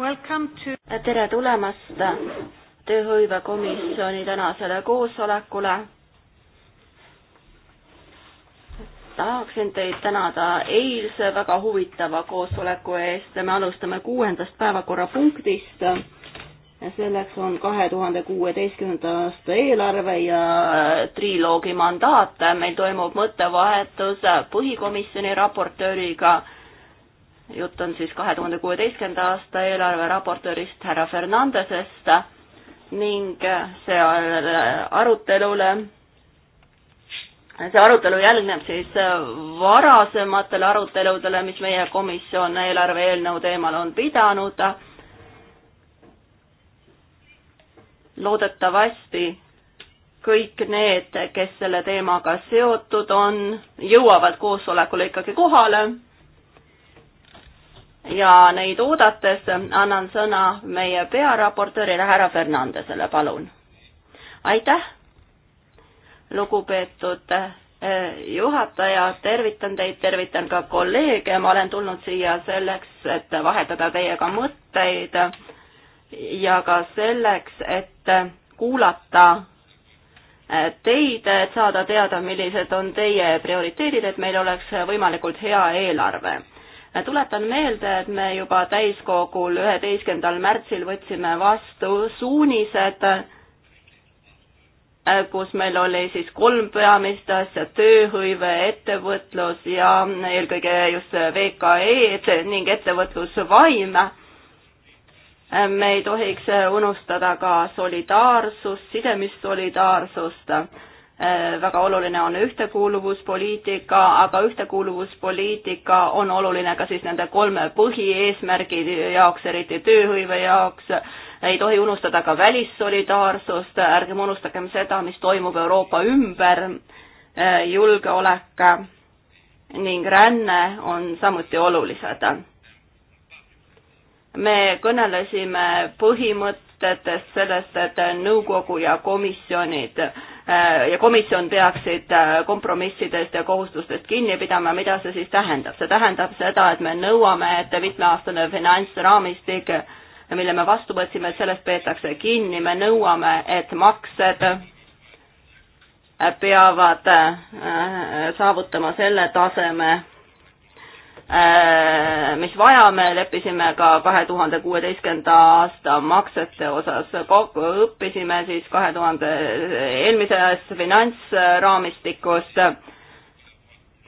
To... tere tulemast tööhõivekomisjoni tänasele koosolekule. tahaksin teid tänada eilse väga huvitava koosoleku eest. me alustame kuuendast päevakorrapunktist. selleks on kahe tuhande kuueteistkümnenda aasta eelarve ja äh, triloogi mandaat. meil toimub mõttevahetus põhikomisjoni raportööriga jutt on siis kahe tuhande kuueteistkümnenda aasta eelarve raportöörist härra Fernandesest ning seal äh, arutelule, see arutelu järgneb siis äh, varasematele aruteludele, mis meie komisjon eelarve eelnõu teemal on pidanud. loodetavasti kõik need, kes selle teemaga seotud on, jõuavad koosolekule ikkagi kohale ja neid oodates annan sõna meie pearaportöörile härra Fernandesele, palun. aitäh, lugupeetud eh, juhataja, tervitan teid, tervitan ka kolleege, ma olen tulnud siia selleks, et vahetada teiega mõtteid ja ka selleks, et kuulata eh, teid, et saada teada, millised on teie prioriteedid, et meil oleks võimalikult hea eelarve tuletan meelde, et me juba täiskogul üheteistkümnendal märtsil võtsime vastu suunised, kus meil oli siis kolm peamist asja, tööhõive, ettevõtlus ja eelkõige just VKE-d ning ettevõtlusvaim. me ei tohiks unustada ka solidaarsust, sisemist solidaarsust Äh, väga oluline on ühtekuuluvuspoliitika, aga ühtekuuluvuspoliitika on oluline ka siis nende kolme põhieesmärgi jaoks, eriti tööhõive jaoks, ei tohi unustada ka välissolidaarsust, ärgem unustagem seda, mis toimub Euroopa ümber, äh, julgeolek ning ränne on samuti olulised. me kõnelesime põhimõtetest sellest, et nõukogu ja komisjonid äh, Äh, ja komisjon peaksid äh, kompromissidest ja kohustustest kinni pidama, mida see siis tähendab? see tähendab seda, et me nõuame, et mitmeaastane finantsraamistik, mille me vastu võtsime, et sellest peetakse kinni, me nõuame, et maksed peavad äh, saavutama selle taseme, Äh, mis vajame, leppisime ka kahe tuhande kuueteistkümnenda aasta maksete osas kokku, õppisime siis kahe tuhande eelmises finantsraamistikus.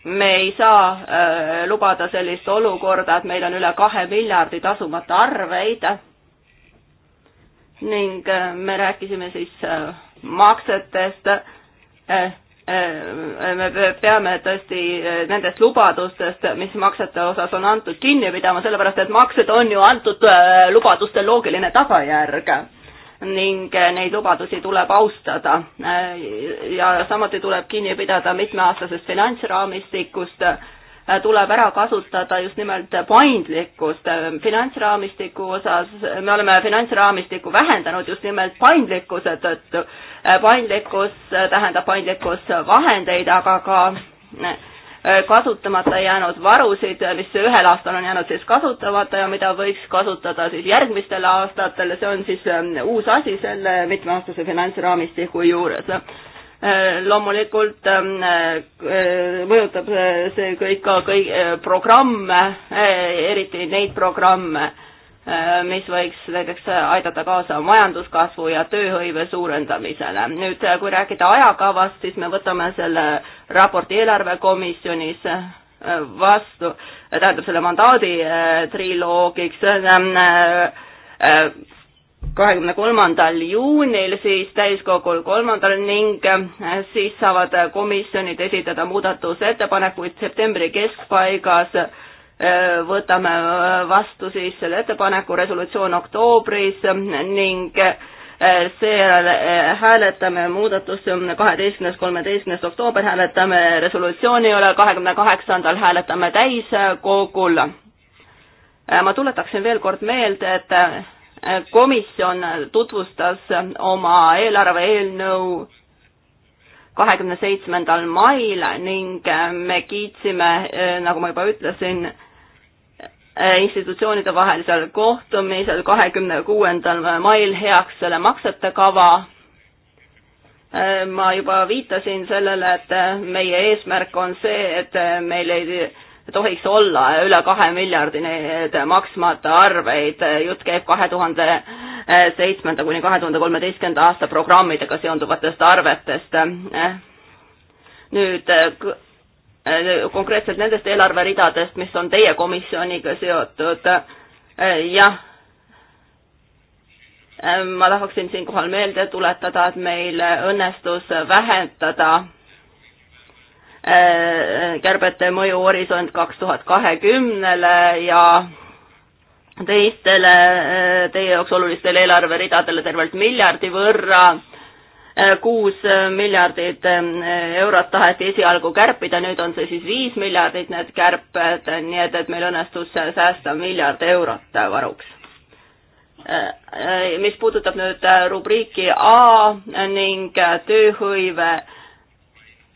me ei saa äh, lubada sellist olukorda, et meil on üle kahe miljardi tasumata arveid ning äh, me rääkisime siis maksetest me peame tõesti eh, nendest lubadustest, mis maksete osas on antud, kinni pidama, sellepärast et maksed on ju antud eh, lubaduste loogiline tagajärg ning eh, neid lubadusi tuleb austada. ja samuti tuleb kinni pidada mitmeaastasest finantsraamistikust Äh, tuleb ära kasutada just nimelt paindlikkust äh, finantsraamistiku osas, me oleme finantsraamistikku vähendanud just nimelt paindlikkuse tõttu. Äh, paindlikkus tähendab paindlikkusvahendeid, aga ka kasutamata jäänud varusid, mis ühel aastal on jäänud siis kasutamata ja mida võiks kasutada siis järgmistel aastatel, see on siis ähm, uus asi selle mitmeaastase finantsraamistiku juures Äh, loomulikult ähm, äh, mõjutab äh, see kõik ka kõik programme, eriti neid programme, mis võiks näiteks aidata kaasa majanduskasvu ja tööhõive suurendamisele. nüüd, kui rääkida ajakavast, siis me võtame selle raporti eelarvekomisjonis vastu, tähendab selle mandaadi triloogiks kahekümne kolmandal juunil siis täiskogul kolmandal ning äh, siis saavad komisjonid esitada muudatusettepanekuid septembri keskpaigas. Äh, võtame äh, vastu siis selle ettepaneku, resolutsioon oktoobris ning seejärel hääletame muudatust kaheteistkümnes, kolmeteistkümnes oktoober hääletame resolutsiooni üle, kahekümne kaheksandal hääletame täiskogul. ma tuletaksin veel kord meelde, et komisjon tutvustas oma eelarve eelnõu kahekümne seitsmendal mail ning me kiitsime, nagu ma juba ütlesin, institutsioonide vahelisel kohtumisel kahekümne kuuendal mail heaks selle maksete kava. ma juba viitasin sellele, et meie eesmärk on see, et meil ei tohiks olla üle kahe miljardi neid maksmata arveid, jutt käib kahe tuhande seitsmenda kuni kahe tuhande kolmeteistkümnenda aasta programmidega seonduvatest arvetest. nüüd konkreetselt nendest eelarveridadest, mis on teie komisjoniga seotud, jah, ma tahaksin siinkohal meelde tuletada, et meil õnnestus vähendada kärbete mõju Horisont kaks tuhat kahekümnele ja teistele teie jaoks olulistele eelarveridadele tervelt miljardi võrra kuus miljardit eurot taheti esialgu kärpida, nüüd on see siis viis miljardit, need kärped, nii et, et meil õnnestus säästa miljard eurot varuks. mis puudutab nüüd rubriiki A ning tööhõive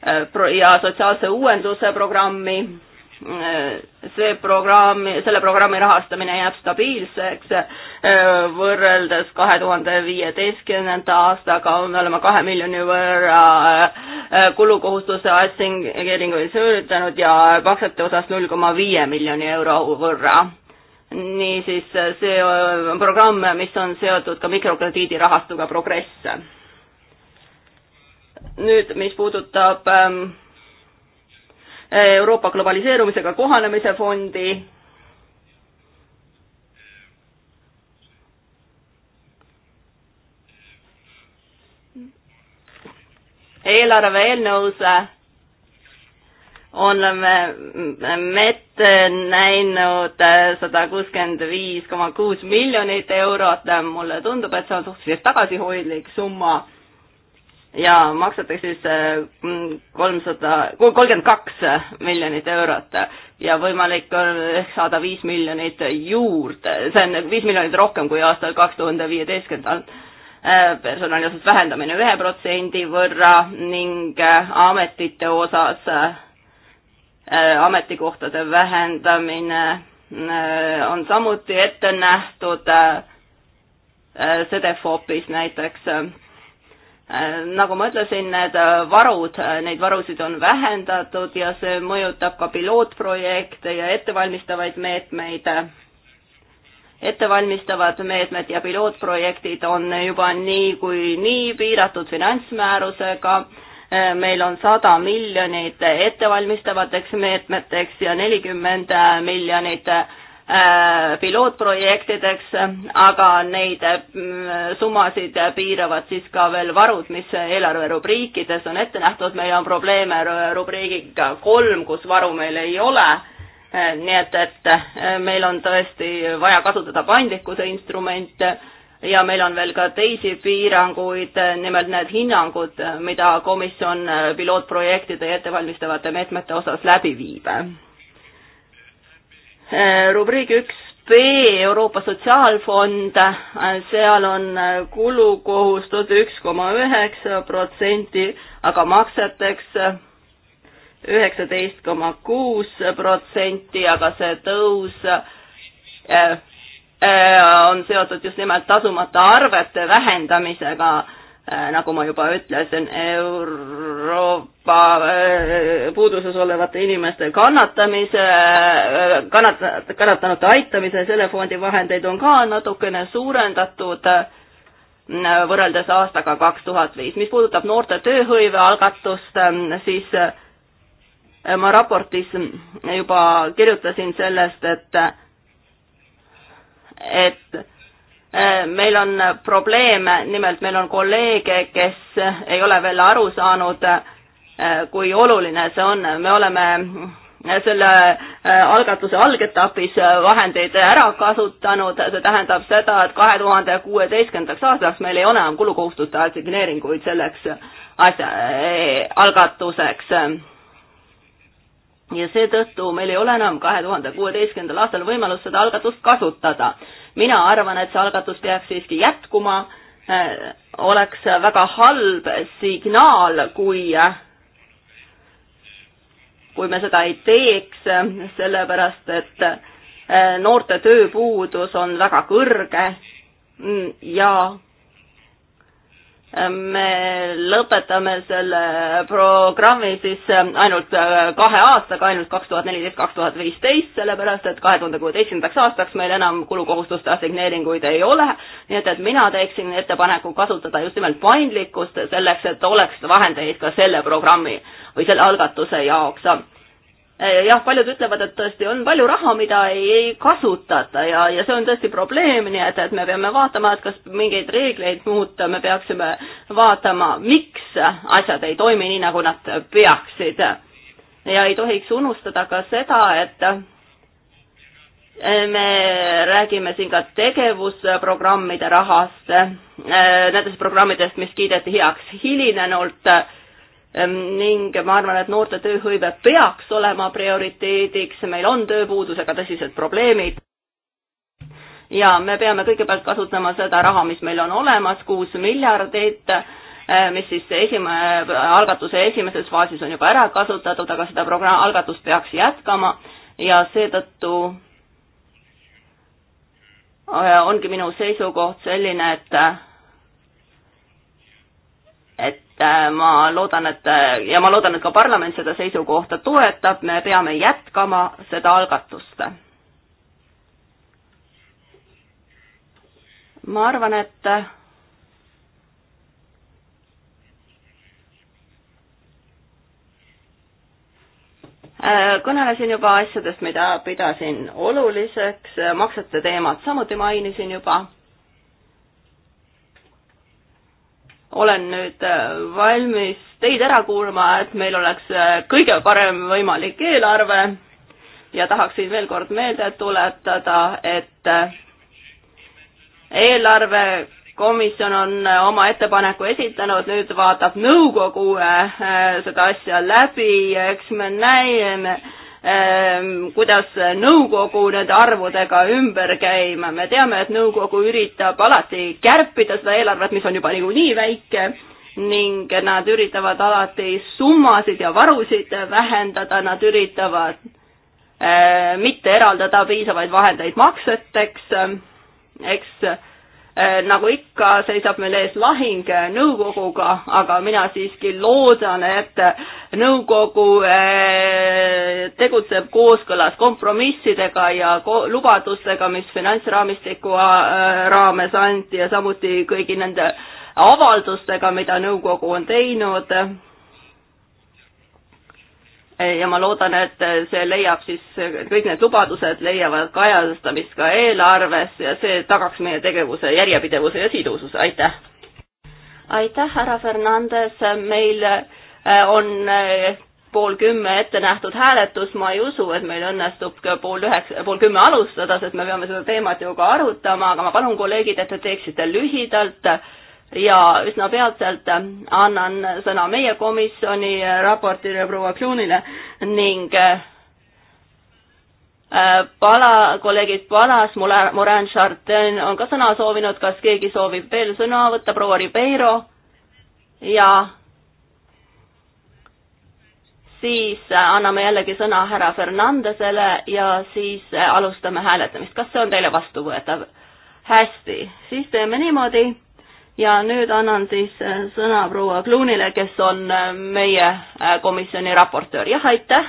Äh, ja sotsiaalse uuenduse programmi. Äh, see programm, selle programmi rahastamine jääb stabiilseks äh, võrreldes kahe tuhande viieteistkümnenda aastaga me oleme kahe miljoni võrra kulukohustuse assigneeringuid süüritanud ja maksete osas null koma viie miljoni euro võrra niisiis see programm, mis on seotud ka mikrokrediidirahastuga Progress nüüd, mis puudutab ähm, Euroopa globaliseerumisega kohanemise fondi, eelarve eelnõus oleme me ette näinud sada kuuskümmend viis koma kuus miljonit eurot, mulle tundub, et see on suhteliselt tagasihoidlik summa ja maksatakse siis äh, kolmsada, kolmkümmend kaks miljonit eurot ja võimalik on ehk saada viis miljonit juurde, see on viis miljonit rohkem kui aastal kaks tuhande viieteistkümnendal äh, personali osas vähendamine ühe protsendi võrra ning äh, ametite osas ametikohtade vähendamine on samuti ette nähtud CDFOPis näiteks nagu ma ütlesin, need äh, varud, äh, neid varusid on vähendatud ja see mõjutab ka pilootprojekte ja ettevalmistavaid meetmeid. ettevalmistavad meetmed ja pilootprojektid on juba niikuinii nii piiratud finantsmäärusega, äh, meil on sada miljonit ettevalmistavateks meetmeteks ja nelikümmend miljonit Äh, pilootprojektideks, aga neid äh, summasid piiravad siis ka veel varud, mis eelarverubriikides on ette nähtud, meil on probleeme rubriigiga kolm, kus varu meil ei ole, äh, nii et, et meil on tõesti vaja kasutada paindlikkuse instrumente ja meil on veel ka teisi piiranguid, nimelt need hinnangud, mida komisjon pilootprojektide ja ettevalmistavate meetmete osas läbi viib Eh, rubriik üks B Euroopa Sotsiaalfond, eh, seal on eh, kulukohustus üks koma üheksa protsenti, aga makseteks üheksateist koma kuus protsenti, aga see tõus on seotud just nimelt tasumata arvete vähendamisega Äh, nagu ma juba ütlesin, Euroopa äh, puuduses olevate inimeste kannatamise, äh, kannat-, kannatanute aitamise, selle fondi vahendeid on ka natukene suurendatud võrreldes aastaga kaks tuhat viis. mis puudutab noorte tööhõive algatust, ähm, siis ma raportis juba kirjutasin sellest, et, et Äh, meil on äh, probleeme, nimelt meil on kolleege, kes äh, ei ole veel aru saanud, kui oluline see on, me oleme selle algatuse algetapis vahendeid ära kasutanud, see tähendab seda, et kahe tuhande kuueteistkümnendaks aastaks meil ei ole enam kulukohustuste assigneeringuid selleks asja, algatuseks ja seetõttu meil ei ole enam kahe tuhande kuueteistkümnendal aastal võimalust seda algatust kasutada. mina arvan, et see algatus peaks siiski jätkuma, äh, oleks väga halb signaal, kui kui me seda ei teeks, sellepärast et äh, noorte tööpuudus on väga kõrge mm, ja me lõpetame selle programmi siis äh, ainult äh, kahe aastaga, ainult kaks tuhat neliteist, kaks tuhat viisteist, sellepärast et kahe tuhande kuueteistkümnendaks aastaks meil enam kulukohustuste assigneeringuid ei ole, nii et, et mina teeksin ettepaneku kasutada just nimelt paindlikkust selleks, et oleks vahendeid ka selle programmi või selle algatuse jaoks Eh, jah, paljud ütlevad, et tõesti on palju raha, mida ei, ei kasutata ja, ja see on tõesti probleem, nii et, et me peame vaatama, et kas mingeid reegleid muuta, me peaksime vaatama, miks asjad ei toimi nii, nagu nad peaksid. ja ei tohiks unustada ka seda, et eh, me räägime siin ka tegevusprogrammide rahast, eh, nendest programmidest, mis kiideti heaks hilinenult Ehm, ning ma arvan, et noorte tööhõive peaks olema prioriteediks, meil on tööpuudusega tõsised probleemid ja me peame kõigepealt kasutama seda raha, mis meil on olemas, kuus miljardit, ehm, mis siis esime-, algatuse esimeses faasis on juba ära kasutatud, aga seda programm, algatust peaks jätkama ja seetõttu eh, ongi minu seisukoht selline, et et Äh, ma loodan, et äh, ja ma loodan, et ka parlament seda seisukohta toetab, me peame jätkama seda algatust. ma arvan, et äh, kõnelesin juba asjadest, mida pidasin oluliseks, maksete teemat samuti mainisin juba olen nüüd äh, valmis teid ära kuulama, et meil oleks äh, kõige parem võimalik eelarve ja tahaksin veel kord meelde tuletada, et äh, eelarvekomisjon on oma ettepaneku esitanud, nüüd vaatab nõukogu seda asja läbi, eks me näeme Ehm, kuidas nõukogu nende arvudega ümber käima. me teame, et nõukogu üritab alati kärpida seda eelarvet, mis on juba niikuinii väike ning nad üritavad alati summasid ja varusid vähendada, nad üritavad äh, mitte eraldada piisavaid vahendeid makseteks, eks Äh, nagu ikka, seisab meil ees lahing äh, nõukoguga, aga mina siiski loodan, et äh, nõukogu tegutseb kooskõlas kompromissidega ja ko lubadustega, mis finantsraamistiku raames anti ja samuti kõigi nende avaldustega, mida nõukogu on teinud Eh, ja ma loodan, et eh, see leiab siis, eh, kõik need lubadused leiavad kajastamist ka eelarves ja see tagaks meie tegevuse järjepidevuse ja sidususe, aitäh! aitäh, härra Fernandes, meil on pool kümme ette nähtud hääletus, ma ei usu, et meil õnnestub ka pool üheksa, pool kümme alustada, sest me peame seda teemat ju ka arutama, aga ma palun, kolleegid, et te teeksite lühidalt äh, ja üsna peatselt äh, annan sõna meie komisjoni äh, raportile proua Kluunile ning äh, Pala, kolleegid Palas, Morin Chartin on ka sõna soovinud, kas keegi soovib veel sõna võtta, proua Ribeiro ja siis anname jällegi sõna härra Fernandesele ja siis alustame hääletamist. kas see on teile vastuvõetav? hästi, siis teeme niimoodi ja nüüd annan siis äh, sõna proua Kluunile, kes on äh, meie äh, komisjoni raportöör. jah, aitäh!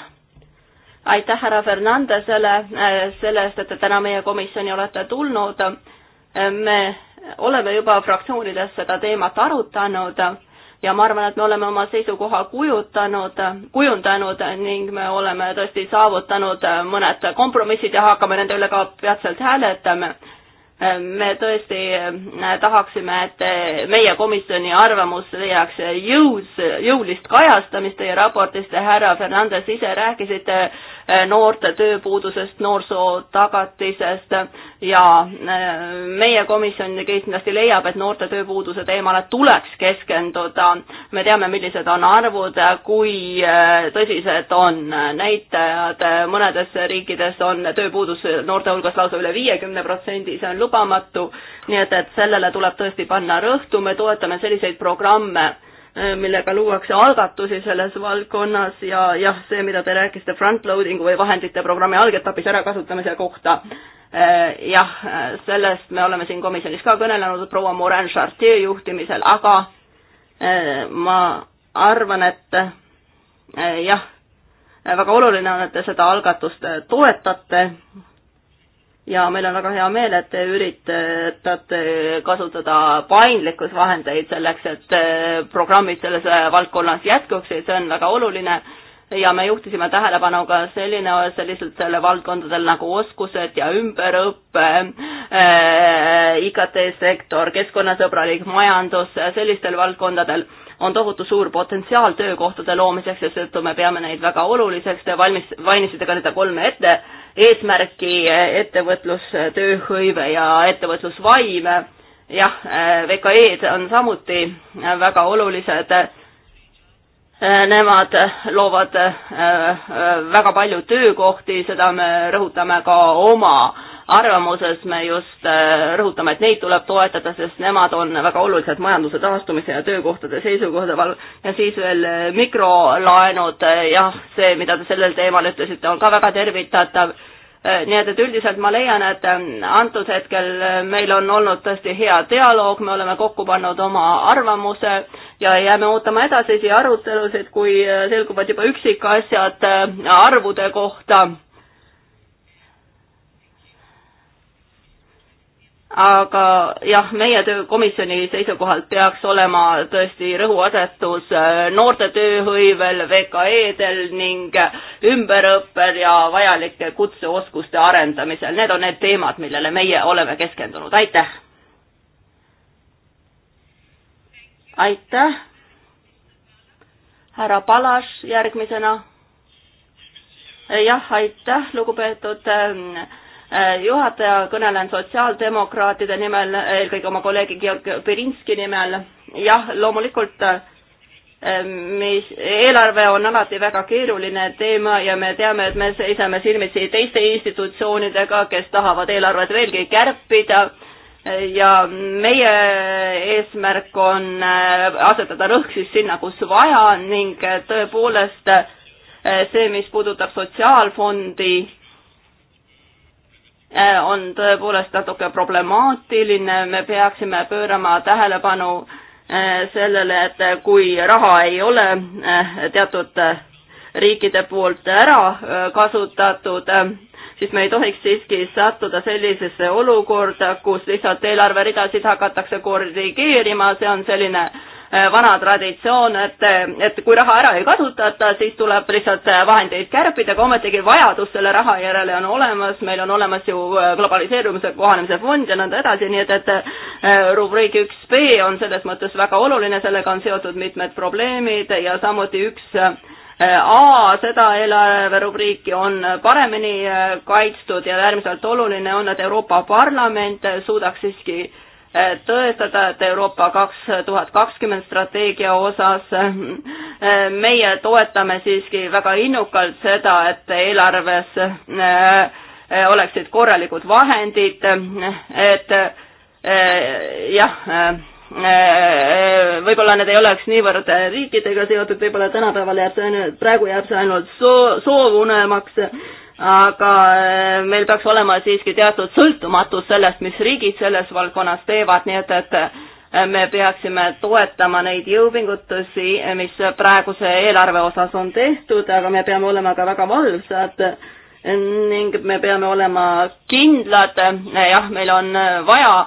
aitäh härra Fernandesele selle eest, et te täna meie komisjoni olete tulnud. me oleme juba fraktsioonides seda teemat arutanud ja ma arvan, et me oleme oma seisukoha kujutanud, kujundanud ning me oleme tõesti saavutanud mõned kompromissid ja hakkame nende üle ka peatselt hääletama me tõesti äh, tahaksime, et äh, meie komisjoni arvamus leiaks jõus, jõulist kajastamist teie raportist ja härra Fernandes ise rääkisite Äh, noorte tööpuudusest, noorsootagatisest ja äh, meie komisjon kindlasti leiab, et noorte tööpuuduse teemale tuleks keskenduda. me teame, millised on arvud, kui äh, tõsised on näitajad, mõnedes riikides on tööpuudus noorte hulgas lausa üle viiekümne protsendi, see on lubamatu, nii et, et sellele tuleb tõesti panna rõhtu, me toetame selliseid programme Äh, millega luuakse algatusi selles valdkonnas ja jah, see, mida te rääkisite front-loadingu või vahendite programmi algetapis ärakasutamise kohta, äh, jah, sellest me oleme siin komisjonis ka kõnelenud proua Morin Chartier juhtimisel, aga äh, ma arvan, et jah, väga oluline on, et te seda algatust toetate ja meil on väga hea meel, et te üritate kasutada paindlikkusvahendeid selleks, et eh, programmid selles eh, valdkonnas jätkuksid, see on väga oluline ja me juhtisime tähelepanu ka selline, sellisele valdkondadel nagu oskused ja ümberõpe äh,, eh, IKT-sektor, keskkonnasõbralik majandus, sellistel valdkondadel on tohutu suur potentsiaal töökohtade loomiseks ja seetõttu me peame neid väga oluliseks, te valmis, mainisite ka seda kolme ette eesmärki ettevõtlus, tööhõive ja ettevõtlusvaim. jah, VKE-d on samuti väga olulised. Nemad loovad äh, äh, väga palju töökohti, seda me rõhutame ka oma arvamuses me just äh, rõhutame, et neid tuleb toetada, sest nemad on väga olulised majanduse taastumise ja töökohtade seisukohade val- ja siis veel äh, mikrolaenud, äh, jah, see, mida te sellel teemal ütlesite, on ka väga tervitatav. nii et, et üldiselt ma leian, et antud hetkel meil on olnud tõesti hea dialoog, me oleme kokku pannud oma arvamuse ja jääme ootama edasisi arutelusid, kui selguvad juba üksikasjad arvude kohta aga jah, meie töö komisjoni seisukohalt peaks olema tõesti rõhuasetus äh, noorte tööhõivel, VKE-del ning ümberõppel ja vajalike kutseoskuste arendamisel. Need on need teemad, millele meie oleme keskendunud, aitäh! aitäh! härra Palaš järgmisena. jah, aitäh, lugupeetud äh, Äh, juhataja, kõnelen sotsiaaldemokraatide nimel, eelkõige oma kolleegi Georg Pirinski nimel. jah, loomulikult äh, mis eelarve on alati väga keeruline teema ja me teame, et me seisame silmitsi teiste institutsioonidega, kes tahavad eelarvet veelgi kärpida äh, ja meie eesmärk on asetada rõhk siis sinna, kus vaja ning tõepoolest see, mis puudutab sotsiaalfondi, Äh, on tõepoolest natuke problemaatiline, me peaksime pöörama tähelepanu äh, sellele, et kui raha ei ole äh, teatud riikide poolt ära kasutatud, siis me ei tohiks siiski sattuda sellisesse olukorda, kus lihtsalt eelarveridasid hakatakse korrigeerima, see on selline äh, Äh, vana traditsioon, et, et kui raha ära ei kasutata, siis tuleb lihtsalt äh, vahendeid kärpida, aga ometigi vajadus selle raha järele on olemas, meil on olemas ju äh, globaliseerumise kohanemise fond ja nõnda edasi, nii et, et rubriik üks B on selles mõttes väga oluline, sellega on seotud mitmed probleemid ja samuti üks A seda eelarverubriiki on paremini kaitstud ja äärmiselt oluline on, et Euroopa Parlament suudaks siiski tõestada, et Euroopa kaks tuhat kakskümmend strateegia osas eh, meie toetame siiski väga innukalt seda, et eelarves eh, oleksid korralikud vahendid, et eh, jah, võib-olla need ei oleks niivõrd riikidega seotud, võib-olla tänapäeval jääb see, praegu jääb see ainult soo-, soovunelmaks, aga eh, meil peaks olema siiski teatud sõltumatus sellest, mis riigid selles valdkonnas teevad, nii et, et eh, me peaksime toetama neid jõupingutusi, mis praeguse eelarve osas on tehtud, aga me peame olema ka väga valvsad ning me peame olema kindlad, eh, jah, meil on vaja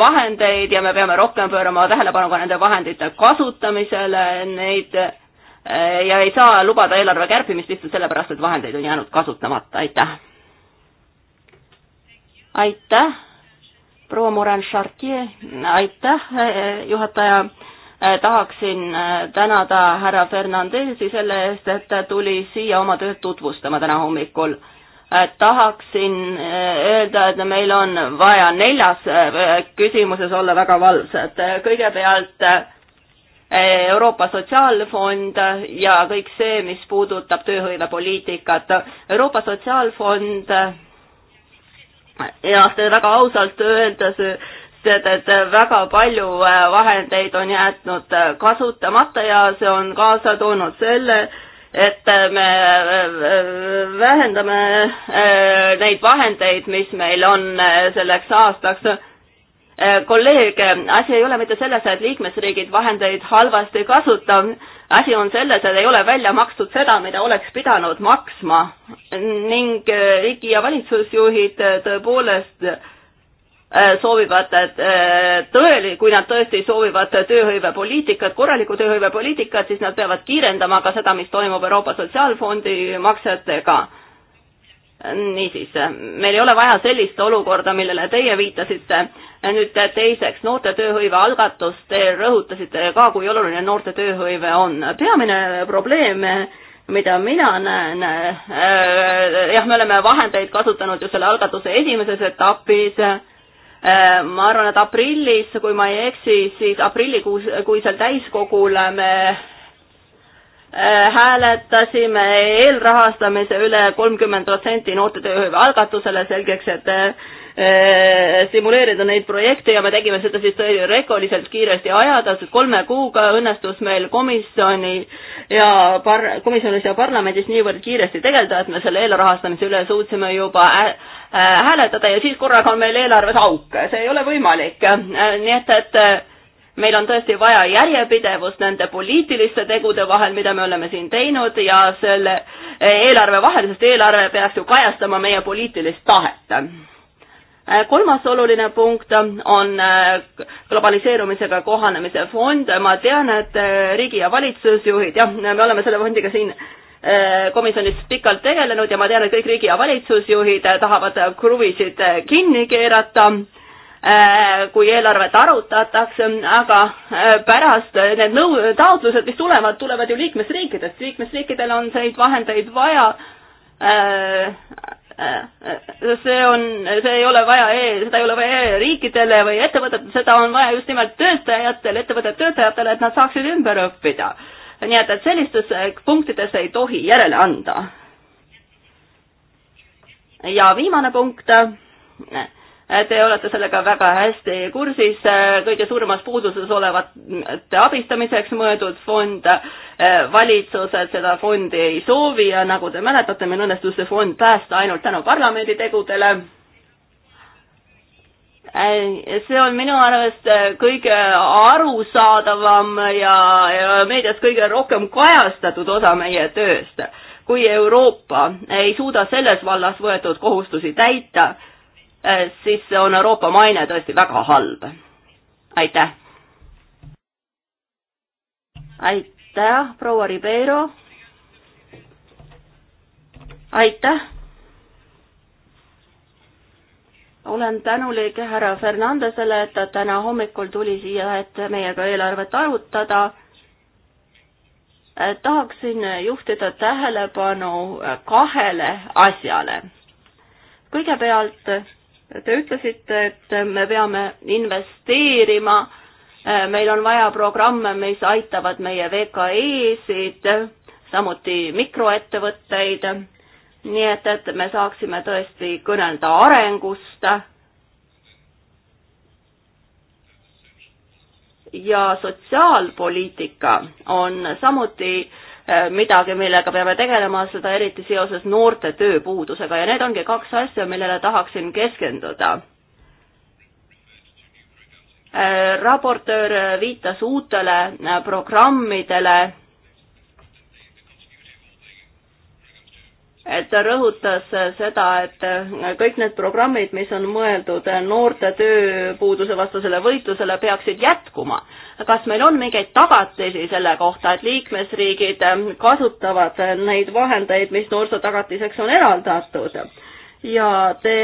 vahendeid ja me peame rohkem pöörama tähelepanu ka nende vahendite kasutamisele, neid Äh, ja ei saa lubada eelarve kärpimist lihtsalt sellepärast, et vahendeid on jäänud kasutamata, aitäh. aitäh, proua Morin Chartier, aitäh, äh, juhataja. Äh, tahaksin tänada härra Fernandesi selle eest, et ta tuli siia oma tööd tutvustama täna hommikul tahaksin öelda, et meil on vaja neljas küsimuses olla väga valvsad. kõigepealt äh, Euroopa Sotsiaalfond ja kõik see, mis puudutab tööhõivepoliitikat. Euroopa Sotsiaalfond ja seda väga ausalt öeldes, et, et väga palju äh, vahendeid on jäetud äh, kasutamata ja see on kaasa toonud selle, et äh, me vähendame neid vahendeid, mis meil on selleks aastaks Äh, kolleeg, äh, asi ei ole mitte selles, et liikmesriigid vahendeid halvasti ei kasuta, asi on selles, et ei ole välja makstud seda, mida oleks pidanud maksma ning äh, riigi- ja valitsusjuhid tõepoolest soovivad, et tõeli-, kui nad tõesti soovivad tööhõivepoliitikat, korralikku tööhõivepoliitikat, siis nad peavad kiirendama ka seda, mis toimub Euroopa Sotsiaalfondi maksetega niisiis, meil ei ole vaja sellist olukorda, millele teie viitasite. nüüd teiseks, noorte tööhõive algatus, te rõhutasite ka, kui oluline noorte tööhõive on. peamine probleem, mida mina näen, äh, jah, me oleme vahendeid kasutanud ju selle algatuse esimeses etapis, äh, ma arvan, et aprillis, kui ma ei eksi, siis aprillikuus, kui seal täiskogul me Äh, hääletasime eelrahastamise üle kolmkümmend protsenti noorte tööhõive algatusele selgeks, et äh, äh, stimuleerida neid projekte ja me tegime seda siis rekordiliselt kiiresti ajades, kolme kuuga õnnestus meil komisjoni ja par-, komisjonis ja parlamendis niivõrd kiiresti tegeleda, et me selle eelrahastamise üle suutsime juba hääletada ja siis korraga on meil eelarves auk, see ei ole võimalik, nii et, et meil on tõesti vaja järjepidevust nende poliitiliste tegude vahel, mida me oleme siin teinud ja selle eh, eelarve vahel, sest eelarve peaks ju kajastama meie poliitilist tahet. Eh, kolmas oluline punkt on eh, globaliseerumisega kohanemise fond, ma tean, et riigi- ja valitsusjuhid, jah, me oleme selle fondiga siin komisjonis pikalt tegelenud ja ma tean, et kõik riigi- ja valitsusjuhid tahavad kruvisid kinni keerata Äh, kui eelarvet arutatakse, aga äh, pärast need nõu-, taotlused, mis tulevad, tulevad ju liikmesriikidest, liikmesriikidel on neid vahendeid vaja äh, see on, see ei ole vaja, e-, seda ei ole vaja riikidele või ettevõtetele, seda on vaja just nimelt töötajatele, ettevõtete töötajatele, et nad saaksid ümber õppida. nii et, et sellistes punktides ei tohi järele anda. ja viimane punkt, Te olete sellega väga hästi kursis, kõige suuremas puuduses olevate abistamiseks mõeldud fond, valitsused seda fondi ei soovi ja nagu te mäletate, meil õnnestus see fond päästa ainult tänu parlamendi tegudele. see on minu arust kõige arusaadavam ja, ja meedias kõige rohkem kajastatud osa meie tööst. kui Euroopa ei suuda selles vallas võetud kohustusi täita, Äh, siis on Euroopa maine tõesti väga halb. aitäh. aitäh, proua Ribeiro. aitäh. olen tänulik härra Fernandesele, et ta täna hommikul tuli siia, et meiega eelarvet arutada äh, tahaksin juhtida tähelepanu kahele asjale. kõigepealt Te ütlesite, et me peame investeerima, meil on vaja programme, mis aitavad meie VKE-sid, samuti mikroettevõtteid, nii et, et me saaksime tõesti kõnelda arengust ja sotsiaalpoliitika on samuti äh, Äh, midagi, millega peame tegelema, seda eriti seoses noorte tööpuudusega ja need ongi kaks asja, millele tahaksin keskenduda. Äh, raportöör viitas uutele äh, programmidele ta rõhutas seda, et kõik need programmid, mis on mõeldud noorte tööpuuduse vastasele võitlusele, peaksid jätkuma. kas meil on mingeid tagatisi selle kohta, et liikmesriigid kasutavad neid vahendeid, mis noorsootagatiseks on eraldatud? ja te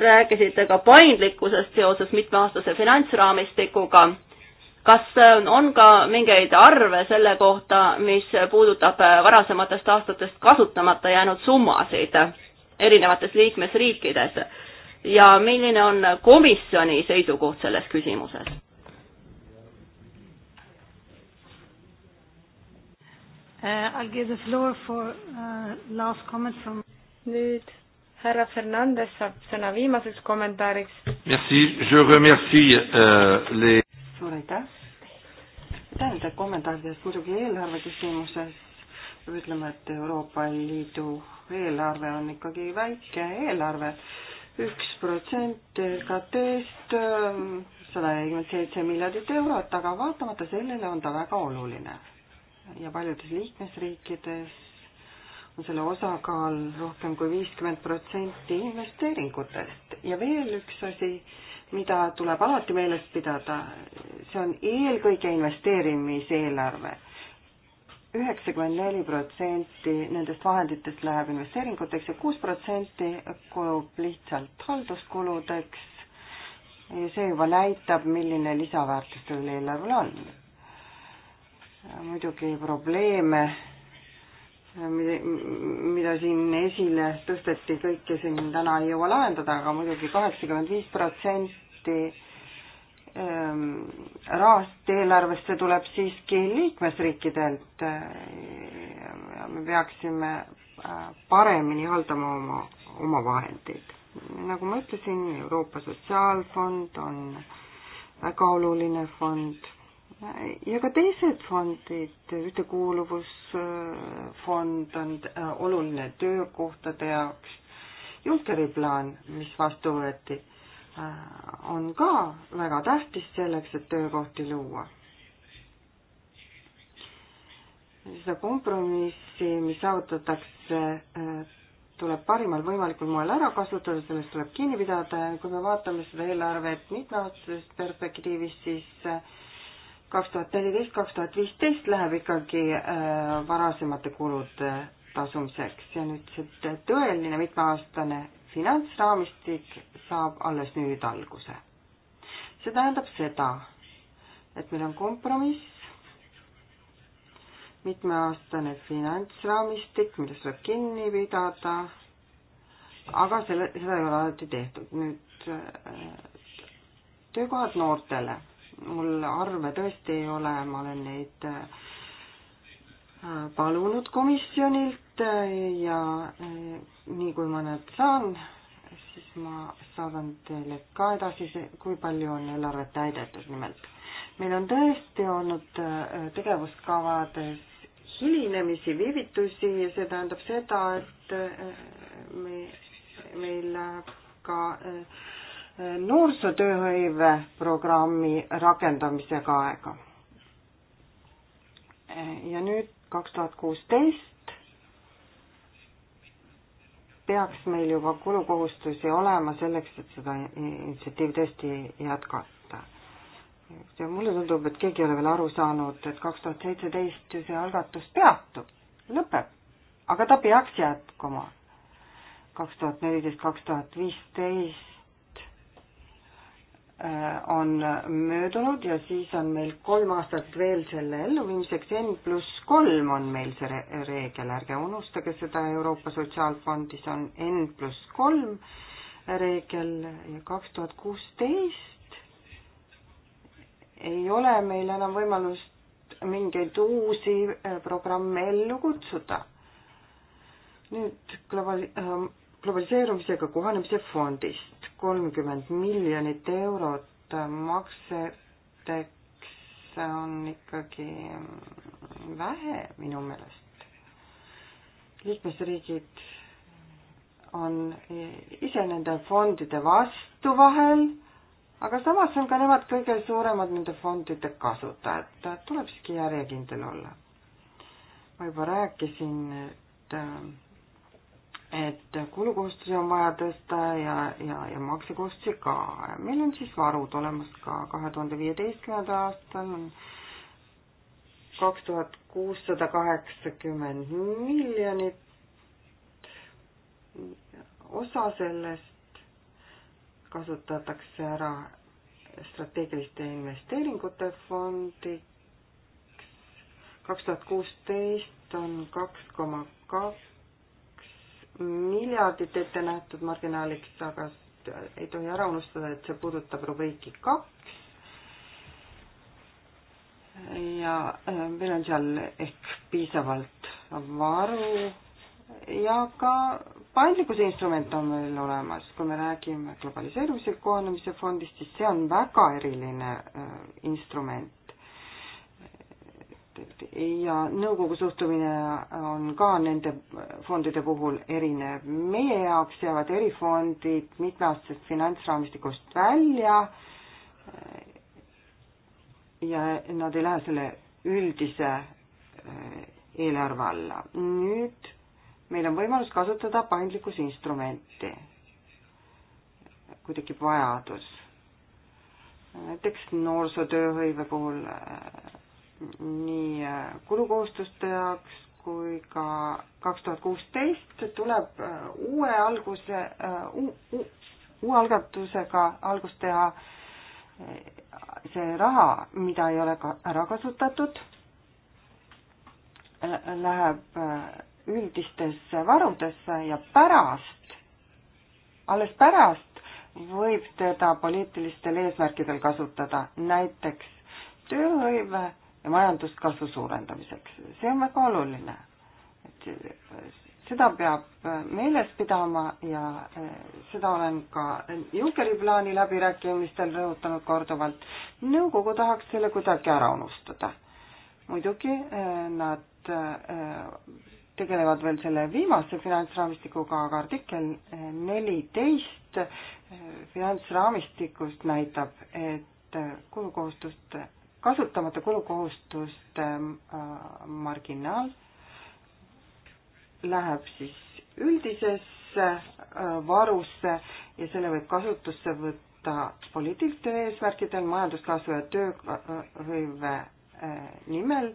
rääkisite ka paindlikkusest seoses mitmeaastase finantsraamistikuga kas äh, on ka mingeid arve selle kohta, mis puudutab äh, varasematest aastatest kasutamata jäänud summasid erinevates liikmesriikides ja milline on komisjoni seisukoht selles küsimuses? Äh, I'll give the floor for uh, last comment from nüüd härra Fernandes saab sõna viimaseks kommentaariks. Merci, je remercie uh, les suur aitäh! tähendab, kommentaarides muidugi eelarve küsimuses peab ütlema, et Euroopa Liidu eelarve on ikkagi väike eelarve, üks protsent RKT-st, ähm, sada nelikümmend seitse miljardit eurot, aga vaatamata sellele on ta väga oluline. ja paljudes liikmesriikides on selle osakaal rohkem kui viiskümmend protsenti investeeringutest ja veel üks asi, mida tuleb alati meeles pidada, see on eelkõige investeerimiseelarve. üheksakümmend neli protsenti nendest vahenditest läheb investeeringuteks ja kuus protsenti kulub lihtsalt halduskuludeks. see juba näitab, milline lisaväärtus sellel eelarvel on. muidugi probleeme mida siin esile tõsteti, kõike siin täna ei jõua lahendada, aga muidugi kaheksakümmend viis protsenti samuti ehm, rahast eelarvesse tuleb siiski liikmesriikidelt. Eh, me peaksime eh, paremini haldama oma, oma vahendeid. nagu ma ütlesin, Euroopa Sotsiaalfond on väga oluline fond ja ka teised fondid, ühtekuuluvusfond on eh, oluline töökohtade jaoks, Junckeri plaan, mis vastu võeti Äh, on ka väga tähtis selleks, et töökohti luua. seda kompromissi, mis saavutatakse, äh, tuleb parimal võimalikul moel ära kasutada, sellest tuleb kinni pidada ja kui me vaatame seda eelarvet mitmeaastasest perspektiivist, siis äh, kaks tuhat neliteist, kaks tuhat viisteist läheb ikkagi varasemate kulude tasumiseks ja nüüd see tõeline mitmeaastane finantsraamistik saab alles nüüd alguse. see tähendab seda, et meil on kompromiss, mitmeaastane finantsraamistik, millest tuleb kinni pidada, aga selle, seda ei ole alati tehtud. nüüd töökohad noortele. mul arve tõesti ei ole, ma olen neid äh, palunud komisjonilt eh, ja eh, nii kui ma nad saan, siis ma saadan teile ka edasi, kui palju on eelarvet täidetud nimelt. meil on tõesti olnud eh, tegevuskavades hilinemisi, viivitusi ja see tähendab seda, et me, meil läheb ka noorsootööhõive programmi rakendamisega aega. ja nüüd kaks tuhat kuusteist peaks meil juba kulukohustusi olema selleks, et seda initsiatiivi tõesti jätkata. ja mulle tundub, et keegi ei ole veel aru saanud, et kaks tuhat seitseteist ju see algatus peatub, lõpeb, aga ta peaks jätkuma. kaks tuhat neliteist, kaks tuhat viisteist Äh, on möödunud ja siis on meil kolm aastat veel selle elluviimiseks, N pluss kolm on meil see reegel, ärge unustage seda, Euroopa Sotsiaalfondis on N pluss kolm reegel ja kaks tuhat kuusteist ei ole meil enam võimalust mingeid uusi äh, programme ellu kutsuda. nüüd global-, ähm, globaliseerumisega kohanemise fondist kolmkümmend miljonit eurot makseteks on ikkagi vähe minu meelest. liikmesriigid on ise nende fondide vastu vahel, aga samas on ka nemad kõige suuremad nende fondide kasutajad, tuleb siiski järjekindel olla. ma juba rääkisin, et et kulukohustusi on vaja tõsta ja, ja, ja maksekohustusi ka. meil on siis varud olemas ka kahe tuhande viieteistkümnendal aastal on kaks tuhat kuussada kaheksakümmend miljonit. osa sellest kasutatakse ära strateegiliste investeeringute fondiks. kaks tuhat kuusteist on kaks koma kaks miljardit ette nähtud marginaaliks, aga ei tohi ära unustada, et see puudutab rubriiki kaks. ja äh, meil on seal ehk piisavalt varu ja ka paindlikkuse instrument on meil olemas, kui me räägime globaliseerumise kohanemise fondist, siis see on väga eriline äh, instrument ja nõukogu suhtumine on ka nende fondide puhul erinev. meie jaoks jäävad erifondid mitmeaastasest finantsraamistikust välja ja nad ei lähe selle üldise äh, eelarve alla. nüüd meil on võimalus kasutada paindlikkusinstrumenti, kui tekib vajadus. näiteks noorsootööhõive puhul äh, nii äh, kulukohustuste jaoks kui ka kaks tuhat kuusteist tuleb äh, uue alguse, äh, uue algatusega algust teha. see raha, mida ei ole ka ära kasutatud, läheb üldistesse varudesse ja pärast, alles pärast võib teda poliitilistel eesmärkidel kasutada, näiteks tööhõive majanduskasvu suurendamiseks. see on väga oluline. et seda peab meeles pidama ja eh, seda olen ka Junckeri plaani läbirääkimistel rõhutanud korduvalt. nõukogu tahaks selle kuidagi ära unustada. muidugi eh, nad eh, tegelevad veel selle viimase finantsraamistikuga, aga artikkel neliteist finantsraamistikust näitab, et kulukohustuste kasutamata kulukohustuste äh, marginaal läheb siis üldisesse äh, varusse ja selle võib kasutusse võtta poliitilistel eesmärkidel, majanduskasvu ja tööhõive äh, nimel.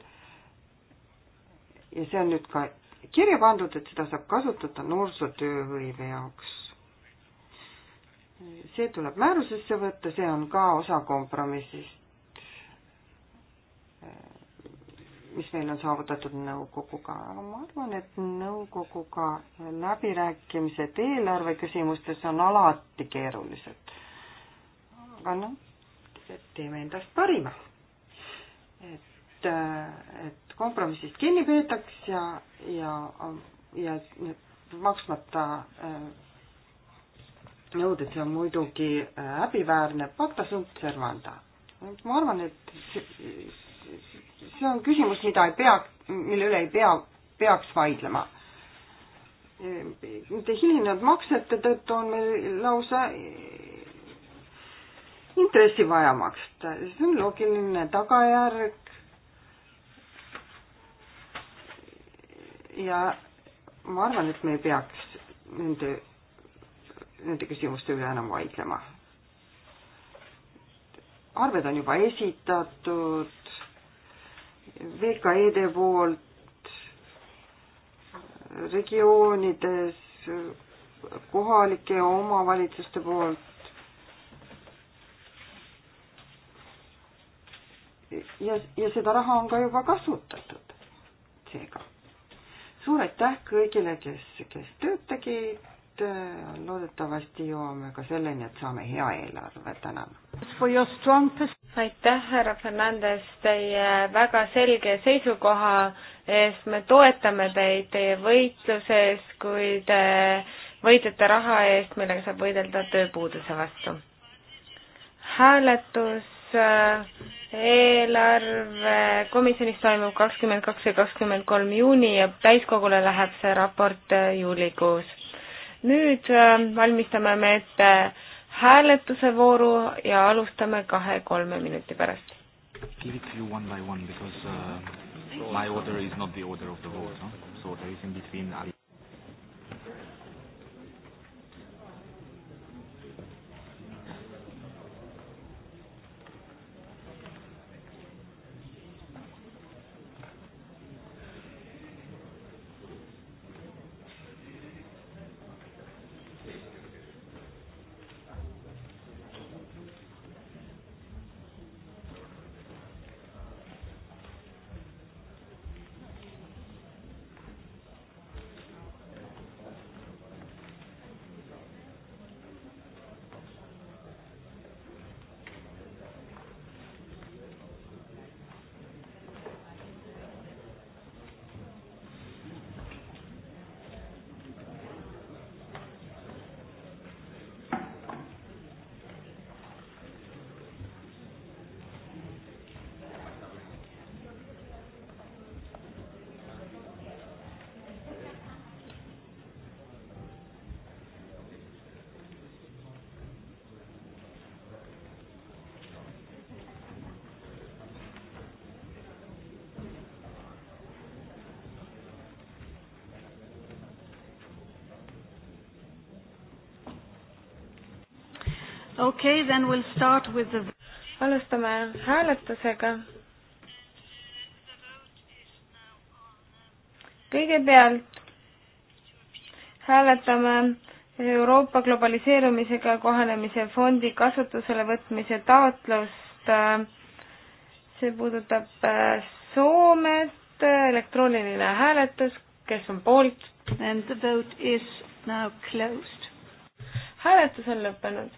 ja see on nüüd ka kirja pandud, et seda saab kasutada noorsootööhõive jaoks. see tuleb määrusesse võtta, see on ka osa kompromissist. mis meil on saavutatud nõukoguga, aga ma arvan, et nõukoguga läbirääkimised eelarve küsimustes on alati keerulised. aga noh, teeme endast parima. et, äh, et kompromissist kinni peetaks ja, ja, ja maksmata äh, nõuded, see on muidugi äh, häbiväärne, pacta sunt servanda. ma arvan, et see on küsimus, mida ei pea, mille üle ei pea, peaks vaidlema. Nende hilinenud maksete tõttu on meil lausa intressi vaja maksta, see on loogiline tagajärg. ja ma arvan, et me ei peaks nende, nende küsimuste üle enam vaidlema. arved on juba esitatud, VKE-de poolt regioonides, kohalike omavalitsuste poolt. ja, ja seda raha on ka juba kasutatud. seega suur aitäh kõigile, kes, kes tööd tegid. loodetavasti jõuame ka selleni, et saame hea eelarve. tänan aitäh, härra Fernandes, teie väga selge seisukoha eest, me toetame teid teie võitluses, kui te võitlete raha eest, millega saab võidelda tööpuuduse vastu. hääletus äh, eelarvekomisjonis toimub kakskümmend kaks ja kakskümmend kolm juuni ja täiskogule läheb see raport äh, juulikuus. nüüd äh, valmistame me ette hääletuse vooru ja alustame kahe-kolme minuti pärast. Give it to you one by one because uh, my order is not the order of the vote, no? so there is in between. Uh, okay, then we'll start with the alustame hääletusega. kõigepealt hääletame Euroopa globaliseerumisega kohanemise fondi kasutusele võtmise taotlust. see puudutab äh, Soomet, elektrooniline hääletus, kes on poolt. And the vote is now closed. hääletus on lõppenud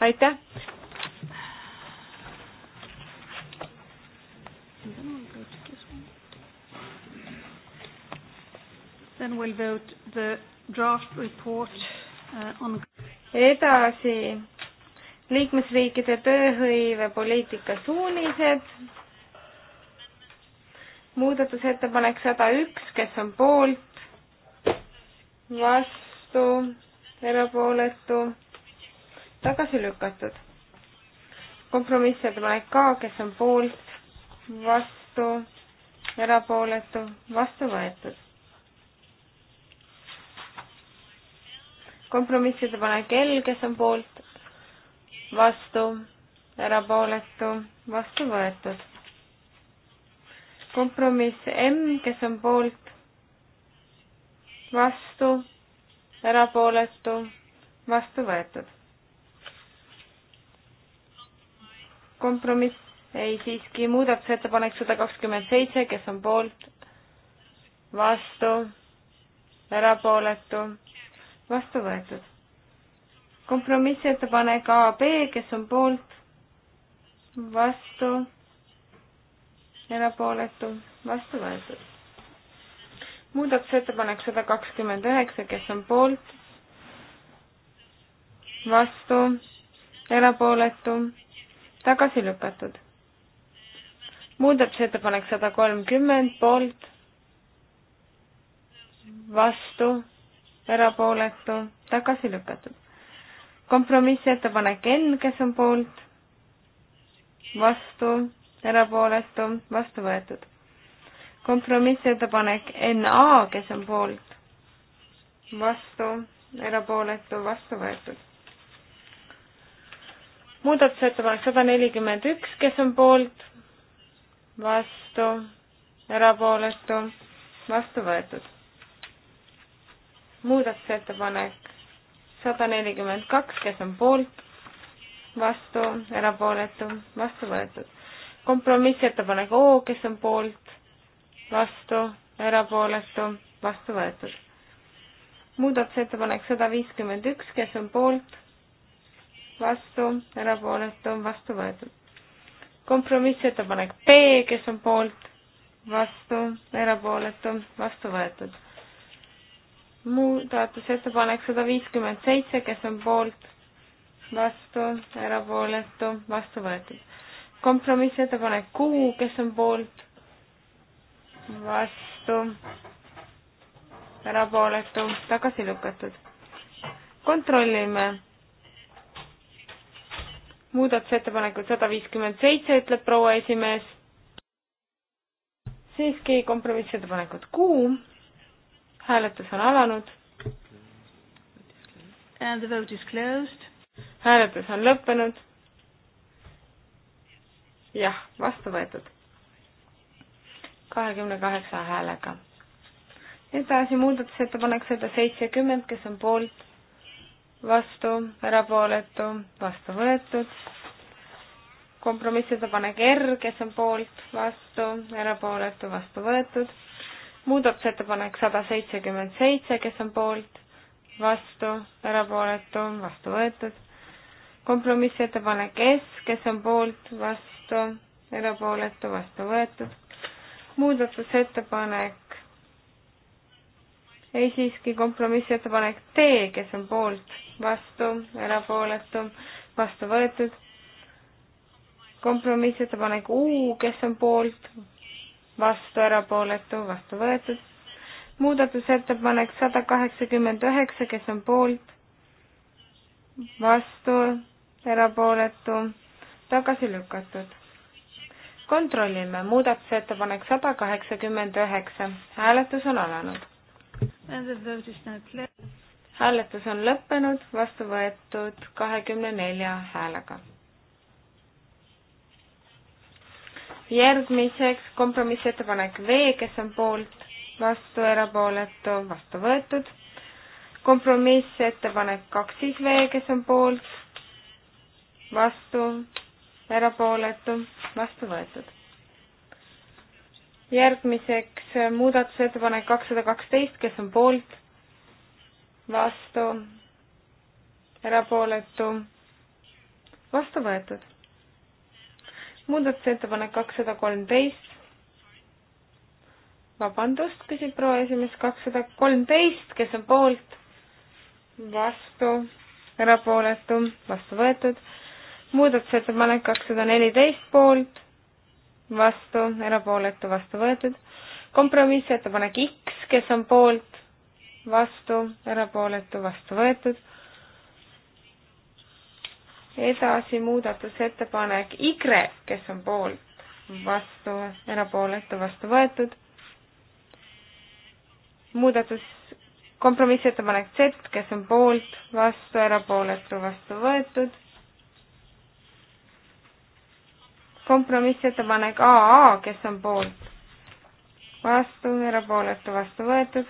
aitäh. Then we'll vote the draft report uh, on edasi liikmesriikide tööhõivepoliitika suunised. muudatusettepanek sada üks, kes on poolt, vastu, erapooletu tagasi lükatud. kompromissettepanek K, kes on poolt, vastu, erapooletu, vastu võetud. kompromissettepanek L, kes on poolt, vastu, erapooletu, vastu võetud. kompromiss M, kes on poolt, vastu, erapooletu, vastu võetud. kompromiss, ei siiski, muudatusettepanek sada kakskümmend seitse, kes on poolt, vastu, erapooletu, vastu võetud. kompromissettepanek AB, kes on poolt, vastu, erapooletu, vastu võetud. muudatusettepanek sada kakskümmend üheksa, kes on poolt, vastu, erapooletu tagasi lükatud. muudatusettepanek sada kolmkümmend poolt, vastu, erapooletu, tagasi lükatud. kompromissettepanek N, kes on poolt, vastu, erapooletu, vastu võetud. kompromissettepanek NA, kes on poolt, vastu, erapooletu, vastu võetud muudatusettepanek sada nelikümmend üks, kes on poolt, vastu, erapooletu, vastu võetud. muudatusettepanek sada nelikümmend kaks, kes on poolt, vastu, erapooletu, vastu võetud. kompromissettepanek O, kes on poolt, vastu, erapooletu, vastu võetud. muudatusettepanek sada viiskümmend üks, kes on poolt vastu, erapooletu, vastu võetud. kompromissettepanek B, kes on poolt, vastu, erapooletu, vastu võetud. muudatusettepanek sada viiskümmend seitse, kes on poolt, vastu, erapooletu, vastu võetud. kompromissettepanek Q, kes on poolt, vastu, erapooletu, tagasi lükatud. kontrollime muudatusettepanekut sada viiskümmend seitse, ütleb proua esimees. siiski kompromissettepanekut kuu. hääletus on alanud. And the vote is closed. hääletus on lõppenud. jah, vastu võetud. kahekümne kaheksa häälega. edasi muudatusettepanek sada seitsekümmend, kes on poolt vastu, erapooletu, vastu võetud. kompromissettepanek R, kes on poolt, vastu, erapooletu, vastu võetud. muudatusettepanek sada seitsekümmend seitse, kes on poolt, vastu, erapooletu, vastu võetud. kompromissettepanek S, kes on poolt, vastu, erapooletu, vastu võetud. muudatusettepanek ei siiski kompromissettepanek D, kes on poolt, vastu, erapooletu, vastu võetud. kompromissettepanek U, kes on poolt, vastu, erapooletu, vastu võetud. muudatusettepanek sada kaheksakümmend üheksa, kes on poolt, vastu, erapooletu, tagasi lükatud kontrollime muudatusettepanek sada kaheksakümmend üheksa. hääletus on alanud hääletus on lõppenud, vastu võetud kahekümne nelja häälega. järgmiseks kompromissettepanek V, kes on poolt, vastu, erapooletu, vastu võetud. kompromissettepanek kaks siis V, kes on poolt, vastu, erapooletu, vastu võetud järgmiseks äh, muudatusettepanek kakssada kaksteist, kes on poolt, vastu, erapooletu, vastu võetud. muudatusettepanek kakssada kolmteist, vabandust, küsib proua esimees, kakssada kolmteist, kes on poolt, vastu, erapooletu, vastu võetud. muudatusettepanek kakssada neliteist poolt vastu, erapooletu, vastu võetud. kompromissettepanek X, kes on poolt, vastu, erapooletu, vastu võetud. edasi muudatusettepanek Y, kes on poolt, vastu, erapooletu, vastu võetud. muudatus, kompromissettepanek Z, kes on poolt, vastu, erapooletu, vastu võetud kompromissettepanek AA, kes on poolt? vastu, erapooletu, vastu võetud.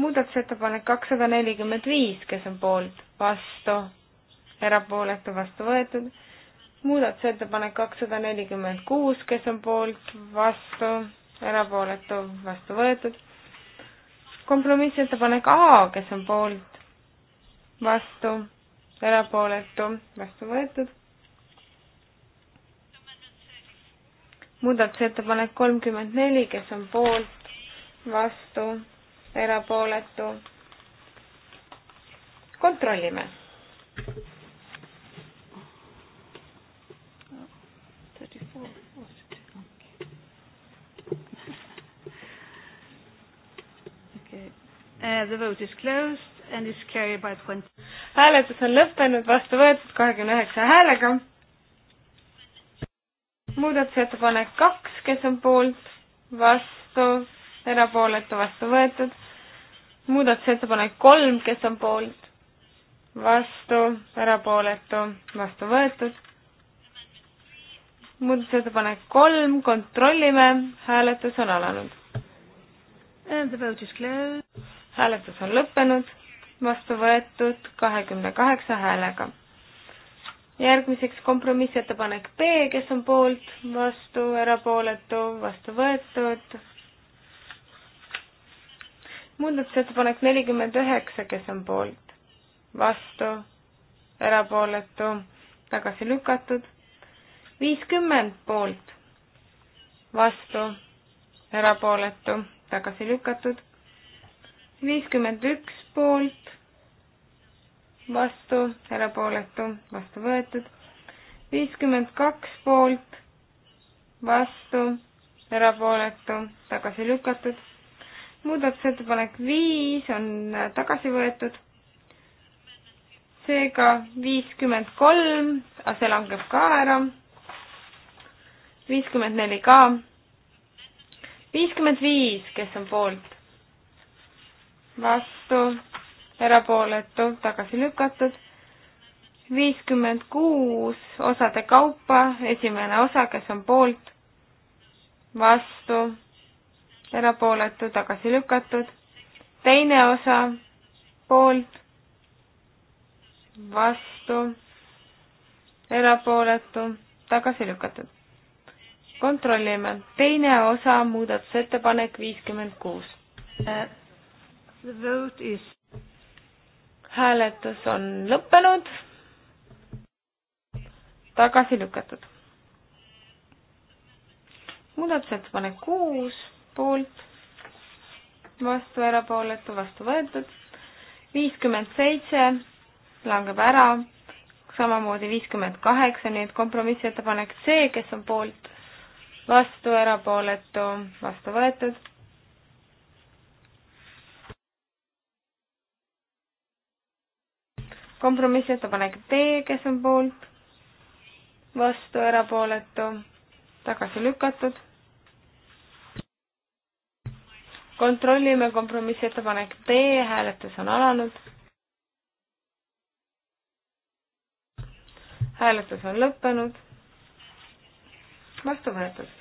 muudatusettepanek kakssada nelikümmend viis, kes on poolt? vastu, erapooletu, vastu võetud. muudatusettepanek kakssada nelikümmend kuus, kes on poolt? vastu, erapooletu, vastu võetud. kompromissettepanek A, kes on poolt? vastu, erapooletu, vastu võetud muudatusettepanek kolmkümmend neli, kes on poolt, vastu, erapooletu. kontrollime. Uh, the vote is closed and is carried by twenty. hääletus on lõppenud, vastu võetud kahekümne üheksa häälega muudatusettepanek kaks, kes on poolt, vastu, erapooletu, vastu võetud. muudatusettepanek kolm, kes on poolt, vastu, erapooletu, vastu võetud. muudatusettepanek kolm, kontrollime, hääletus on alanud. hääletus on lõppenud, vastu võetud kahekümne kaheksa häälega järgmiseks kompromissettepanek B, kes on poolt, vastu, erapooletu, vastu võetud. muudatusettepanek nelikümmend üheksa, kes on poolt, vastu, erapooletu, tagasi lükatud. viiskümmend poolt, vastu, erapooletu, tagasi lükatud. viiskümmend üks poolt, vastu, erapooletu, vastu võetud. viiskümmend kaks poolt, vastu, erapooletu, tagasi lükatud. muudatusettepanek viis on tagasi võetud. seega viiskümmend kolm, see langeb ka ära. viiskümmend neli ka. viiskümmend viis, kes on poolt? vastu erapooletu, tagasi lükatud. viiskümmend kuus osade kaupa, esimene osa, kes on poolt, vastu, erapooletu, tagasi lükatud. teine osa, poolt, vastu, erapooletu, tagasi lükatud. kontrollime, teine osa, muudatusettepanek viiskümmend kuus. The vote is hääletus on lõppenud, tagasi lükatud. muudatusettepanek kuus, poolt, vastu, erapooletu, vastu võetud, viiskümmend seitse langeb ära, samamoodi viiskümmend kaheksa, nii et kompromissettepanek C, kes on poolt, vastu, erapooletu, vastu võetud, kompromissettepanek D, kes on poolt, vastu, erapooletu, tagasi lükatud. kontrollime kompromissettepanek D, hääletus on alanud. hääletus on lõppenud. vastu võetud.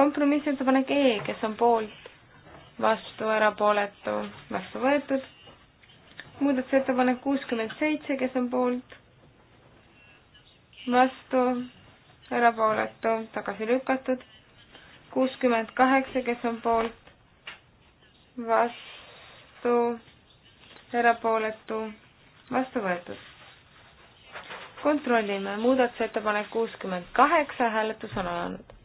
kompromissettepanek E, kes on poolt, vastu, erapooletu, vastu võetud. muudatusettepanek kuuskümmend seitse, kes on poolt, vastu, erapooletu, tagasi lükatud. kuuskümmend kaheksa, kes on poolt, vastu, erapooletu, vastu võetud. kontrollime, muudatusettepanek kuuskümmend kaheksa, hääletus on alanud.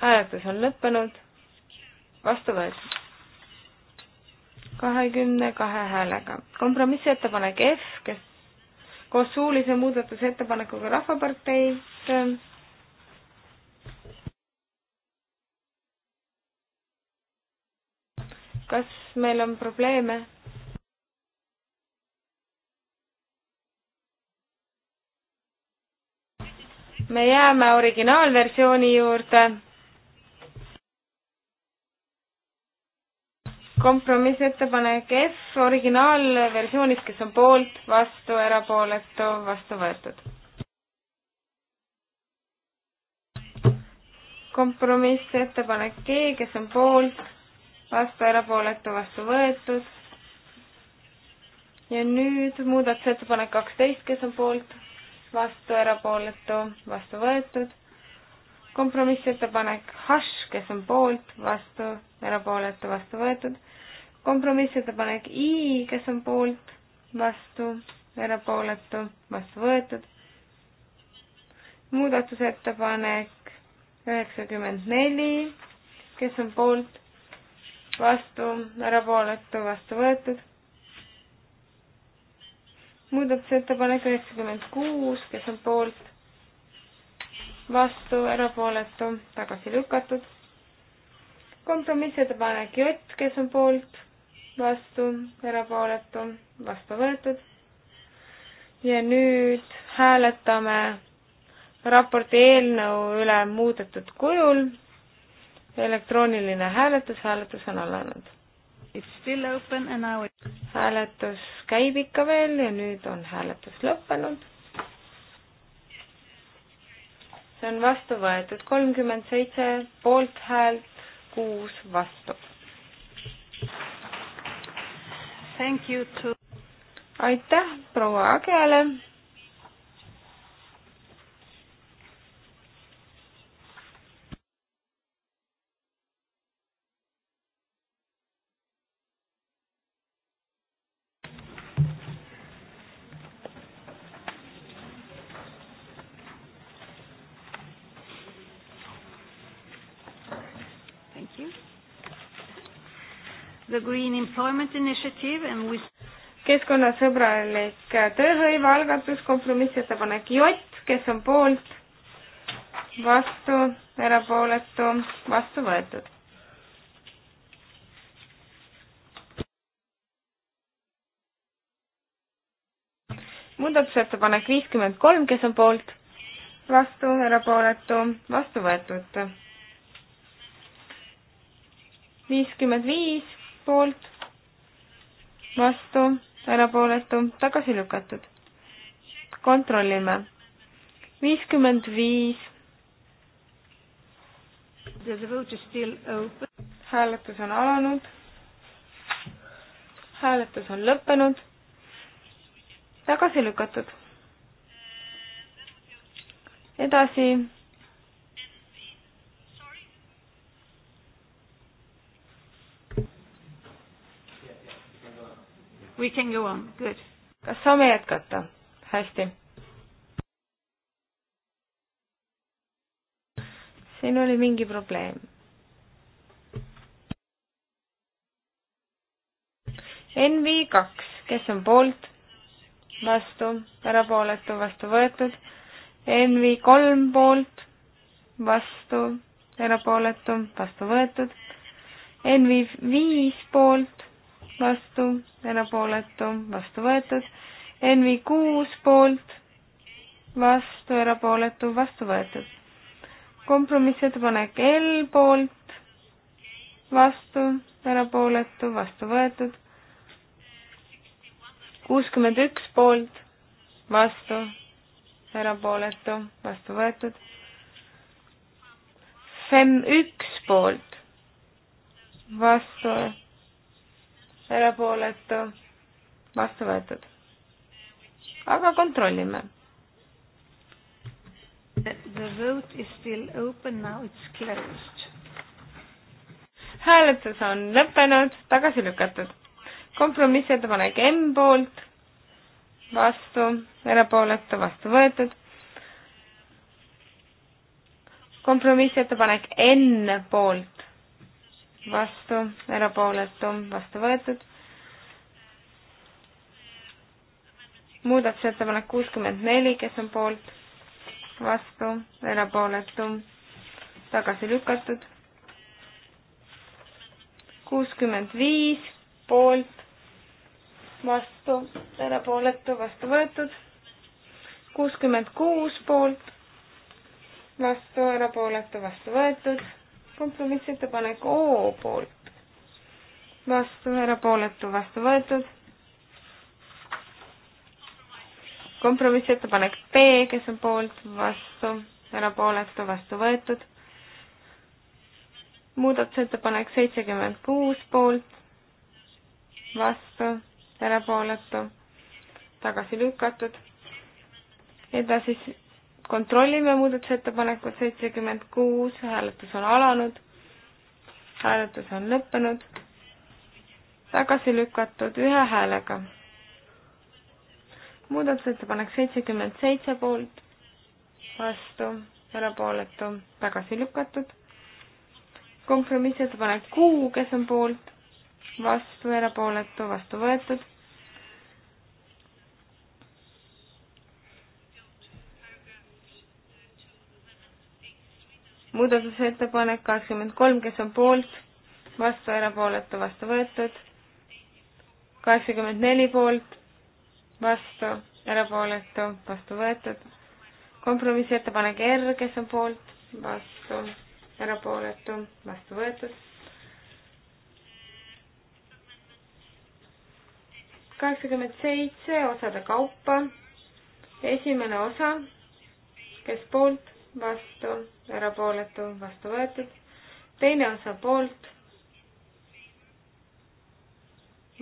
hääletus on lõppenud, vastu võetud. kahekümne kahe häälega. kompromissettepanek F, kes koos suulise muudatusettepanekuga Rahvaparteilt kas meil on probleeme? me jääme originaalversiooni juurde. kompromissettepanek F originaalversioonis, kes on poolt, vastu, erapooletu, vastu võetud. kompromissettepanek G, kes on poolt, vastu, erapooletu, vastu võetud. ja nüüd muudatusettepanek kaksteist, kes on poolt, vastu, erapooletu, vastu võetud kompromissettepanek Hush, kes on poolt, vastu, erapooletu, vastu võetud. kompromissettepanek I, kes on poolt, vastu, erapooletu, vastu võetud. muudatusettepanek üheksakümmend neli, kes on poolt, vastu, erapooletu, vastu võetud. muudatusettepanek üheksakümmend kuus, kes on poolt vastu, erapooletu, tagasi lükatud. kompromissettepanek J, kes on poolt, vastu, erapooletu, vastu võetud. ja nüüd hääletame raporti eelnõu üle muudetud kujul. elektrooniline hääletus, hääletus on alanud. hääletus käib ikka veel ja nüüd on hääletus lõppenud see on vastu võetud kolmkümmend seitse poolthäält, kuus vastu. aitäh proua Agele you. The Green Employment Initiative and with keskkonnasõbralik tööhõive algatus, kompromissettepanek J, kes on poolt, vastu, erapooletu, vastu võetud. muudatusettepanek viiskümmend kolm, kes on poolt, vastu, erapooletu, vastu võetud viiskümmend viis poolt, vastu, erapooletu, tagasi lükatud. kontrollime. viiskümmend viis. hääletus on alanud. hääletus on lõppenud. tagasi lükatud. edasi We can go on, good. kas saame jätkata? hästi. siin oli mingi probleem. NV kaks, kes on poolt, vastu, erapooletu, vastu võetud. NV kolm poolt, vastu, erapooletu, vastu võetud. NV viis poolt vastu, erapooletu, vastu võetud. NV kuus poolt, vastu, erapooletu, vastu võetud. kompromissettepanek L poolt, vastu, erapooletu, vastu võetud. kuuskümmend üks poolt, vastu, erapooletu, vastu võetud. FEM üks poolt, vastu erapooletu, vastu võetud. aga kontrollime. The vote is still open, now it's closed. hääletus on lõppenud, tagasi lükatud. kompromissettepanek M poolt, vastu, erapooletu, vastu võetud. kompromissettepanek N poolt, vastu, erapooletu, vastu võetud. muudatusettepanek kuuskümmend neli, kes on poolt, vastu, erapooletu, tagasi lükatud. kuuskümmend viis, poolt, vastu, erapooletu, vastu võetud. kuuskümmend kuus poolt, vastu, erapooletu, vastu võetud kompromissettepanek O poolt, vastu, erapooletu, vastu võetud. kompromissettepanek B, kes on poolt, vastu, erapooletu, vastu võetud. muudatusettepanek seitsekümmend kuus poolt, vastu, erapooletu, tagasi lükatud. edasi kontrollime muudatusettepanekut seitsekümmend kuus, hääletus on alanud, hääletus on lõppenud, tagasi lükatud ühe häälega. muudatusettepanek seitsekümmend seitse poolt, vastu, erapooletu, tagasi lükatud. kompromissettepanek kuu, kes on poolt, vastu, erapooletu, vastu võetud muudatusettepanek kakskümmend kolm, kes on poolt, vastu, erapooletu, vastu võetud. kaheksakümmend neli poolt, vastu, erapooletu, vastu võetud. kompromissettepanek R, kes on poolt, vastu, erapooletu, vastu võetud. kaheksakümmend seitse osade kaupa. esimene osa, kes poolt, vastu erapooletu, vastu võetud. teine osa poolt,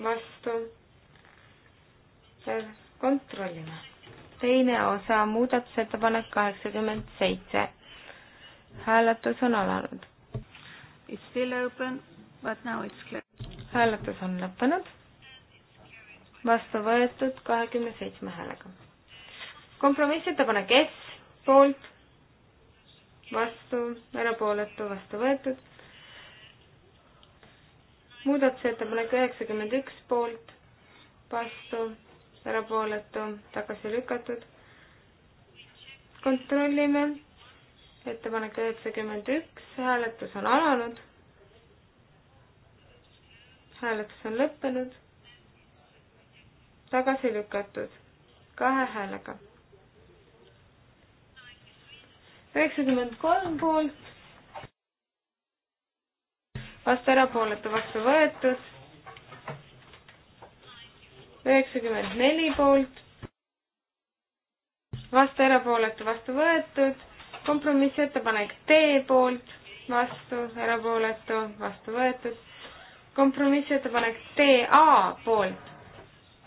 vastu. kontrollime. teine osa, muudatusettepanek kaheksakümmend seitse. hääletus on alanud. It's still open, but now it's closed. hääletus on lõppenud. vastu võetud kahekümne seitsme häälega. kompromissettepanek S poolt vastu, erapooletu, vastu võetud. muudatusettepanek üheksakümmend üks poolt, vastu, erapooletu, tagasi lükatud. kontrollime, ettepanek üheksakümmend üks, hääletus on alanud. hääletus on lõppenud, tagasi lükatud kahe häälega üheksakümmend kolm poolt, vastu erapooletu, vastu võetud. üheksakümmend neli poolt, vastu erapooletu, vastu võetud. kompromissettepanek D poolt, vastu erapooletu, vastu võetud. kompromissettepanek DA poolt,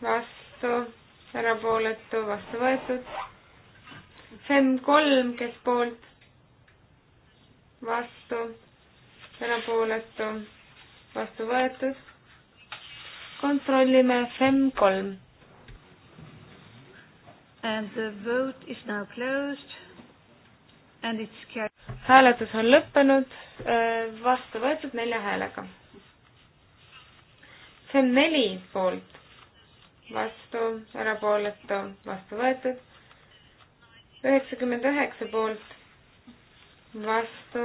vastu erapooletu, vastu võetud FEM kolm, kes poolt, vastu, erapooletu, vastu võetud. kontrollime FEM kolm. And the vote is now closed and it's carried. hääletus on lõppenud, äh, vastu võetud nelja häälega. FEM neli poolt, vastu, erapooletu, vastu võetud üheksakümmend üheksa poolt, vastu,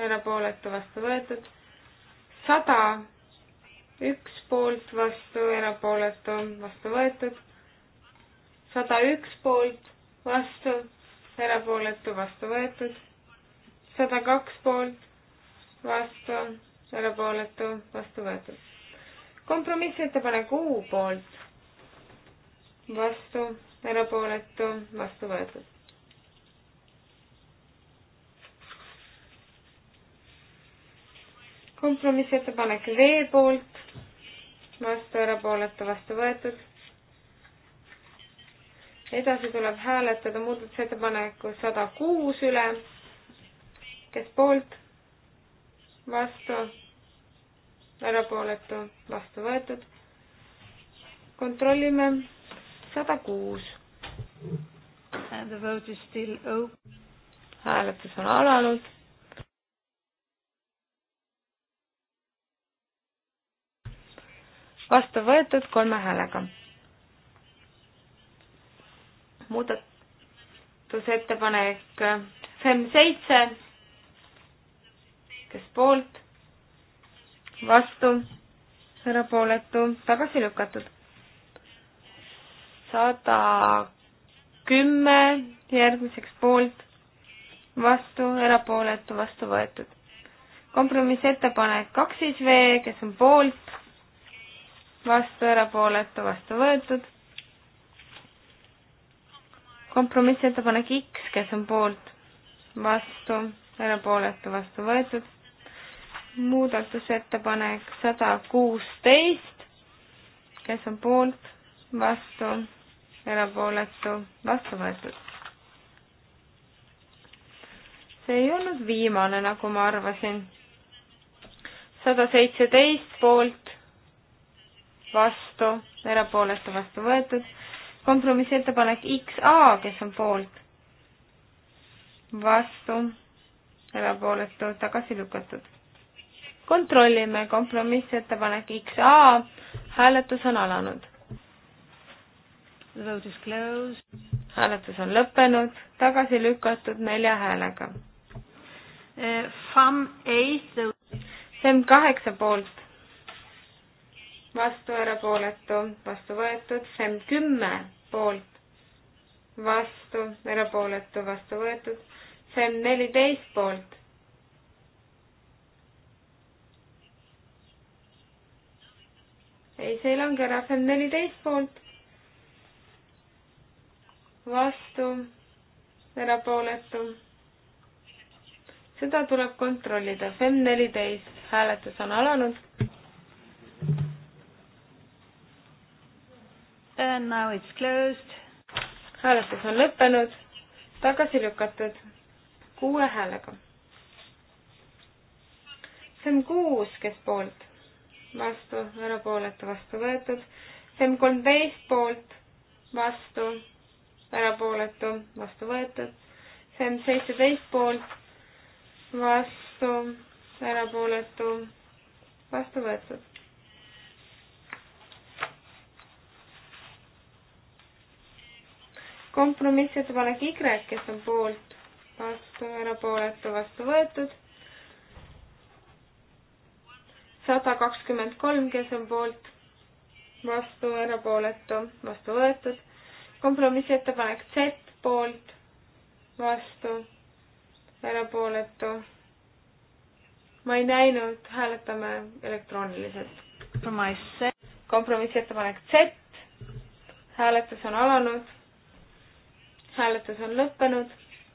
erapooletu, vastu võetud. sada, üks poolt, vastu, erapooletu, vastu võetud. sada üks poolt, vastu, erapooletu, vastu võetud. sada kaks poolt, vastu, erapooletu, vastu võetud. kompromissettepanek U poolt, vastu erapooletu, vastu võetud. kompromissettepanek V poolt, vastu erapooletu, vastu võetud. edasi tuleb hääletada muudatusettepaneku sada kuus üle, kes poolt, vastu, erapooletu, vastu võetud. kontrollime sada kuus. The vote is still open. hääletus on alanud. vastu võetud kolme häälega. muudatusettepanek FEM seitse, kes poolt, vastu, erapooletu, tagasi lükatud. sada kümme järgmiseks poolt, vastu, erapooletu, vastu võetud. kompromissettepanek kaks siis V, kes on poolt, vastu, erapooletu, vastu võetud. kompromissettepanek X, kes on poolt, vastu, erapooletu, vastu võetud. muudatusettepanek sada kuusteist, kes on poolt, vastu erapooletu, vastu võetud. see ei olnud viimane, nagu ma arvasin. sada seitseteist poolt, vastu, erapooletu, vastu võetud. kompromissettepanek XA, kes on poolt, vastu, erapooletu, tagasi lükatud. kontrollime kompromissettepanek XA, hääletus on alanud hääletus on lõppenud, tagasi lükatud nelja häälega. Uh, FEM kaheksa poolt, vastu erapooletu, vastu võetud, FEM kümme poolt, vastu erapooletu, vastu võetud, FEM neliteist poolt ei, see ei lange ära, see on neliteist poolt vastu, erapooletu. seda tuleb kontrollida. FEM neliteist hääletus on alanud. And now it's closed. hääletus on lõppenud, tagasi lükatud kuue häälega. see on kuus, kes poolt, vastu, erapooletu, vastu võetud. see on kolmteist poolt, vastu erapooletu, vastu võetud. see on seitseteist poolt, vastu, erapooletu, vastu võetud. kompromissettepanek Y, kes on poolt, vastu, erapooletu, vastu võetud. sada kakskümmend kolm, kes on poolt, vastu, erapooletu, vastu võetud kompromissettepanek Z poolt, vastu, erapooletu. ma ei näinud, hääletame elektrooniliselt. kompromissettepanek Z, hääletus on alanud, hääletus on lõppenud,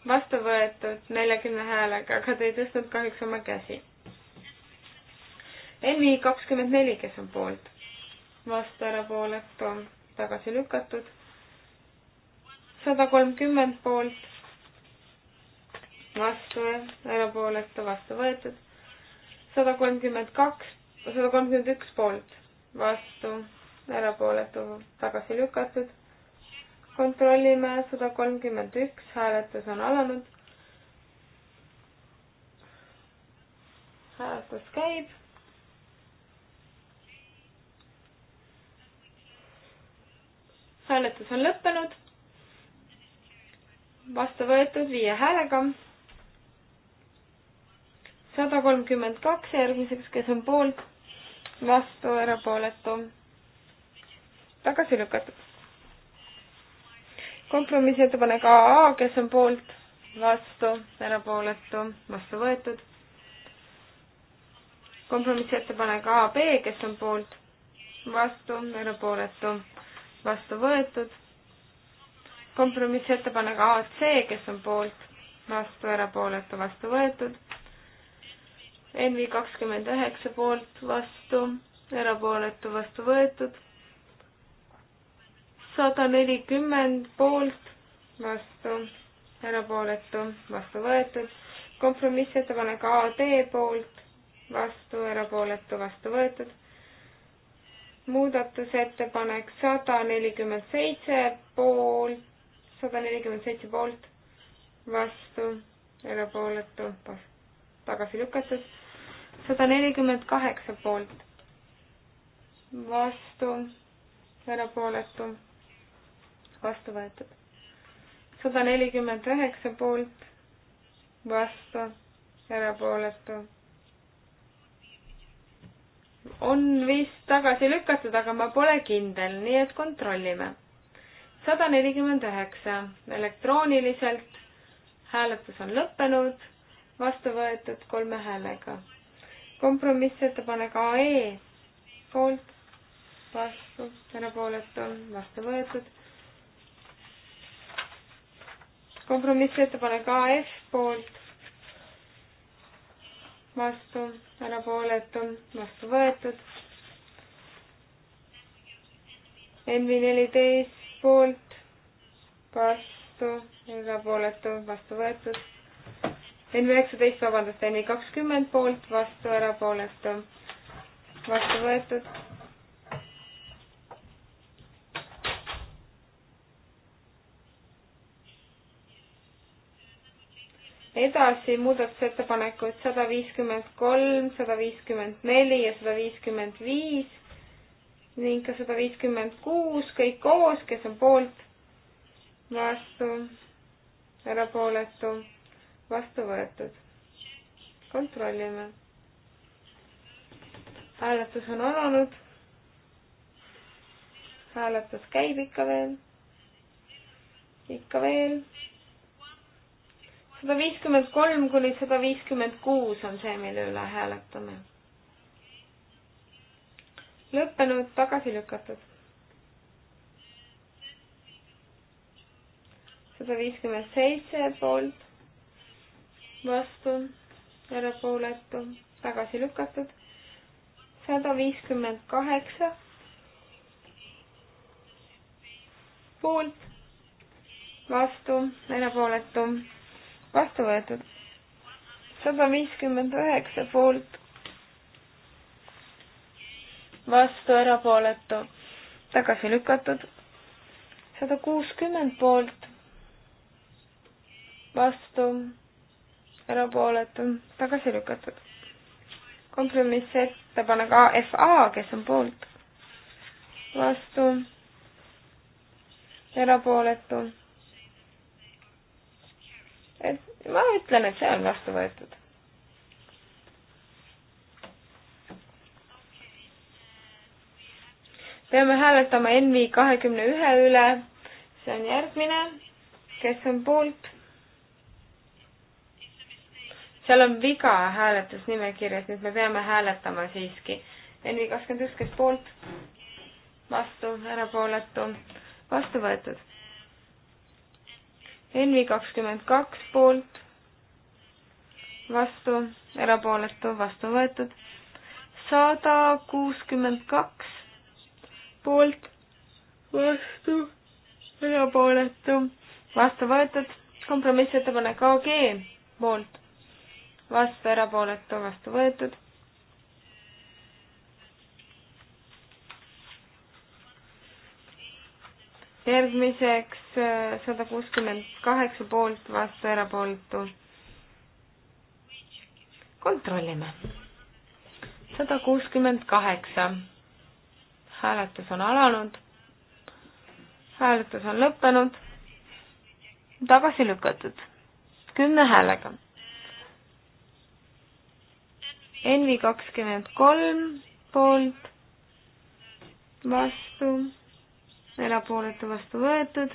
vastu võetud neljakümne häälega, aga te ei tõstnud kahjuks oma käsi. Envi kakskümmend neli, kes on poolt, vastu erapooletu, tagasi lükatud sada kolmkümmend poolt, vastu, erapooletu, vastu võetud. sada kolmkümmend kaks, sada kolmkümmend üks poolt, vastu, erapooletu, tagasi lükatud. kontrollime sada kolmkümmend üks, hääletus on alanud. hääletus käib hääletus on lõppenud vastu võetud viie häälega. sada kolmkümmend kaks järgmiseks, kes on poolt, vastu, erapooletu, tagasi lükatud. kompromissettepanek AA, kes on poolt, vastu, erapooletu, vastu võetud. kompromissettepanek AB, kes on poolt, vastu, erapooletu, vastu võetud kompromissettepanek AC, kes on poolt, vastu, erapooletu, vastu võetud. NV kakskümmend üheksa poolt, vastu, erapooletu, vastu võetud. sada nelikümmend poolt, vastu, erapooletu, vastu võetud. kompromissettepanek AD poolt, vastu, erapooletu, vastu võetud muudatusettepanek sada nelikümmend seitse poolt, sada nelikümmend seitse poolt, vastu, erapooletu, tagasi lükatud, sada nelikümmend kaheksa poolt, vastu, erapooletu, vastu võetud. sada nelikümmend üheksa poolt, vastu, erapooletu on vist tagasi lükatud, aga ma pole kindel, nii et kontrollime sada nelikümmend üheksa elektrooniliselt. hääletus on lõppenud, vastu võetud kolme häälega. kompromissettepanek AE poolt, vastu, erapooletu, vastu võetud. kompromissettepanek AF poolt, vastu, erapooletu, vastu võetud. NV neliteist poolt, vastu, erapooletu, vastu võetud. N üheksateist, vabandust, N kakskümmend poolt, vastu, erapooletu, vastu võetud. edasi muudatusettepanekud sada viiskümmend kolm, sada viiskümmend neli ja sada viiskümmend viis ning ka sada viiskümmend kuus, kõik koos, kes on poolt, vastu, erapooletu, vastu võetud. kontrollime. hääletus on alanud. hääletus käib ikka veel, ikka veel. sada viiskümmend kolm kuni sada viiskümmend kuus on see, mille üle hääletame lõppenud, tagasi lükatud. sada viiskümmend seitse poolt, vastu, erapooletu, tagasi lükatud. sada viiskümmend kaheksa poolt, vastu, erapooletu, vastu võetud. sada viiskümmend üheksa poolt, vastu erapooletu, tagasi lükatud. sada kuuskümmend poolt, vastu erapooletu, tagasi lükatud. kompromissettepanek AFA, kes on poolt, vastu erapooletu. et ma ütlen, et see on vastu võetud. peame hääletama NV kahekümne ühe üle, see on järgmine, kes on poolt? seal on viga hääletusnimekirjas, nüüd me peame hääletama siiski. NV kakskümmend üks, kes poolt? vastu, erapooletu, vastu võetud. NV kakskümmend kaks poolt, vastu, erapooletu, vastu võetud. sada kuuskümmend kaks poolt, vastu, erapooletu, vastu võetud, kompromissettepanek AG poolt, vastu, erapooletu, vastu võetud. järgmiseks äh, sada kuuskümmend kaheksa poolt, vastu, erapooletu. kontrollime. sada kuuskümmend kaheksa hääletus on alanud, hääletus on lõppenud, tagasi lükatud kümne häälega. Envi kakskümmend kolm poolt, vastu, erapooletu vastu võetud,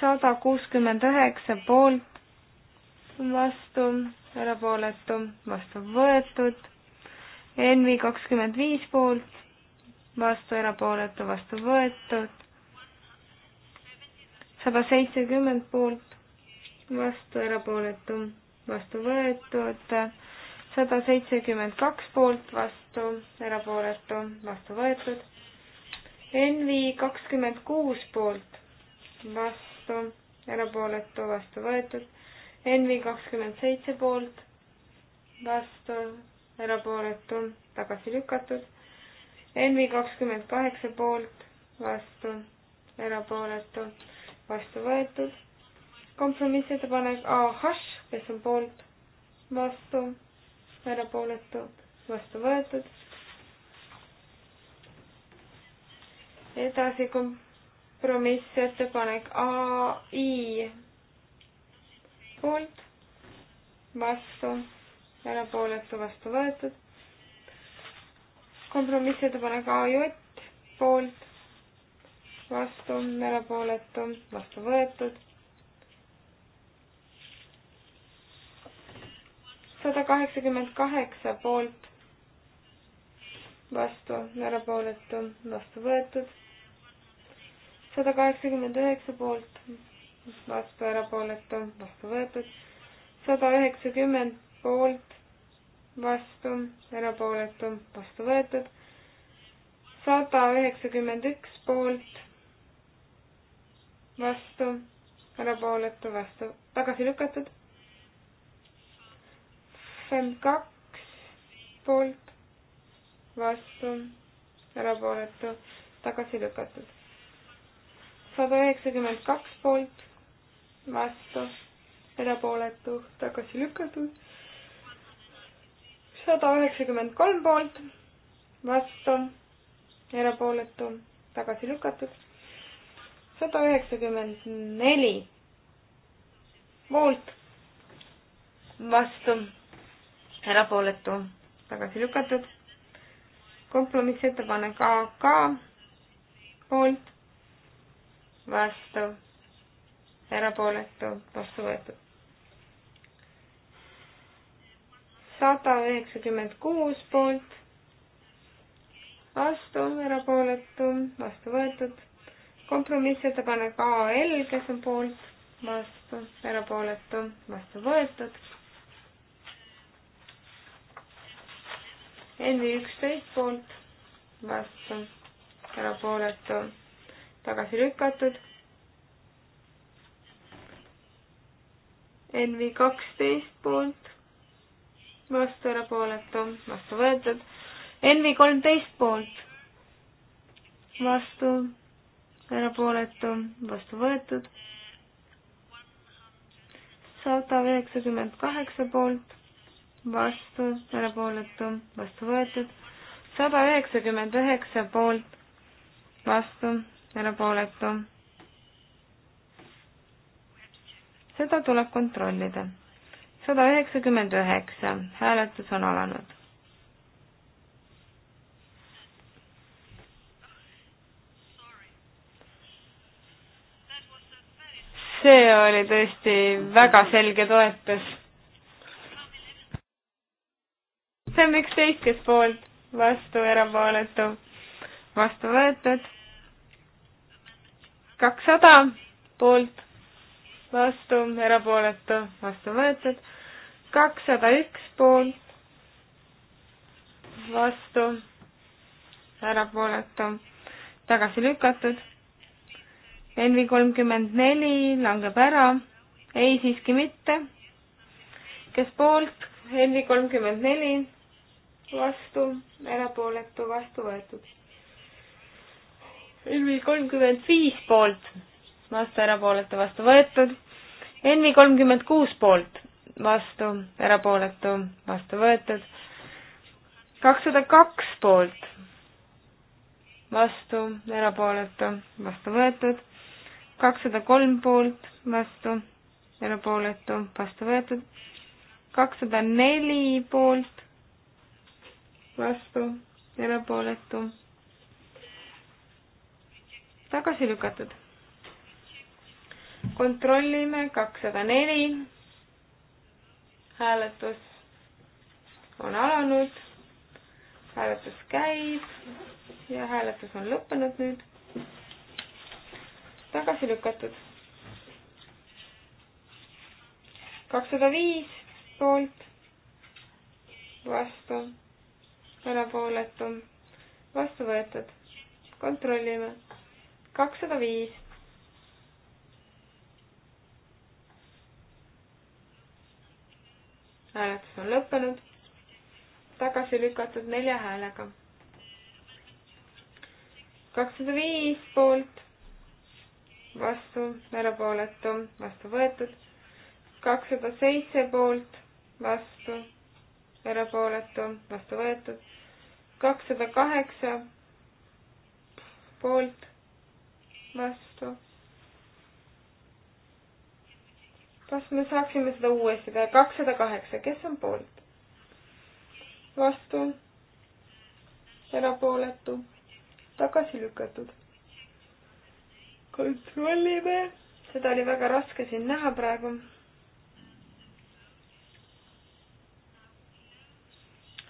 sada kuuskümmend üheksa poolt, vastu, erapooletu vastu võetud, Envi kakskümmend viis poolt, vastu erapooletu, vastu võetud. sada seitsekümmend poolt, vastu erapooletu, vastu võetud. sada seitsekümmend kaks poolt, vastu erapooletu, vastu võetud. Envi kakskümmend kuus poolt, vastu erapooletu, vastu võetud. Envi kakskümmend seitse poolt, vastu erapooletu, tagasi lükatud NV kakskümmend kaheksa poolt, vastu, erapooletu, vastu võetud. kompromissettepanek AH, kes on poolt, vastu, erapooletu, vastu võetud. edasi kompromissettepanek AI poolt, vastu, erapooletu, vastu võetud kompromissettepanek AJ poolt, vastu, erapooletu, vastu võetud. sada kaheksakümmend kaheksa poolt, vastu, erapooletu, vastu võetud. sada kaheksakümmend üheksa poolt, vastu, erapooletu, vastu võetud. sada üheksakümmend poolt, vastu, erapooletu, vastu võetud. sada üheksakümmend üks poolt, vastu, erapooletu, vastu, tagasi lükatud. kakskümmend kaks poolt, vastu, erapooletu, tagasi lükatud. sada üheksakümmend kaks poolt, vastu, erapooletu, tagasi lükatud sada üheksakümmend kolm poolt, vastu, erapooletu, tagasi lükatud. sada üheksakümmend neli poolt, vastu, erapooletu, tagasi lükatud. kompromissettepanek AK poolt, vastu, erapooletu, vastu võetud sada üheksakümmend kuus poolt, vastu, erapooletu, vastu võetud. kompromissettepanek AL, kes on poolt, vastu, erapooletu, vastu võetud. NV üksteist poolt, vastu, erapooletu, tagasi lükatud. NV kaksteist poolt vastu erapooletu, vastu võetud. NV kolmteist poolt, vastu erapooletu, vastu võetud. sada üheksakümmend kaheksa poolt, vastu erapooletu, vastu võetud. sada üheksakümmend üheksa poolt, vastu erapooletu seda tuleb kontrollida sada üheksakümmend üheksa, hääletus on alanud. see oli tõesti väga selge toetus. see on üksteist, kes poolt, vastu, erapooletu, vastu võetud. kakssada poolt, vastu, erapooletu, vastu võetud kakssada üks poolt, vastu, erapooletu, tagasi lükatud. Envi kolmkümmend neli langeb ära, ei siiski mitte. kes poolt, Envi kolmkümmend neli, vastu, erapooletu, vastu võetud. Envi kolmkümmend viis poolt, vastu, erapooletu, vastu võetud. Envi kolmkümmend kuus poolt vastu, erapooletu, vastu võetud. kakssada kaks poolt, vastu, erapooletu, vastu võetud. kakssada kolm poolt, vastu, erapooletu, vastu võetud. kakssada neli poolt, vastu, erapooletu, tagasi lükatud kontrollime kakssada neli hääletus on alanud, hääletus käib ja hääletus on lõppenud nüüd. tagasi lükatud. kakssada viis poolt, vastu, erapooletu, vastu võetud. kontrollime. kakssada viis hääletus on lõppenud, tagasi lükatud nelja häälega. kakssada viis poolt, vastu, erapooletu, vastu võetud, kakssada seitse poolt, vastu, erapooletu, vastu võetud, kakssada kaheksa poolt, vastu, kas me saaksime seda uuesti teha? kakssada kaheksa, kes on poolt? vastu? erapooletu? tagasi lükatud? kontrollime. seda oli väga raske siin näha praegu.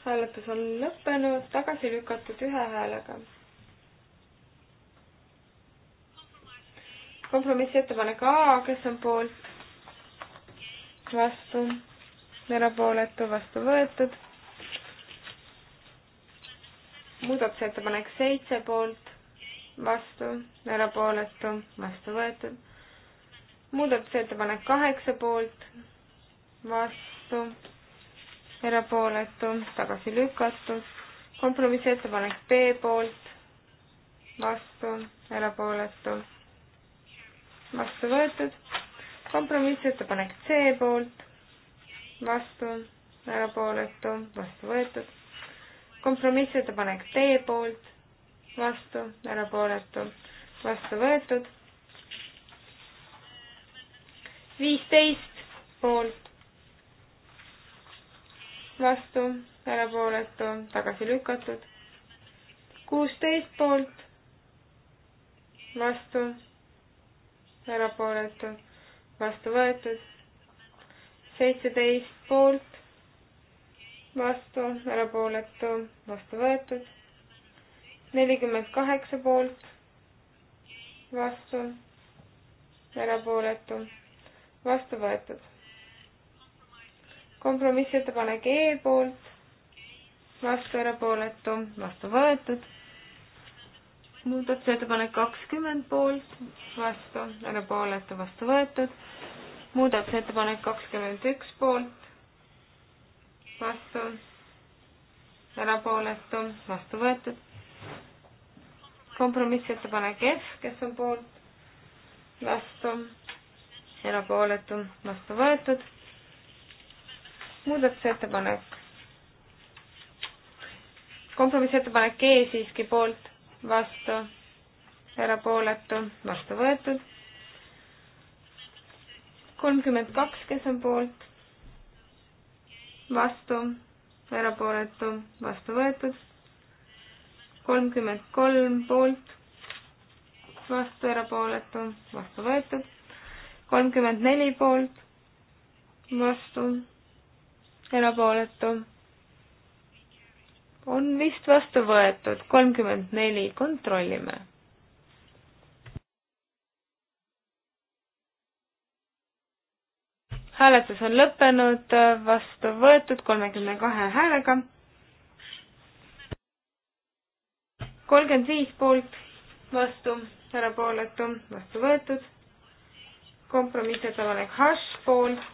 hääletus on lõppenud, tagasi lükatud ühe häälega. kompromissettepanek A, kes on poolt? vastu, erapooletu, vastu võetud. muudatusettepanek seitse poolt, vastu, erapooletu, vastu võetud. muudatusettepanek kaheksa poolt, vastu, erapooletu, tagasi lükatud. kompromissettepanek B poolt, vastu, erapooletu, vastu võetud kompromissettepanek C poolt, vastu, erapooletu, vastu võetud. kompromissettepanek D poolt, vastu, erapooletu, vastu võetud. viisteist poolt, vastu, erapooletu, tagasi lükatud. kuusteist poolt, vastu, erapooletu vastu võetud, seitseteist poolt, vastu, erapooletu, vastu võetud, nelikümmend kaheksa poolt, vastu, erapooletu, vastu võetud. kompromissettepanek E poolt, vastu, erapooletu, vastu võetud muudatusettepanek kakskümmend poolt, vastu, erapooletu, vastu võetud. muudatusettepanek kakskümmend üks poolt, vastu, erapooletu, vastu võetud. kompromissettepanek F, kes on poolt, vastu, erapooletu, vastu võetud. muudatusettepanek kompromissettepanek G e siiski poolt, vastu, erapooletu, vastu võetud. kolmkümmend kaks, kes on poolt, vastu, erapooletu, vastu võetud. kolmkümmend kolm poolt, vastu, erapooletu, vastu võetud. kolmkümmend neli poolt, vastu, erapooletu on vist vastu võetud, kolmkümmend neli, kontrollime. hääletus on lõppenud, vastu võetud kolmekümne kahe häälega. kolmkümmend viis poolt, vastu, erapooletu, vastu võetud. kompromissettepanek Hash poolt,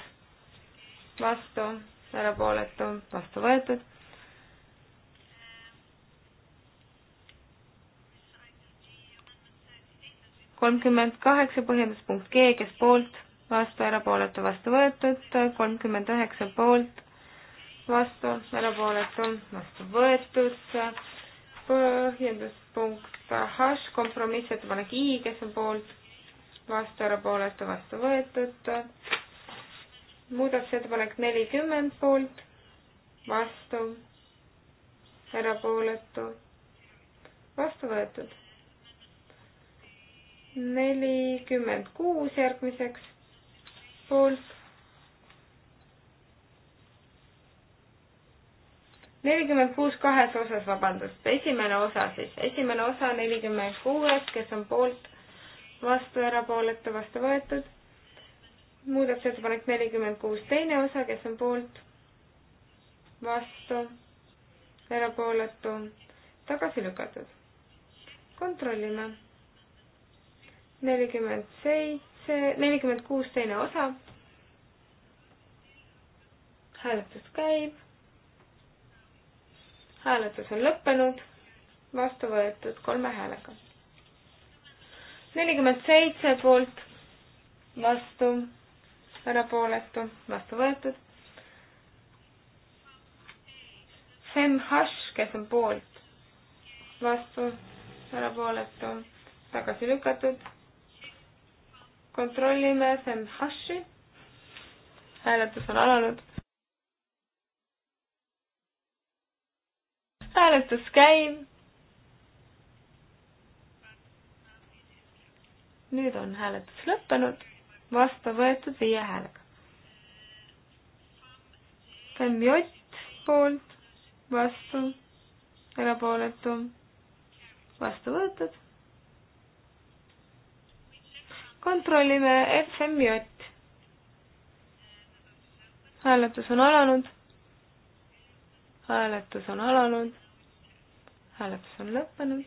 vastu, erapooletu, vastu võetud kolmkümmend kaheksa põhjenduspunkt G, kes poolt, vastu, erapooletu, vastu võetud, kolmkümmend üheksa poolt, vastu, erapooletu, vastu võetud, põhjenduspunkt H, kompromissettepanek I, kes on poolt, vastu, erapooletu, vastu võetud, muudatusettepanek nelikümmend poolt, vastu, erapooletu, vastu võetud nelikümmend kuus järgmiseks poolt. nelikümmend kuus kahes osas, vabandust, esimene osa siis, esimene osa nelikümmend kuues, kes on poolt, vastu, erapooletu, vastu võetud. muudatusettepanek nelikümmend kuus, teine osa, kes on poolt, vastu, erapooletu, tagasi lükatud. kontrollime nelikümmend seitse, nelikümmend kuus teine osa. hääletus käib. hääletus on lõppenud, vastu võetud kolme häälega. nelikümmend seitse poolt, vastu, erapooletu, vastu võetud. Fem Hash, kes on poolt, vastu, erapooletu, tagasi lükatud kontrollime FEMHASi. hääletus on alanud. hääletus käib. nüüd on hääletus lõppenud, vastu võetud viie häälega. FEMJ poolt, vastu, erapooletu, vastu võetud kontrollime FMJ. hääletus on alanud. hääletus on alanud. hääletus on lõppenud.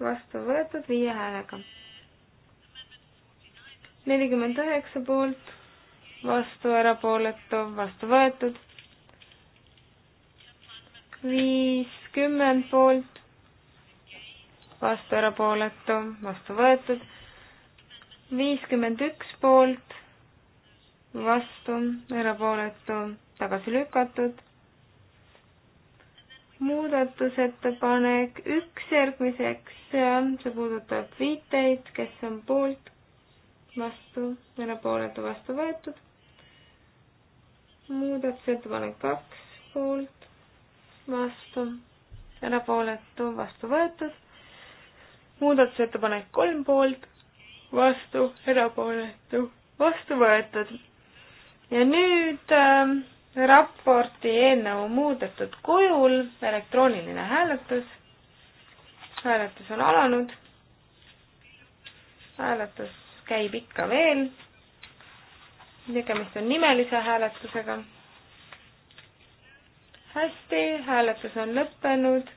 vastu võetud viie häälega. nelikümmend üheksa poolt, vastu erapooletu, vastu võetud. viiskümmend poolt, vastu erapooletu, vastu võetud viiskümmend üks poolt, vastu, erapooletu, tagasi lükatud. muudatusettepanek üks järgmiseks, see puudutab viiteid, kes on poolt, vastu, erapooletu, vastu võetud. muudatusettepanek kaks poolt, vastu, erapooletu, vastu võetud. muudatusettepanek kolm poolt vastu, erapooletu, vastu võetud. ja nüüd äh, raporti eelnõu muudetud kujul elektrooniline hääletus. hääletus on alanud. hääletus käib ikka veel. tegemist on nimelise hääletusega. hästi, hääletus on lõppenud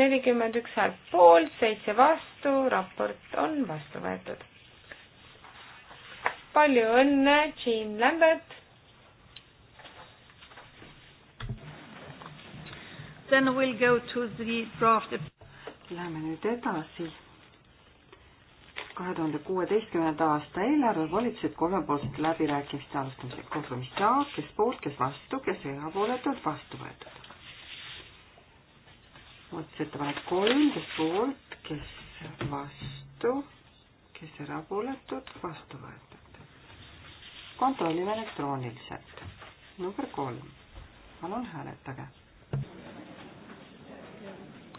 nelikümmend üks häält poolt, seitse vastu, raport on vastu võetud. palju õnne, Jean Lambert. Then we'll go to the draft. Läheme nüüd edasi. kahe tuhande kuueteistkümnenda aasta eelarve valitsused kolmepoolsete läbirääkimiste alustamiseks kompromiss A, kes poolt, kes vastu, kes erapooletult vastu võetud muudatusettepanek kolm, kes poolt, kes vastu, kes erapooletud, vastu võetud. kontrollime elektrooniliselt. number kolm, palun hääletage.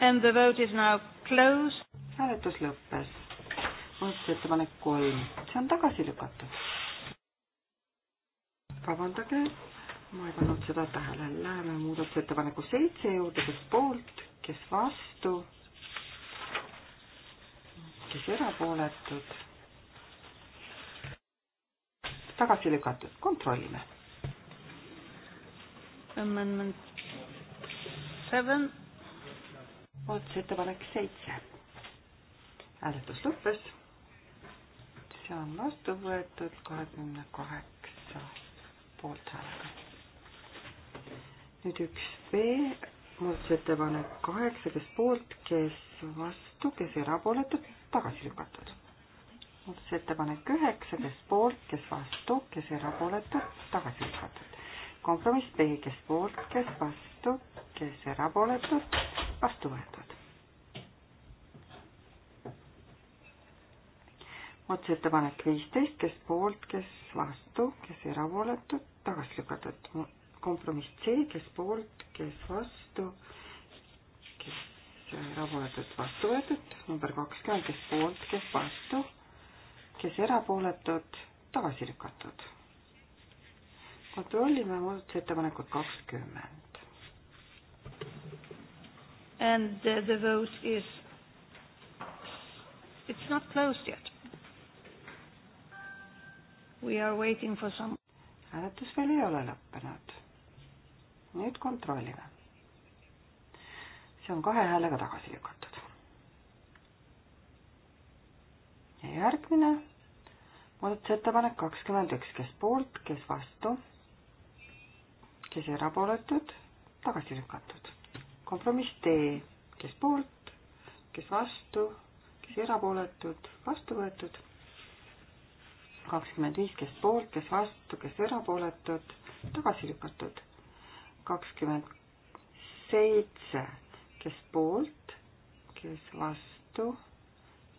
And the vote is now closed. hääletus lõppes. muudatusettepanek kolm, see on tagasi lükatud. vabandage, ma ei pannud seda tähele. Läheme muudatusettepaneku seitse juurde, kes poolt kes vastu, kes erapooletud, tagasi lükatud, kontrollime. Amendment seven. otsusettepanek seitse. hääletus lõppes. see on vastu võetud kahekümne kaheksa poolthäälega. nüüd üks B muudatusettepanek kaheksa, kes poolt, kes vastu, kes erapooletud, tagasi lükatud. muudatusettepanek üheksa, kes poolt, kes vastu, kes erapooletud, tagasi lükatud. kompromiss B, kes poolt, kes vastu, kes erapooletud, vastu võetud. muudatusettepanek viisteist, kes poolt, kes vastu, kes erapooletud, tagasi lükatud kompromiss C, kes poolt, kes vastu, kes äh, erapooletud, vastu võetud, number kakskümmend, kes poolt, kes vastu, kes erapooletud, tagasi lükatud. kontrollime muudatusettepanekut kakskümmend. And the, the vote is, it's not closed yet. We are waiting for some hääletus veel ei ole lõppenud nüüd kontrollime. see on kahe häälega tagasi lükatud. ja järgmine muudatusettepanek kakskümmend üks, kes poolt, kes vastu, kes erapooletud, tagasi lükatud. kompromiss D, kes poolt, kes vastu, kes erapooletud, vastu võetud. kakskümmend viis, kes poolt, kes vastu, kes erapooletud, tagasi lükatud kakskümmend seitse, kes poolt, kes vastu,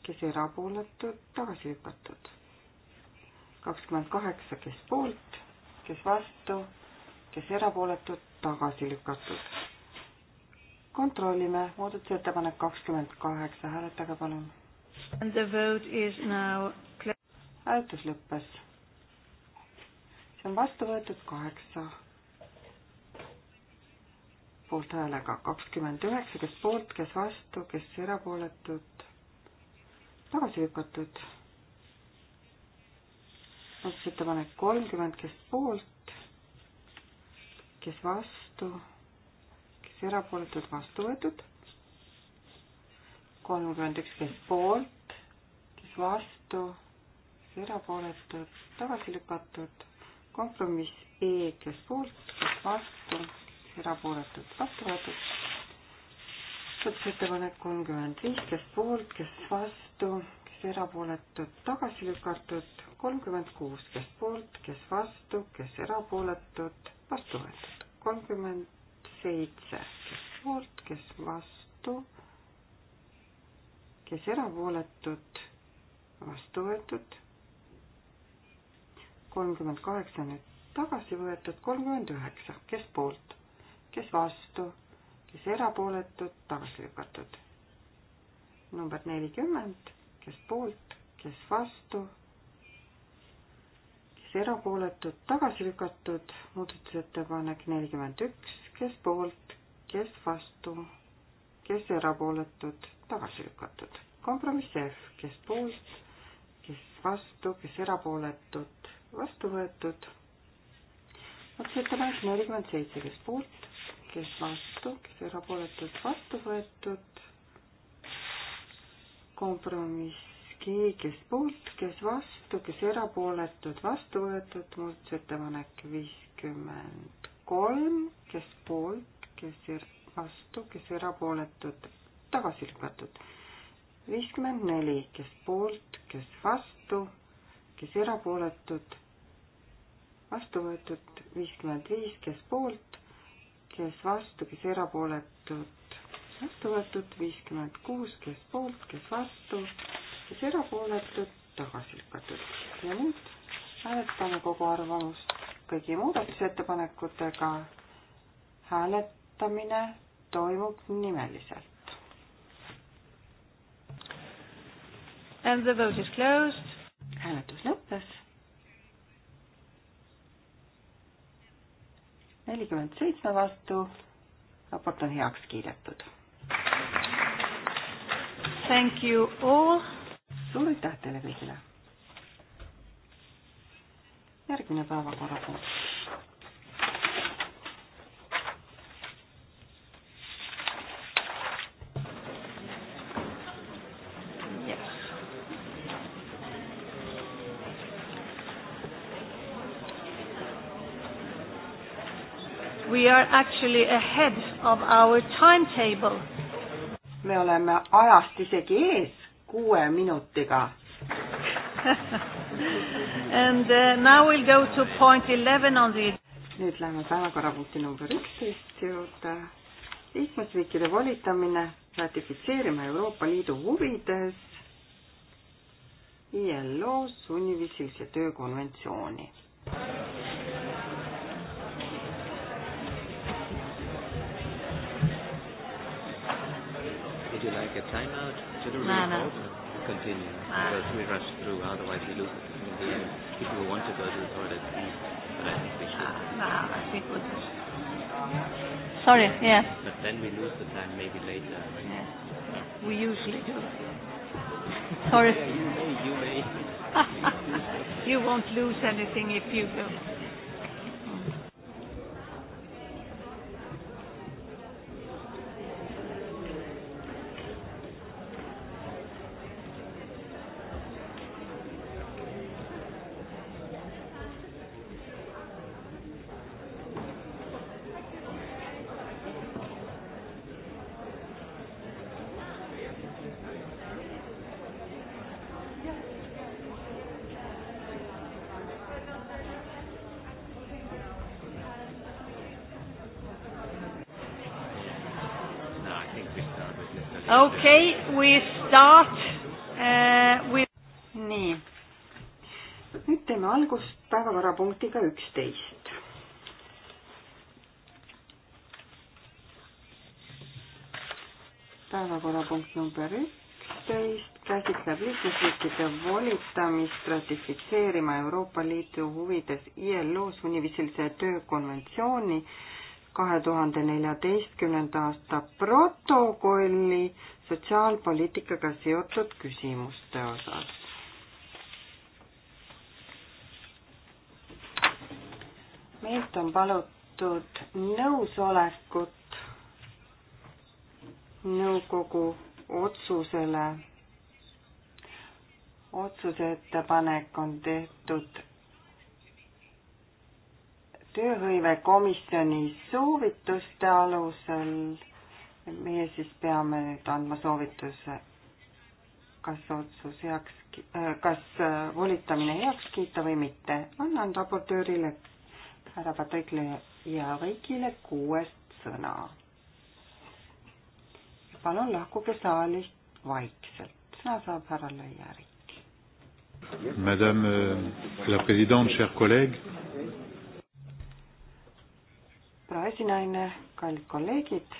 kes erapooletud, tagasi lükatud. kakskümmend kaheksa, kes poolt, kes vastu, kes erapooletud, tagasi lükatud. kontrollime muudatusettepanek kakskümmend kaheksa, hääletage palun. And the vote is now hääletus lõppes. see on vastu võetud kaheksa poolthäälega kakskümmend üheksa, kes poolt, kes vastu, kes erapooletud, tagasi lükatud. muudatusettepanek kolmkümmend, kes poolt, kes vastu, kes erapooletud, vastu võetud. kolmkümmend üks, kes poolt, kes vastu, kes erapooletud, tagasi lükatud. kompromiss E, kes poolt, kes vastu erapooletud, vastu võetud. muudatusettepanek kolmkümmend viis, kes poolt, kes vastu, kes erapooletud, tagasi lükatud. kolmkümmend kuus, kes poolt, kes vastu, kes erapooletud, vastu võetud. kolmkümmend seitse, kes poolt, kes vastu, kes erapooletud, vastu võetud. kolmkümmend kaheksa nüüd tagasi võetud kolmkümmend üheksa, kes poolt? kes vastu, kes erapooletud, tagasi lükatud. number nelikümmend, kes poolt, kes vastu, kes erapooletud, tagasi lükatud, muudatusettepanek nelikümmend üks, kes poolt, kes vastu, kes erapooletud, tagasi lükatud. kompromiss F, kes poolt, kes vastu, kes erapooletud, vastu võetud muudatusettepanek nelikümmend seitse, kes poolt, kes vastu, kes erapooletult vastu võetud. kompromiss G, kes poolt, kes vastu, kes erapooletult vastu võetud, muudatusettepanek viiskümmend kolm, kes poolt, kes er, vastu, kes erapooletult tagasi lükatud. viiskümmend neli, kes poolt, kes vastu, kes erapooletud, vastu võetud viiskümmend viis, kes poolt, kes vastu, kes erapooletud, vastu võetud viiskümmend kuus, kes poolt, kes vastu, kes erapooletud, tagasi lükatud. ja nüüd hääletame kogu arvamust kõigi muudatusettepanekutega. hääletamine toimub nimeliselt. And the vote is closed. hääletus lõppes nelikümmend seitse vastu, raport on heaks kiidetud. Thank you all. suur aitäh teile kõigile. järgmine päevakorrapunkt we are actually ahead of our timetable. me oleme ajast isegi ees kuue minutiga And uh, now we'll go to point 11 on the nüüd läheme päevakorrapunkti number üksteist juurde. liikmesriikide volitamine ratifitseerima Euroopa Liidu huvides ILO sunniviisilise töökonventsiooni. take a time out? Should we no, no. continue? Ah. Because we rush through, otherwise we lose it. Yeah. If we want to go to the toilet, but I think we should. Ah, no, I think we should. Sorry, yeah. But then we lose the time maybe later. Yeah. We usually do. Sorry. Yeah, you may, you may. you won't lose anything if you go. Okay, we start uh, with... nii, nüüd teeme algust päevakorrapunktiga üksteist. päevakorrapunkt number üksteist käsitleb liikmesriikide volitamist ratifitseerima Euroopa Liidu huvides ILO sunnivisilise töökonventsiooni äh, kahe tuhande neljateistkümnenda aasta protokolli sotsiaalpoliitikaga seotud küsimuste osas. meilt on palutud nõusolekut nõukogu otsusele otsuse ettepanek on tehtud tööhõivekomisjoni soovituste alusel meie siis peame nüüd andma soovituse, kas otsus heaks, äh, kas äh, volitamine heaks kiita või mitte. annan raportöörile härra Patrikile ja Võikile kuuest sõna. palun lahkuge saalist vaikselt, sõna saab härra Lõiarik. Madame euh, la présidente, chers collègues, proua esinaine, kallid kolleegid,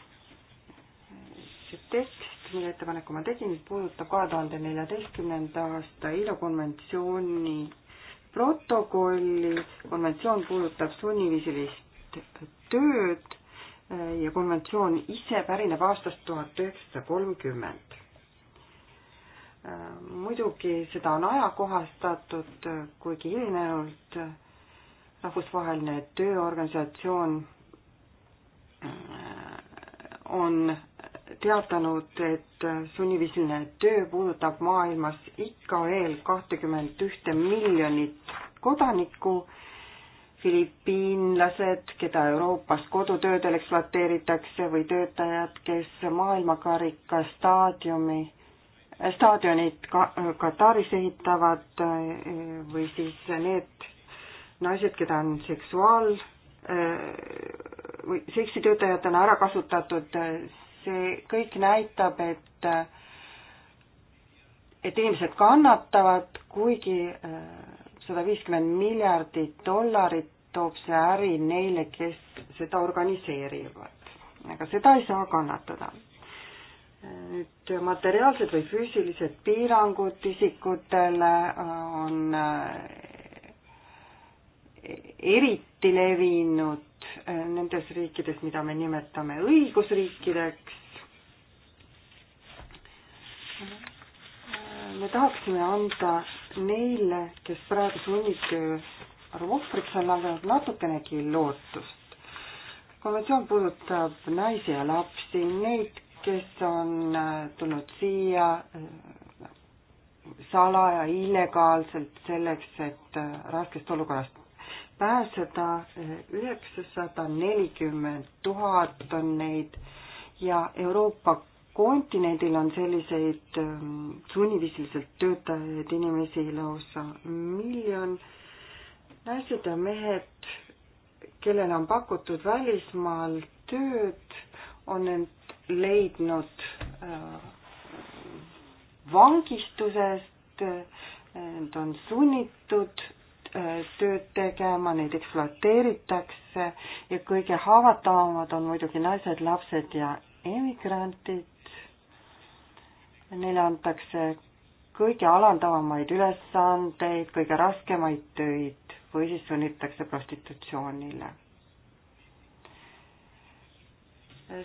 see tekst, mille ettepaneku ma tegin, puudutab kahe tuhande neljateistkümnenda aasta ILO konventsiooni protokolli, konventsioon puudutab sunniviisilist tööd ja konventsioon ise pärineb aastast tuhat üheksasada kolmkümmend. muidugi seda on ajakohastatud, kuigi hilinenult rahvusvaheline tööorganisatsioon on teatanud, et sunniviisiline töö puudutab maailmas ikka veel kahtekümmet ühte miljonit kodanikku, filipiinlased, keda Euroopas kodutöödel ekspluateeritakse või töötajad, kes maailmakarika staadiumi, staadionit ka-, Kataris ehitavad või siis need naised, keda on seksuaal või seksitöötajatena ära kasutatud, see kõik näitab, et et inimesed kannatavad, kuigi äh, sada viiskümmend miljardit dollarit toob see äri neile, kes seda organiseerivad. aga seda ei saa kannatada. nüüd materiaalsed või füüsilised piirangud isikutele äh, on äh, eriti levinud Äh, nendes riikides, mida me nimetame õigusriikideks. Äh, me tahaksime anda neile, kes praegu sunnitöö ohvriks on langenud, natukenegi lootust. konventsioon puudutab naisi ja lapsi, neid, kes on äh, tulnud siia salaja, illegaalselt selleks, et raskest olukorrast pääseda, eh, üheksasada nelikümmend tuhat on neid ja Euroopa kontinendil on selliseid eh, sunniviisiliselt töötajaid inimesi lausa miljon. naised ja mehed, kellele on pakutud välismaal tööd, on end leidnud eh, vangistusest, nad on sunnitud Äh, tööd tegema, neid ekspluateeritakse ja kõige haavatavamad on muidugi naised, lapsed ja emigrantid. Neile antakse kõige alandavamaid ülesandeid, kõige raskemaid töid või siis sunnitakse prostitutsioonile.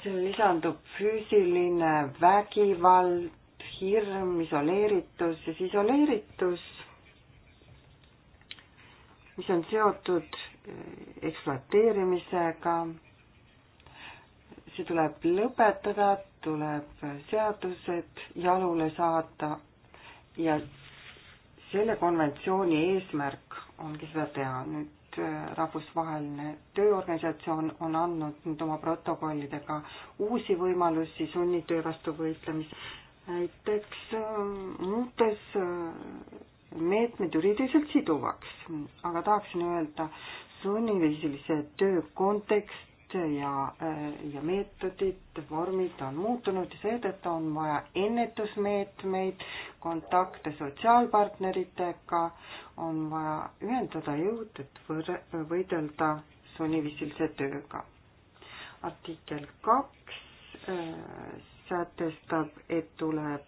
siin lisandub füüsiline vägivald, hirm, isoleeritus ja siis isoleeritus mis on seotud eh, ekspluateerimisega. see tuleb lõpetada, tuleb seadused jalule saata ja selle konventsiooni eesmärk ongi seda teha. nüüd eh, rahvusvaheline tööorganisatsioon on andnud nüüd oma protokollidega uusi võimalusi sunnitöö vastu võitlemiseks. näiteks eh, muutes meetmed juriidiliselt siduvaks, aga tahaksin öelda, sunniviisilise töö kontekst ja, äh, ja meetodid, vormid on muutunud ja seetõttu on vaja ennetusmeetmeid, kontakte sotsiaalpartneritega, on vaja ühendada jõud, et võr-, võidelda sunniviisilise tööga. artikkel kaks äh, sätestab, et tuleb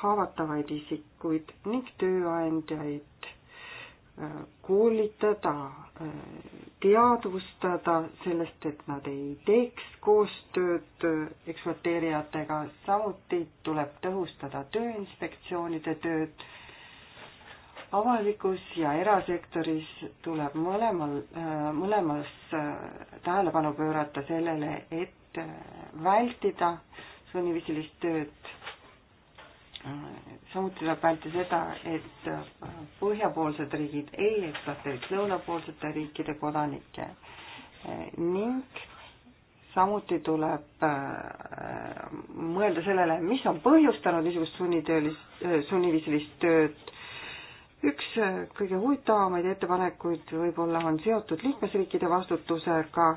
haavatavaid isikuid ning tööandjaid äh, koolitada, äh, teadvustada sellest, et nad ei teeks koostööd äh, ekspluateerijatega, samuti tuleb tõhustada tööinspektsioonide tööd. avalikus ja erasektoris tuleb mõlemal, mõlemas tähelepanu pöörata sellele, et vältida sunniviisilist tööd. samuti tuleb vältida seda, et põhjapoolsed riigid ei ekspluateeriks lõunapoolsete riikide kodanikke ning samuti tuleb äh, mõelda sellele, mis on põhjustanud niisugust sunnitöölist, äh, sunniviisilist tööd. üks äh, kõige huvitavamaid ettepanekuid võib-olla on seotud liikmesriikide vastutusega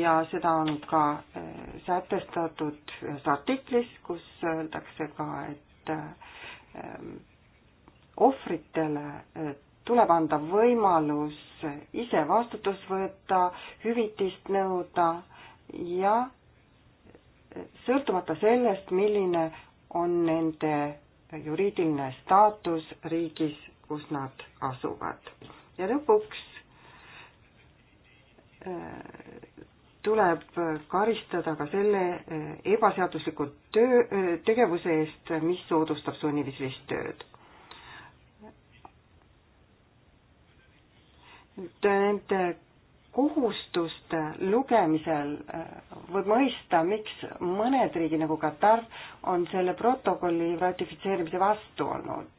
ja seda on ka eh, sätestatud ühes artiklis, kus öeldakse ka, et eh, ohvritele eh, tuleb anda võimalus ise vastutus võtta, hüvitist nõuda ja sõltumata sellest, milline on nende juriidiline staatus riigis, kus nad asuvad. ja lõpuks tuleb karistada ka selle äh, ebaseadusliku töö, äh, tegevuse eest, mis soodustab sunniviisilist tööd. et nende kohustuste lugemisel äh, võib mõista, miks mõned riigid nagu Katar on selle protokolli ratifitseerimise vastu olnud.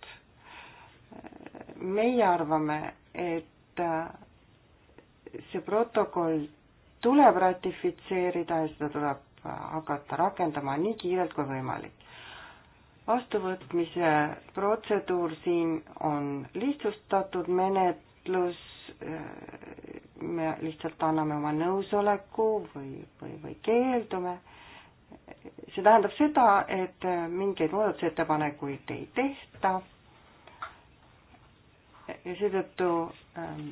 meie arvame, et see protokoll tuleb ratifitseerida ja seda tuleb hakata rakendama nii kiirelt kui võimalik. vastuvõtmise protseduur siin on lihtsustatud menetlus, me lihtsalt anname oma nõusoleku või, või, või keeldume. see tähendab seda, et mingeid muudatusettepanekuid ei tehta ja seetõttu ähm,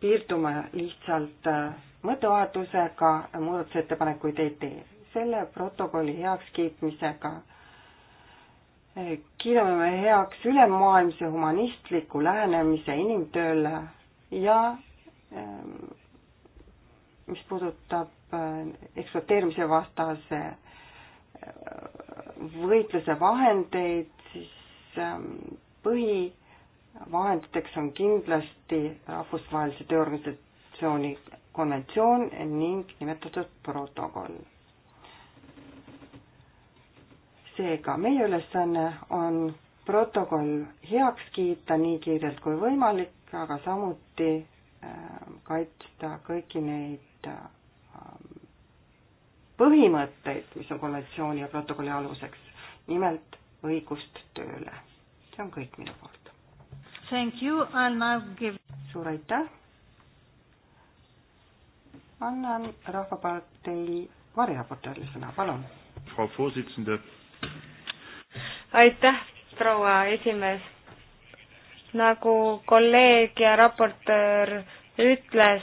piirduma lihtsalt äh, mõttevahetusega, muudatusettepanekuid ei tee. selle protokolli heakskiitmisega äh, kiidame me heaks ülemaailmse humanistliku lähenemise inimtööle ja äh, mis puudutab ekspluateerimise vastase võitluse vahendeid, siis põhi vahenditeks on kindlasti Rahvusvahelise Tööorganisatsiooni konventsioon ning nimetatud protokoll. seega meie ülesanne on protokoll heaks kiita nii kiirelt kui võimalik, aga samuti äh, kaitsta kõiki neid äh, põhimõtteid, mis on konventsiooni ja protokolli aluseks, nimelt õigust tööle. see on kõik minu poolt. Thank you and now give. suur aitäh. annan Rahvapartei variraportööri sõna, palun. aitäh, proua esimees. nagu kolleeg ja raportöör ütles,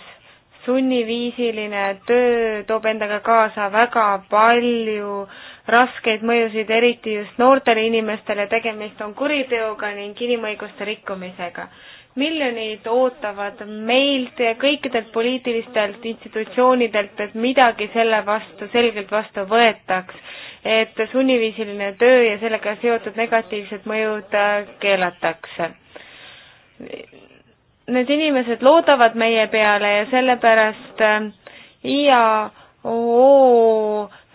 sunniviisiline töö toob endaga kaasa väga palju äh, raskeid mõjusid, eriti just noortele inimestele, tegemist on kuriteoga ning inimõiguste rikkumisega. miljonid ootavad meilt ja kõikidelt poliitilistelt institutsioonidelt, et midagi selle vastu selgelt vastu võetaks, et sunniviisiline töö ja sellega seotud negatiivsed mõjud äh, keelatakse. Need inimesed loodavad meie peale ja sellepärast äh, IAO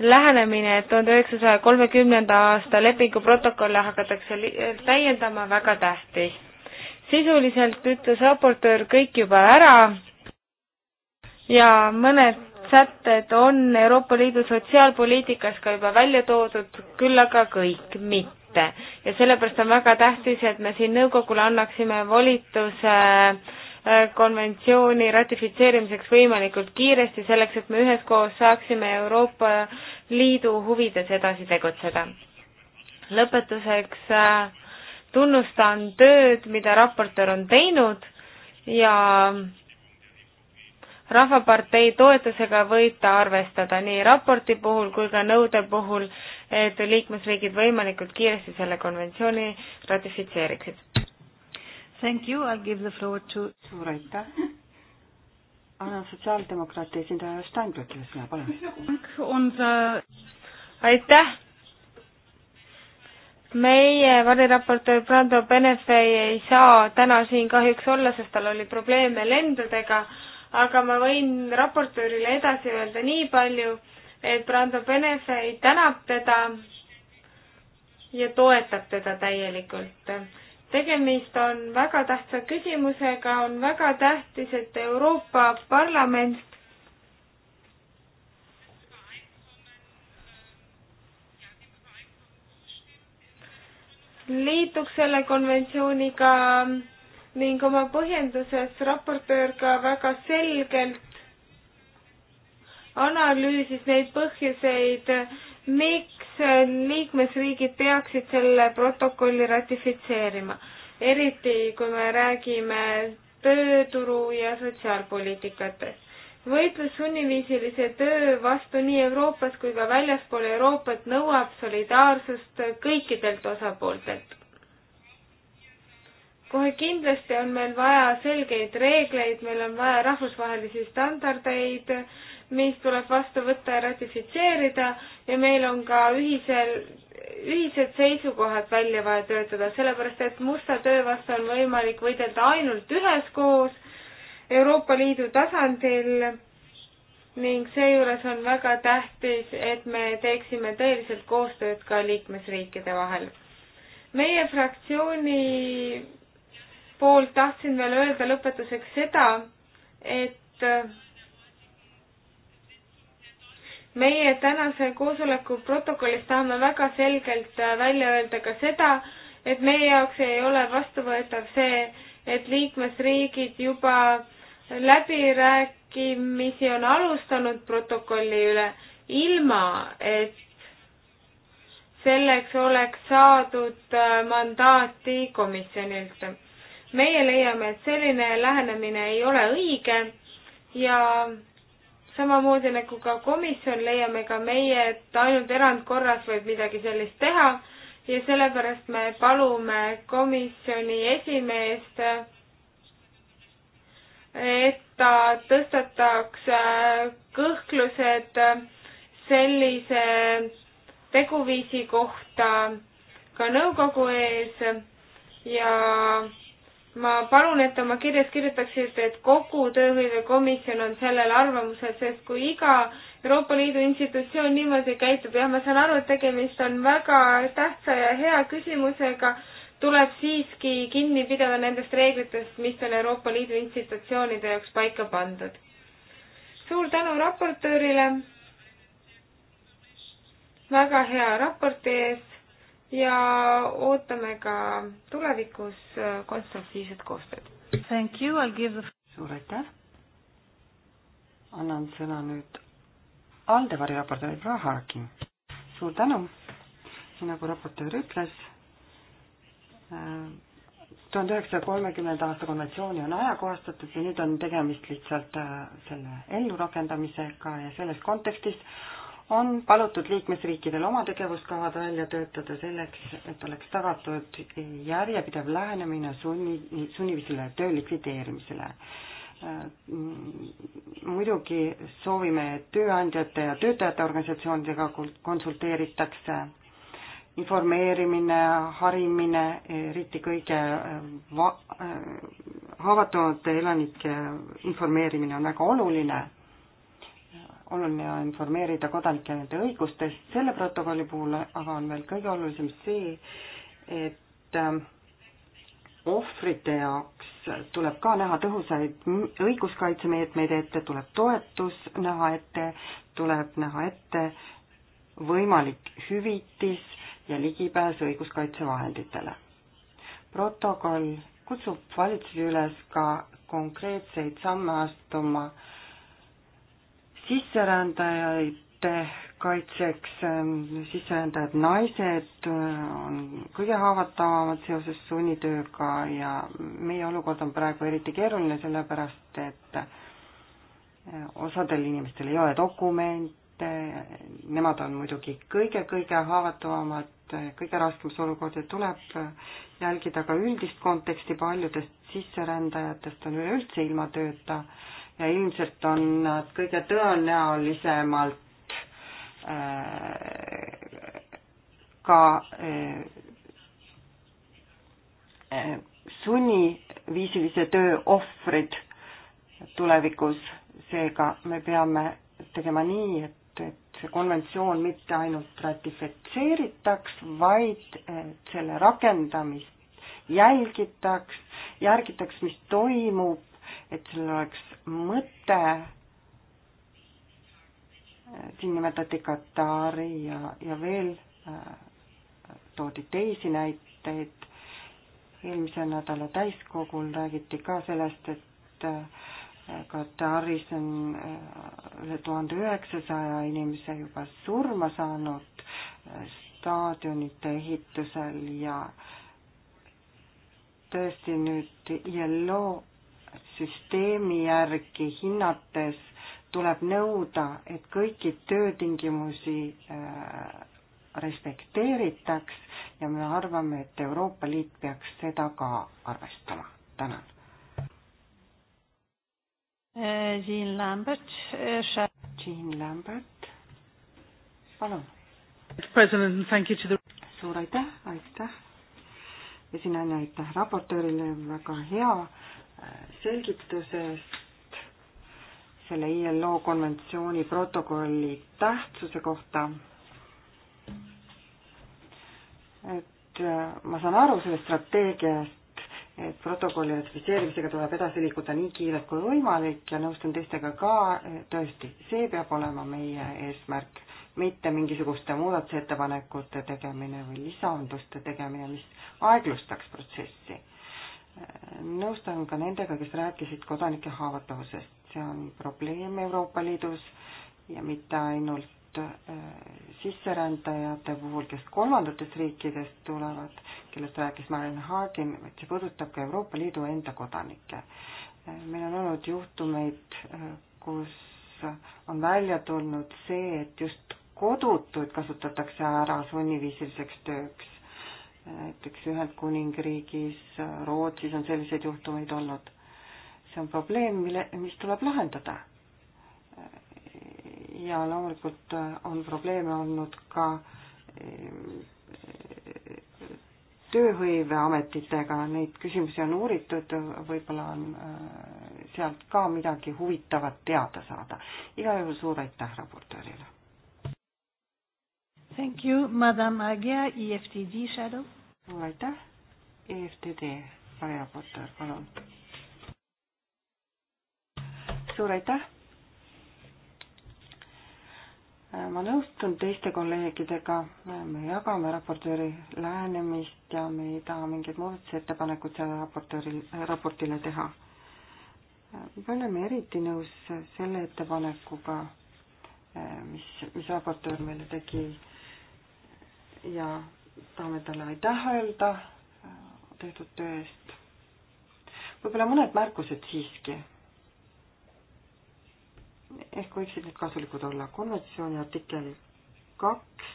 lähenemine, et tuhande üheksasaja kolmekümnenda aasta lepingu protokolle hakatakse täiendama, väga tähtis. sisuliselt ütles raportöör kõik juba ära ja mõned sätted on Euroopa Liidu sotsiaalpoliitikas ka juba välja toodud, küll aga kõik mitte. ja sellepärast on väga tähtis, et me siin nõukogule annaksime volituse äh, konventsiooni ratifitseerimiseks võimalikult kiiresti, selleks et me üheskoos saaksime Euroopa Liidu huvides edasi tegutseda. lõpetuseks äh, tunnustan tööd, mida raportöör on teinud ja Rahvapartei toetusega võib ta arvestada nii raporti puhul kui ka nõude puhul, et liikmesriigid võimalikult kiiresti selle konventsiooni ratifitseeriksid. Thank you, I will give the floor to. suur aitäh. annan sotsiaaldemokraati esindaja Steinbrückile sõna, palun. on see. aitäh. meie variraportöör Brando Benefei ei saa täna siin kahjuks olla, sest tal oli probleeme lendudega, aga ma võin raportöörile edasi öelda nii palju, et Brando Benefei tänab teda ja toetab teda täielikult tegemist on väga tähtsa küsimusega, on väga tähtis, et Euroopa Parlament liituks selle konventsiooniga ning oma põhjenduses raportöör ka väga selgelt analüüsis neid põhjuseid, miks liikmesriigid peaksid selle protokolli ratifitseerima, eriti kui me räägime tööturu ja sotsiaalpoliitikatest. võitlus sunniviisilise töö vastu nii Euroopas kui ka väljaspool Euroopat nõuab solidaarsust kõikidelt osapooltelt. kohe kindlasti on meil vaja selgeid reegleid, meil on vaja rahvusvahelisi standardeid, mis tuleb vastu võtta ja ratifitseerida ja meil on ka ühisel, ühised seisukohad välja vaja töötada, sellepärast et musta töö vastu on võimalik võidelda ainult üheskoos Euroopa Liidu tasandil ning seejuures on väga tähtis, et me teeksime tõeliselt koostööd ka liikmesriikide vahel. meie fraktsiooni poolt tahtsin veel öelda lõpetuseks seda, et meie tänase koosoleku protokollis tahame väga selgelt äh, välja öelda ka seda, et meie jaoks ei ole vastuvõetav see, et liikmesriigid juba läbirääkimisi on alustanud protokolli üle, ilma et selleks oleks saadud äh, mandaati komisjonilt. meie leiame, et selline lähenemine ei ole õige ja samamoodi nagu ka komisjon, leiame ka meie, et ainult erandkorras võib midagi sellist teha ja sellepärast me palume komisjoni esimeest, et ta tõstataks äh, kõhklused sellise teguviisi kohta ka nõukogu ees ja ma palun, et oma kirjas kirjutaksite, et kogu tööhõivekomisjon on sellel arvamusel, sest kui iga Euroopa Liidu institutsioon niimoodi käitub, jah, ma saan aru, et tegemist on väga tähtsa ja hea küsimusega, tuleb siiski kinni pidada nendest reeglitest, mis on Euroopa Liidu institutsioonide jaoks paika pandud. suur tänu raportöörile väga hea raporti eest ja ootame ka tulevikus konstruktiivset koostööd. Thank you, I give the suur aitäh. annan sõna nüüd Aldevari raportööri Proua Harkin. suur tänu, nii nagu raportöör ütles, tuhande üheksasaja kolmekümnenda aasta konventsiooni on ajakohastatud ja nüüd on tegemist lihtsalt äh, selle ellurakendamisega ja selles kontekstis on palutud liikmesriikidel oma tegevuskavad välja töötada selleks, et oleks tagatud järjepidev lähenemine sunni, sunnivisele töö likvideerimisele. muidugi soovime, et tööandjate ja töötajate organisatsioonidega konsulteeritakse, informeerimine, harimine, eriti kõige va-, haavatavate elanike informeerimine on väga oluline oluline on informeerida kodanikke nende õigustest, selle protokolli puhul aga on veel kõige olulisem see, et ähm, ohvrite jaoks tuleb ka näha tõhusaid õiguskaitsemeetmeid ette, tuleb toetus näha ette, tuleb näha ette võimalik hüvitis ja ligipääs õiguskaitsevahenditele. protokoll kutsub valitsusi üles ka konkreetseid samme astuma äh, sisserändajate kaitseks, ähm, sisserändajad naised äh, on kõige haavatavamad seoses sunnitööga ja meie olukord on praegu eriti keeruline, sellepärast et äh, osadel inimestel ei ole dokumente, nemad on muidugi kõige-kõige haavatavamad, äh, kõige raskemas olukorda tuleb jälgida ka üldist konteksti, paljudest sisserändajatest on üleüldse ilma tööta ja ilmselt on nad kõige tõenäolisemalt äh, ka äh, äh, sunniviisilise töö ohvrid tulevikus, seega me peame tegema nii, et, et see konventsioon mitte ainult ratifitseeritaks, vaid selle rakendamist jälgitaks, järgitaks, mis toimub, et sellel oleks mõte, äh, siin nimetati Katari ja, ja veel äh, toodi teisi näiteid. eelmise nädala täiskogul räägiti ka sellest, et äh, Kataris on üle tuhande üheksasaja inimese juba surma saanud staadionite ehitusel ja tõesti nüüd ILO süsteemi järgi hinnates tuleb nõuda, et kõiki töötingimusi äh, respekteeritaks ja me arvame, et Euroopa Liit peaks seda ka arvestama. tänan. Äh, Jean Lambert. Äh, Jean Lambert, palun. suur aitäh, aitäh esinaine, aitäh raportöörile, väga hea selgitusest selle ILO konventsiooni protokolli tähtsuse kohta. et äh, ma saan aru sellest strateegiast, et protokolli ratifitseerimisega tuleb edasi liikuda nii kiirelt kui võimalik ja nõustun teistega ka, tõesti, see peab olema meie eesmärk, mitte mingisuguste muudatusettepanekute tegemine või lisanduste tegemine, mis aeglustaks protsessi nõustun ka nendega, kes rääkisid kodanike haavatavusest. see on probleem Euroopa Liidus ja mitte ainult äh, sisserändajate puhul, kes kolmandatest riikidest tulevad, kellest rääkis Marianne Haagin, vaid see puudutab ka Euroopa Liidu enda kodanikke. Äh, meil on olnud juhtumeid, äh, kus on välja tulnud see, et just kodutuid kasutatakse ära sunniviisiliseks tööks näiteks Ühendkuningriigis, Rootsis on selliseid juhtumeid olnud. see on probleem, mille, mis tuleb lahendada. ja loomulikult on probleeme olnud ka eh, tööhõiveametitega, neid küsimusi on uuritud, võib-olla on eh, sealt ka midagi huvitavat teada saada. igal juhul suur aitäh raportöörile! Thank you. Madam Agia, EFTD Shadow suur aitäh, EFTD varjaportöör, palun. suur aitäh. ma nõustun teiste kolleegidega, me jagame raportööri lähenemist ja me ei taha mingeid muudatusettepanekuid selle raportööri, raportile teha. me oleme eriti nõus selle ettepanekuga, mis, mis raportöör meile tegi ja tahame talle aitäh öelda tehtud töö eest. võib-olla mõned märkused siiski. ehk võiksid need kasulikud olla. konventsiooni artikkel kaks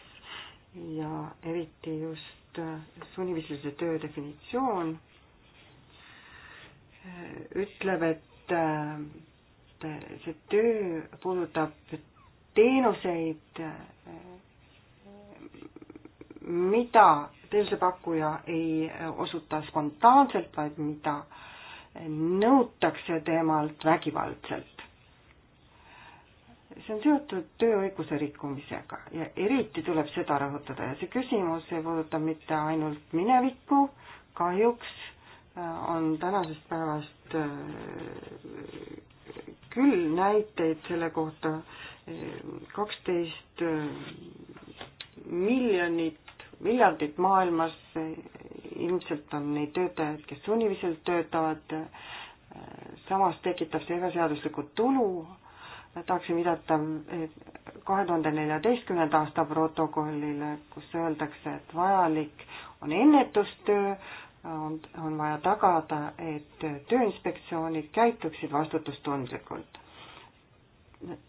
ja eriti just äh, sunnivisilise töö definitsioon äh, ütleb, et äh, see töö puudutab teenuseid mida teenusepakkuja ei osuta spontaanselt, vaid mida nõutakse temalt vägivaldselt. see on seotud tööõiguse rikkumisega ja eriti tuleb seda rõhutada ja see küsimus ei puuduta mitte ainult minevikku, kahjuks äh, on tänasest päevast äh, küll näiteid selle kohta, äh, kaksteist miljonit miljardit maailmas, ilmselt on neid töötajaid, kes sunniviselt töötavad, samas tekitab see ebaseaduslikku tulu, tahaksin viidata kahe tuhande neljateistkümnenda aasta protokollile, kus öeldakse, et vajalik on ennetustöö, on, on vaja tagada, et Tööinspektsioonid käituksid vastutustundlikult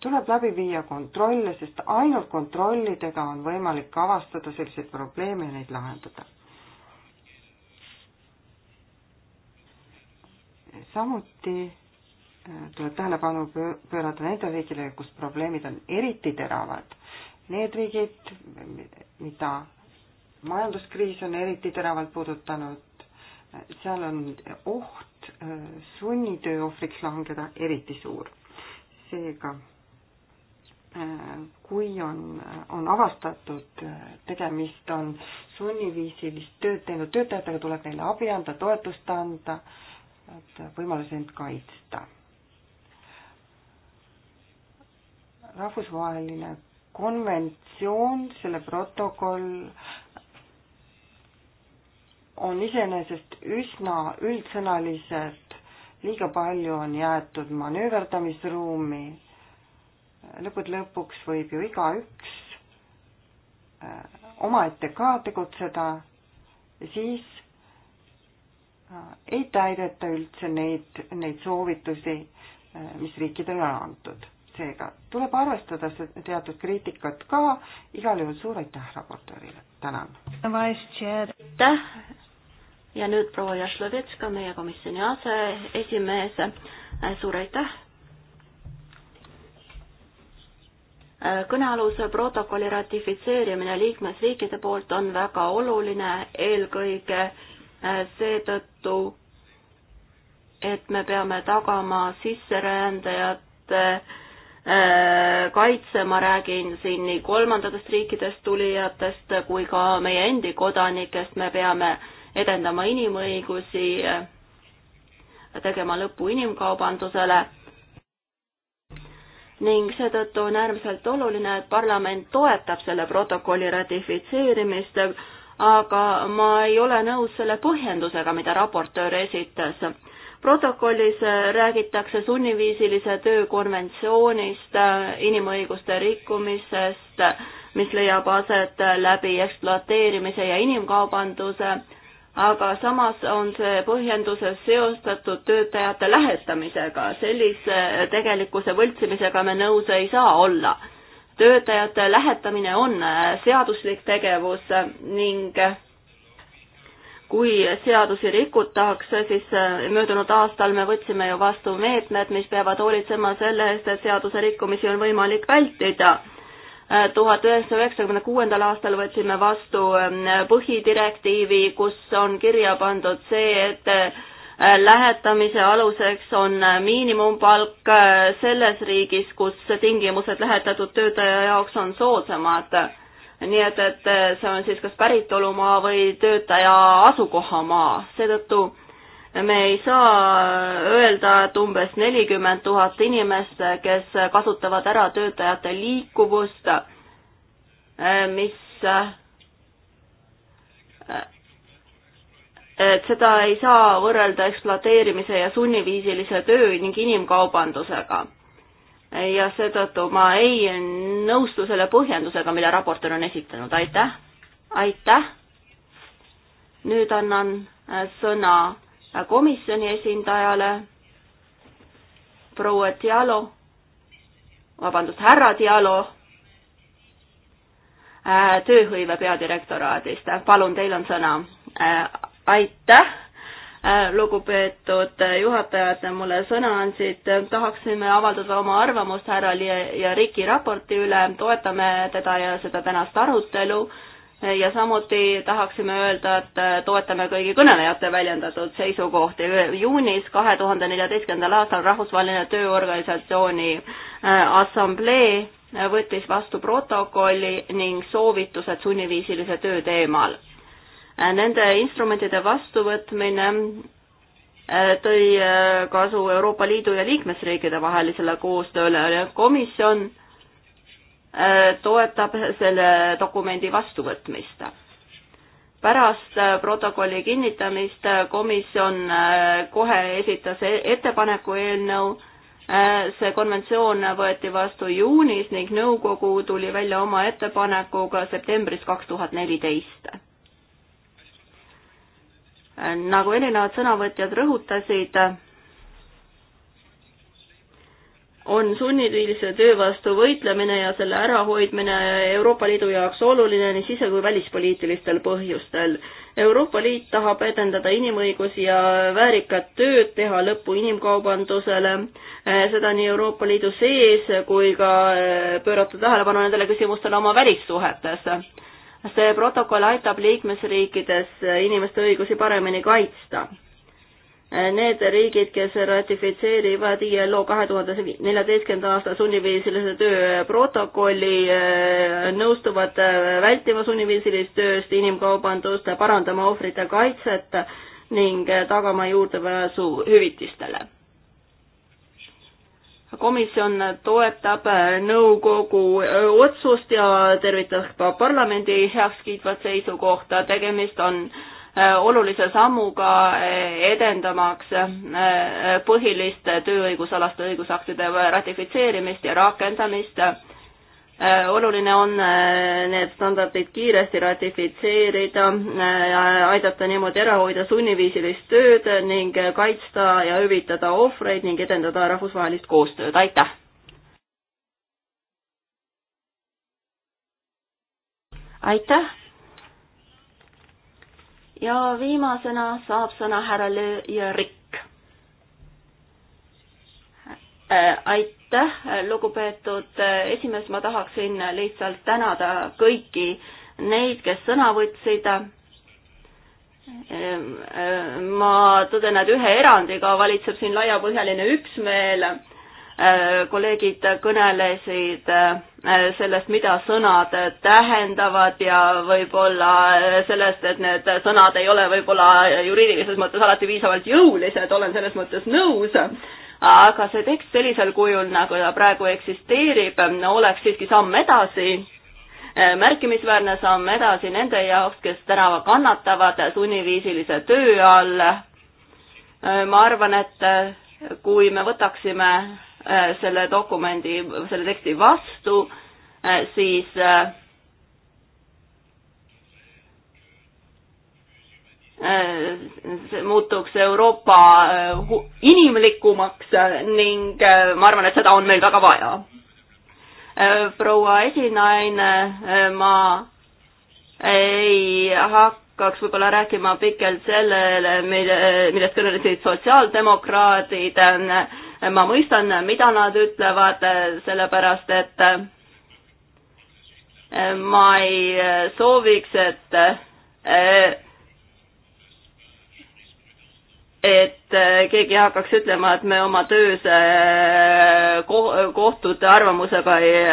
tuleb läbi viia kontrolle, sest ainult kontrollidega on võimalik avastada selliseid probleeme ja neid lahendada. samuti äh, tuleb tähelepanu pöörata nendele riikidele, kus probleemid on eriti teravad. Need riigid, mida majanduskriis on eriti teravalt puudutanud, äh, seal on oht äh, sunnitöö ohvriks langeda eriti suur seega äh, kui on, on avastatud, äh, tegemist on sunniviisilist tööd teinud töötajatega, tuleb neile abi anda, toetust anda, et võimalus end kaitsta. rahvusvaheline konventsioon, selle protokoll on iseenesest üsna üldsõnalised liiga palju on jäetud manööverdamisruumi. lõppude lõpuks võib ju igaüks äh, omaette ka tegutseda, siis äh, ei täideta üldse neid, neid soovitusi, äh, mis riikidele on antud. seega tuleb arvestada teatud kriitikat ka, igal juhul suur aitäh raportöörile, tänan. aitäh, ja nüüd proua Jašlovetska, meie komisjoni aseesimees, suur aitäh. kõnealuse protokolli ratifitseerimine liikmesriikide poolt on väga oluline, eelkõige seetõttu, et me peame tagama sisserändajate äh, kaitse, ma räägin siin nii kolmandatest riikidest tulijatest kui ka meie endi kodanikest, me peame äh, edendama inimõigusi, tegema lõpu inimkaubandusele. ning seetõttu on äärmiselt oluline, et parlament toetab selle protokolli ratifitseerimist, aga ma ei ole nõus selle põhjendusega, mida raportöör esitas protokollis räägitakse sunniviisilise töö konventsioonist, inimõiguste rikkumisest, mis leiab aset läbi ekspluateerimise ja inimkaubanduse aga samas on see põhjenduses seostatud töötajate lähetamisega. sellise tegelikkuse võltsimisega me nõus ei saa olla. töötajate lähetamine on seaduslik tegevus ning kui seadusi rikutakse, siis möödunud aastal me võtsime ju vastu meetmed, mis peavad hoolitsema selle eest, et seaduse rikkumisi on võimalik vältida tuhat üheksasaja üheksakümne kuuendal aastal võtsime vastu ähm, põhidirektiivi, kus on kirja pandud see, et äh, lähetamise aluseks on äh, miinimumpalk äh, selles riigis, kus tingimused lähetatud töötaja jaoks on soodsamad. nii et, et see on siis kas päritolumaa või töötaja asukohamaa, seetõttu me ei saa öelda, et umbes nelikümmend tuhat inimest, kes kasutavad ära töötajate liikuvust, mis, et seda ei saa võrrelda ekspluateerimise ja sunniviisilise töö ning inimkaubandusega. ja seetõttu ma ei nõustu selle põhjendusega, mille raportöör on esitanud, aitäh, aitäh. nüüd annan äh, sõna komisjoni esindajale, proua Dialo, vabandust, härra Dialo äh, tööhõive peadirektoraadist. palun, teil on sõna. Äh, aitäh, äh, lugupeetud juhatajad, mulle sõna andsid. tahaksime avaldada oma arvamust härra ja Riki raporti üle, toetame teda ja seda tänast arutelu ja samuti tahaksime öelda, et toetame kõigi kõnelejate väljendatud seisukohti. juunis kahe tuhande neljateistkümnendal aastal Rahvusvaheline Tööorganisatsiooni äh, Assamblee võttis vastu protokolli ning soovitused sunniviisilise töö teemal. Äh, nende instrumentide vastuvõtmine äh, tõi kasu Euroopa Liidu ja liikmesriikide vahelisele koostööle. komisjon toetab selle dokumendi vastuvõtmist. pärast protokolli kinnitamist komisjon äh, kohe esitas e-, ettepaneku eelnõu, äh, see konventsioon võeti vastu juunis ning nõukogu tuli välja oma ettepanekuga septembris kaks tuhat neliteist äh, nagu erinevad sõnavõtjad rõhutasid, on sunniviilise töö vastu võitlemine ja selle ärahoidmine Euroopa Liidu jaoks oluline nii sise- kui välispoliitilistel põhjustel. Euroopa Liit tahab edendada inimõigusi ja väärikat tööd, teha lõpu inimkaubandusele, eh, seda nii Euroopa Liidu sees kui ka eh, pöörata tähelepanu nendele küsimustele oma välissuhetes. see protokoll aitab liikmesriikides inimeste õigusi paremini kaitsta need riigid, kes ratifitseerivad ILO kahe tuhande neljateistkümnenda aasta sunniviisilise töö protokolli, äh, nõustuvad äh, vältima sunniviisilist tööst, inimkaubandust, parandama ohvrite kaitset ning äh, tagama juurdepääsu hüvitistele. komisjon toetab nõukogu otsust ja tervitab parlamendi heakskiitvat seisukohta, tegemist on äh, Äh, olulise sammuga äh, edendamaks äh, põhiliste tööõigusalaste õigusaktide ratifitseerimist ja rakendamist. oluline on need standardid kiiresti ratifitseerida, aidata niimoodi ära hoida sunniviisilist tööd ning kaitsta ja hüvitada ohvreid ning edendada rahvusvahelist koostööd, aitäh! aitäh! ja viimasena saab sõna härra Le Jõrik. Äh, aitäh, lugupeetud äh, esimees, ma tahaksin lihtsalt tänada kõiki neid, kes sõna võtsid äh, ma tõden, et ühe erandiga valitseb siin laiapõhjaline üksmeel Äh, kolleegid kõnelesid äh, sellest, mida sõnad tähendavad ja võib-olla äh, sellest, et need sõnad ei ole võib-olla juriidilises mõttes alati piisavalt jõulised, olen selles mõttes nõus, aga see tekst sellisel kujul, nagu ta praegu eksisteerib, oleks siiski samm edasi, märkimisväärne samm edasi nende jaoks, kes täna kannatavad sunniviisilise töö all. ma arvan, et kui me võtaksime Äh, selle dokumendi, selle teksti vastu, äh, siis äh, see muutuks Euroopa inimlikumaks ning ma arvan, et seda on meil väga vaja. proua esinaine, ma ei hakkaks võib-olla rääkima pikalt sellele, mille, millest kõnelesid sotsiaaldemokraadid ma mõistan, mida nad ütlevad, sellepärast et eh, ma ei eh, sooviks, et eh, et keegi hakkaks ütlema, et me oma töös kohtute arvamusega ei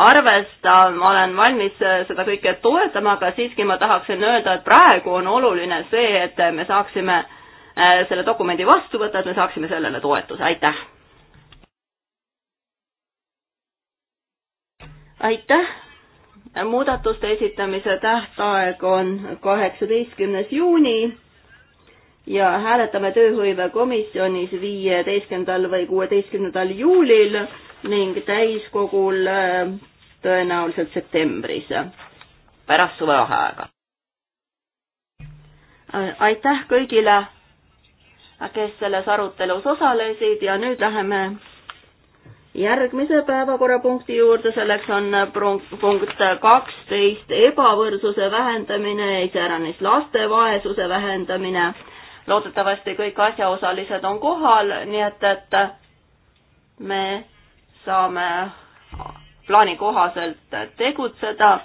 arvesta, ma olen valmis seda kõike toetama, aga siiski ma tahaksin öelda, et praegu on oluline see, et me saaksime äh, Äh, selle dokumendi vastu võtta, et me saaksime sellele toetuse, aitäh. aitäh, muudatuste esitamise tähtaeg on kaheksateistkümnes juuni ja hääletame tööhõivekomisjonis viieteistkümnendal või kuueteistkümnendal juulil ning täiskogul äh, tõenäoliselt septembris, pärast suvevaheaega äh, aitäh kõigile kes selles arutelus osalesid ja nüüd läheme järgmise päevakorrapunkti juurde, selleks on punkt kaksteist, ebavõrdsuse vähendamine, iseäranis laste vaesuse vähendamine. loodetavasti kõik asjaosalised on kohal, nii et, et me saame plaani kohaselt tegutseda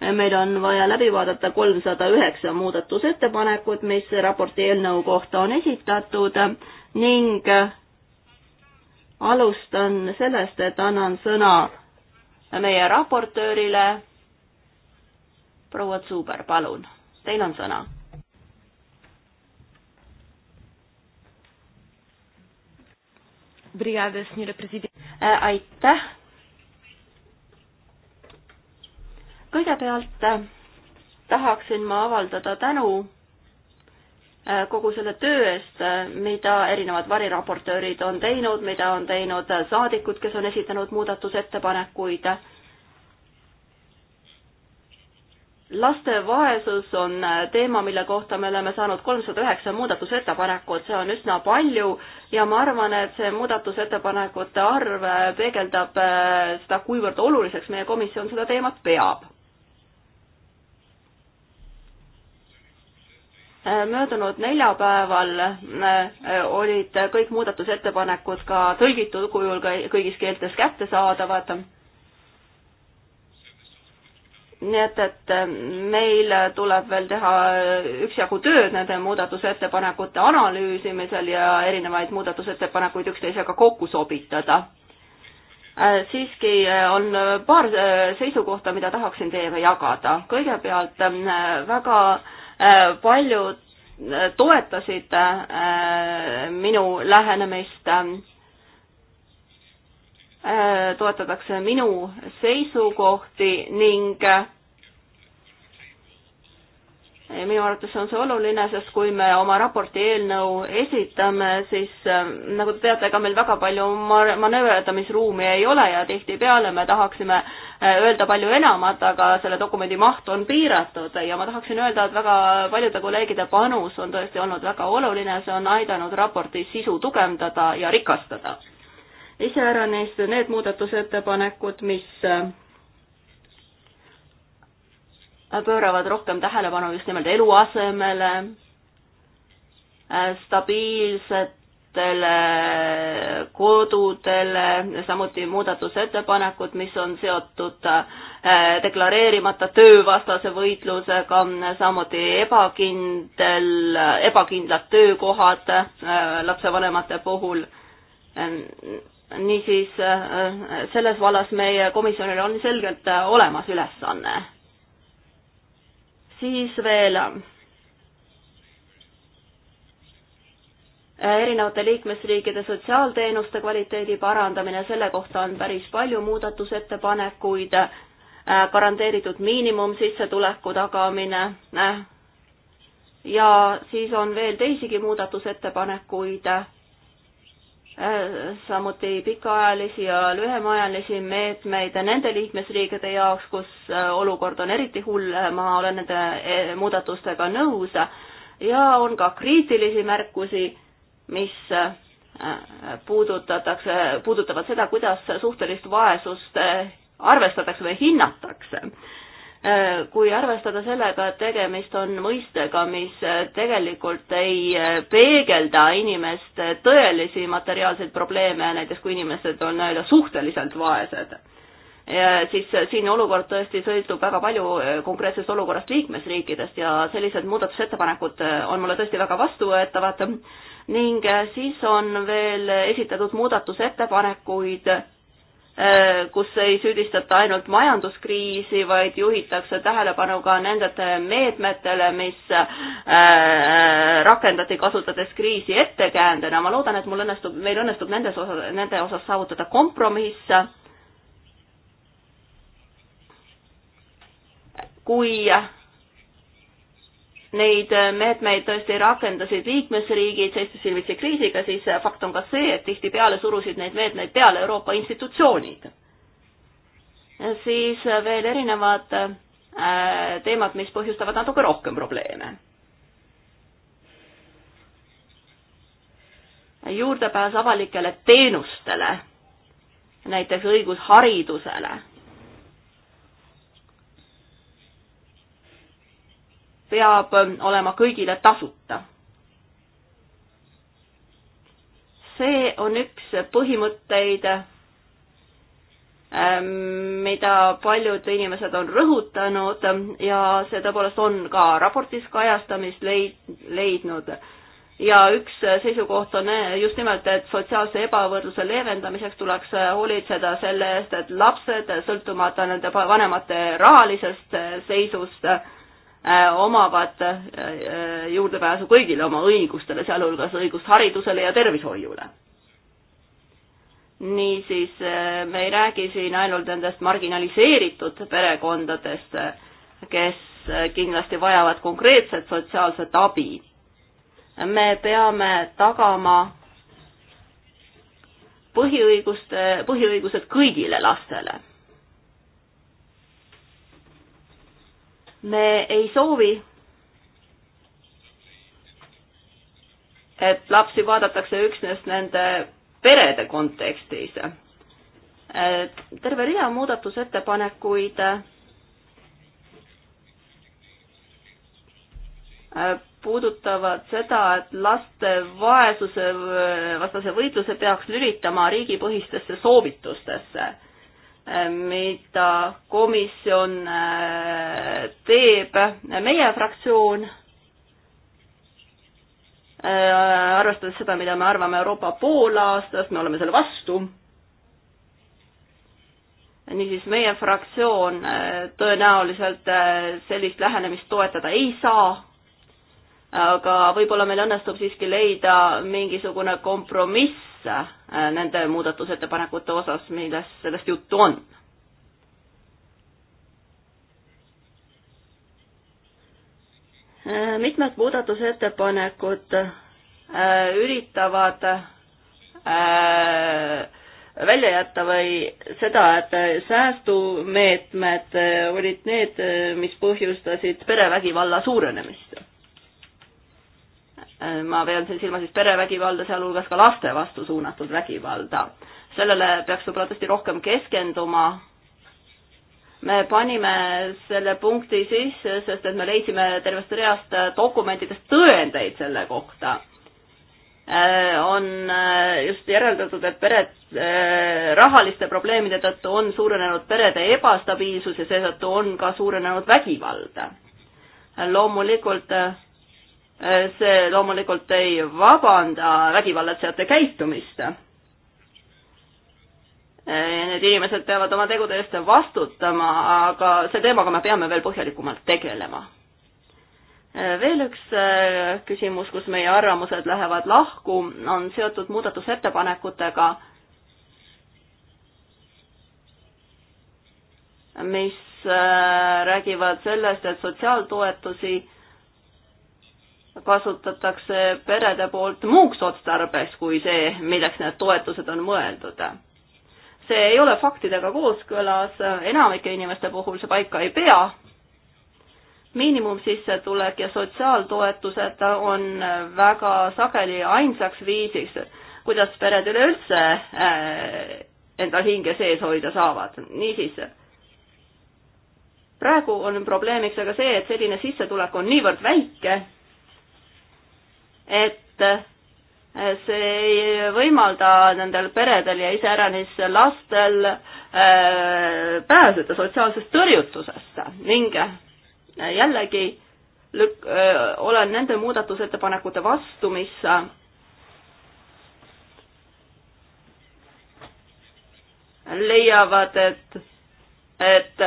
meil on vaja läbi vaadata kolmsada üheksa muudatusettepanekut, mis raporti eelnõu kohta on esitatud ning alustan sellest, et annan sõna meie raportöörile. proua Zuber, palun, teil on sõna. Äh, aitäh kõigepealt äh, tahaksin ma avaldada tänu äh, kogu selle töö eest, äh, mida erinevad variraportöörid on teinud, mida on teinud saadikud, kes on esitanud muudatusettepanekuid. laste vaesus on teema, mille kohta me oleme saanud kolmsada üheksa muudatusettepanekut, see on üsna palju ja ma arvan, et see muudatusettepanekute arv peegeldab seda, kuivõrd oluliseks meie komisjon seda teemat peab möödunud neljapäeval äh, olid kõik muudatusettepanekud ka tõlgitud kujul kõigis keeltes kättesaadavad. nii et, et äh, meil tuleb veel teha üksjagu tööd nende muudatusettepanekute analüüsimisel ja erinevaid muudatusettepanekuid üksteisega kokku sobitada. Äh, siiski on paar seisukohta, mida tahaksin teiega jagada. kõigepealt väga äh, Äh, paljud äh, toetasid äh, minu lähenemist, toetatakse minu seisukohti ning minu arvates on see oluline, sest kui me oma raporti eelnõu esitame, siis äh, nagu te teate, ega meil väga palju manööverdamisruumi ei ole ja tihtipeale me tahaksime äh, öelda palju enamat, aga selle dokumendi maht on piiratud ja ma tahaksin öelda, et väga paljude kolleegide panus on tõesti olnud väga oluline, see on aidanud raporti sisu tugevdada ja rikastada. iseäranis need muudatusettepanekud, mis äh, pööravad rohkem tähelepanu just nimelt eluasemele, äh, stabiilsetele kodudele, samuti muudatusettepanekud, mis on seotud äh, deklareerimata töövastase võitlusega, samuti ebakindel, ebakindlad töökohad äh, lapsevanemate puhul niisiis selles vallas meie komisjonil on selgelt olemas ülesanne siis veel äh, erinevate liikmesriikide sotsiaalteenuste kvaliteedi parandamine, selle kohta on päris palju muudatusettepanekuid, äh, garanteeritud miinimumsissetuleku tagamine äh, ja siis on veel teisigi muudatusettepanekuid samuti pikaajalisi ja lühemaajalisi meetmeid nende liikmesriikide jaoks, kus äh, olukord on eriti hull, ma olen nende äh, muudatustega nõus, ja on ka kriitilisi märkusi, mis äh, puudutatakse, puudutavad seda, kuidas suhtelist vaesust arvestatakse või hinnatakse Äh, kui arvestada sellega, et tegemist on mõistega, mis äh, tegelikult ei äh, peegelda inimeste tõelisi materiaalseid probleeme, näiteks kui inimesed on nii-öelda suhteliselt vaesed, siis siin olukord tõesti sõltub väga palju konkreetsest olukorrast liikmesriikidest ja sellised muudatusettepanekud on mulle tõesti väga vastuvõetavad ning siis on veel esitatud muudatusettepanekuid Äh, kus ei süüdistata ainult majanduskriisi, vaid juhitakse tähelepanu ka nendele meetmetele, mis äh, äh, rakendati, kasutades kriisi ettekäändena. ma loodan, et mul õnnestub, meil õnnestub nendes osas, nende osas saavutada kompromiss. kui neid äh, meetmeid tõesti rakendasid liikmesriigid, seistes silmitsi kriisiga, siis äh, fakt on ka see, et tihtipeale surusid neid meetmeid peale Euroopa institutsioonid. siis äh, veel erinevad teemad, mis põhjustavad natuke rohkem probleeme. juurdepääs avalikele teenustele, näiteks õigus haridusele peab ähm, olema kõigile tasuta. see on üks põhimõtteid, ähm, mida paljud inimesed on rõhutanud ja see tõepoolest on ka raportis kajastamist leid-, leidnud ja üks seisukoht on äh, just nimelt, et sotsiaalse ebavõrdluse leevendamiseks tuleks äh, hoolitseda selle eest, et lapsed, sõltumata nende vanemate rahalisest äh, seisust, Äh, omavad äh, äh, juurdepääsu kõigile oma õigustele, sealhulgas õigust haridusele ja tervishoiule. niisiis, me ei räägi siin ainult nendest marginaliseeritud perekondadest, kes kindlasti vajavad konkreetset sotsiaalset abi. me peame tagama põhiõiguste, põhiõigused kõigile lastele me ei soovi, et lapsi vaadatakse üksnes nende perede kontekstis. terve rida muudatusettepanekuid äh, puudutavad seda, et laste vaesuse vastase võitluse peaks lülitama riigipõhistesse soovitustesse mida komisjon äh, teeb. meie fraktsioon, äh, arvestades seda, mida me arvame Euroopa poolaastast, me oleme selle vastu niisiis meie fraktsioon äh, tõenäoliselt sellist lähenemist toetada ei saa aga võib-olla meil õnnestub siiski leida mingisugune kompromiss äh, nende muudatusettepanekute osas, millest, sellest juttu on. Äh, mitmed muudatusettepanekud äh, üritavad välja jätta või seda, et säästumeetmed olid need, mis põhjustasid perevägivalla suurenemist. Äh, ma pean siin silma siis perevägivalda, sealhulgas ka laste vastu suunatud vägivalda. sellele peaks võib-olla tõesti rohkem keskenduma. me panime selle punkti sisse, sest et me leidsime tervest reast dokumentidest tõendeid selle kohta äh, on äh, just järeldatud, et pered rahaliste probleemide tõttu on suurenenud perede ebastabiilsus ja seetõttu on ka suurenenud vägivald. loomulikult Äh, see loomulikult ei vabanda vägivallatsejate käitumist. Äh, need inimesed peavad oma tegude eest vastutama, aga see teemaga me peame veel põhjalikumalt tegelema. Äh, veel üks küsimus, kus meie arvamused lähevad lahku, on seotud muudatusettepanekutega, mis räägivad sellest, et sotsiaaltoetusi kasutatakse perede poolt muuks otstarbeks kui see, milleks need toetused on mõeldud. see ei ole faktidega kooskõlas, enamike inimeste puhul see paika ei pea. miinimumsissetulek ja sotsiaaltoetused on väga sageli ainsaks viisiks, kuidas pered üleüldse äh, endal hinge sees hoida saavad. niisiis praegu on probleemiks aga see, et selline sissetulek on niivõrd väike, et eh, see ei võimalda nendel peredel ja iseäranis lastel eh, pääseda sotsiaalsest tõrjutusest ning eh, jällegi lük-, olen nende muudatusettepanekute vastu, mis leiavad, et, et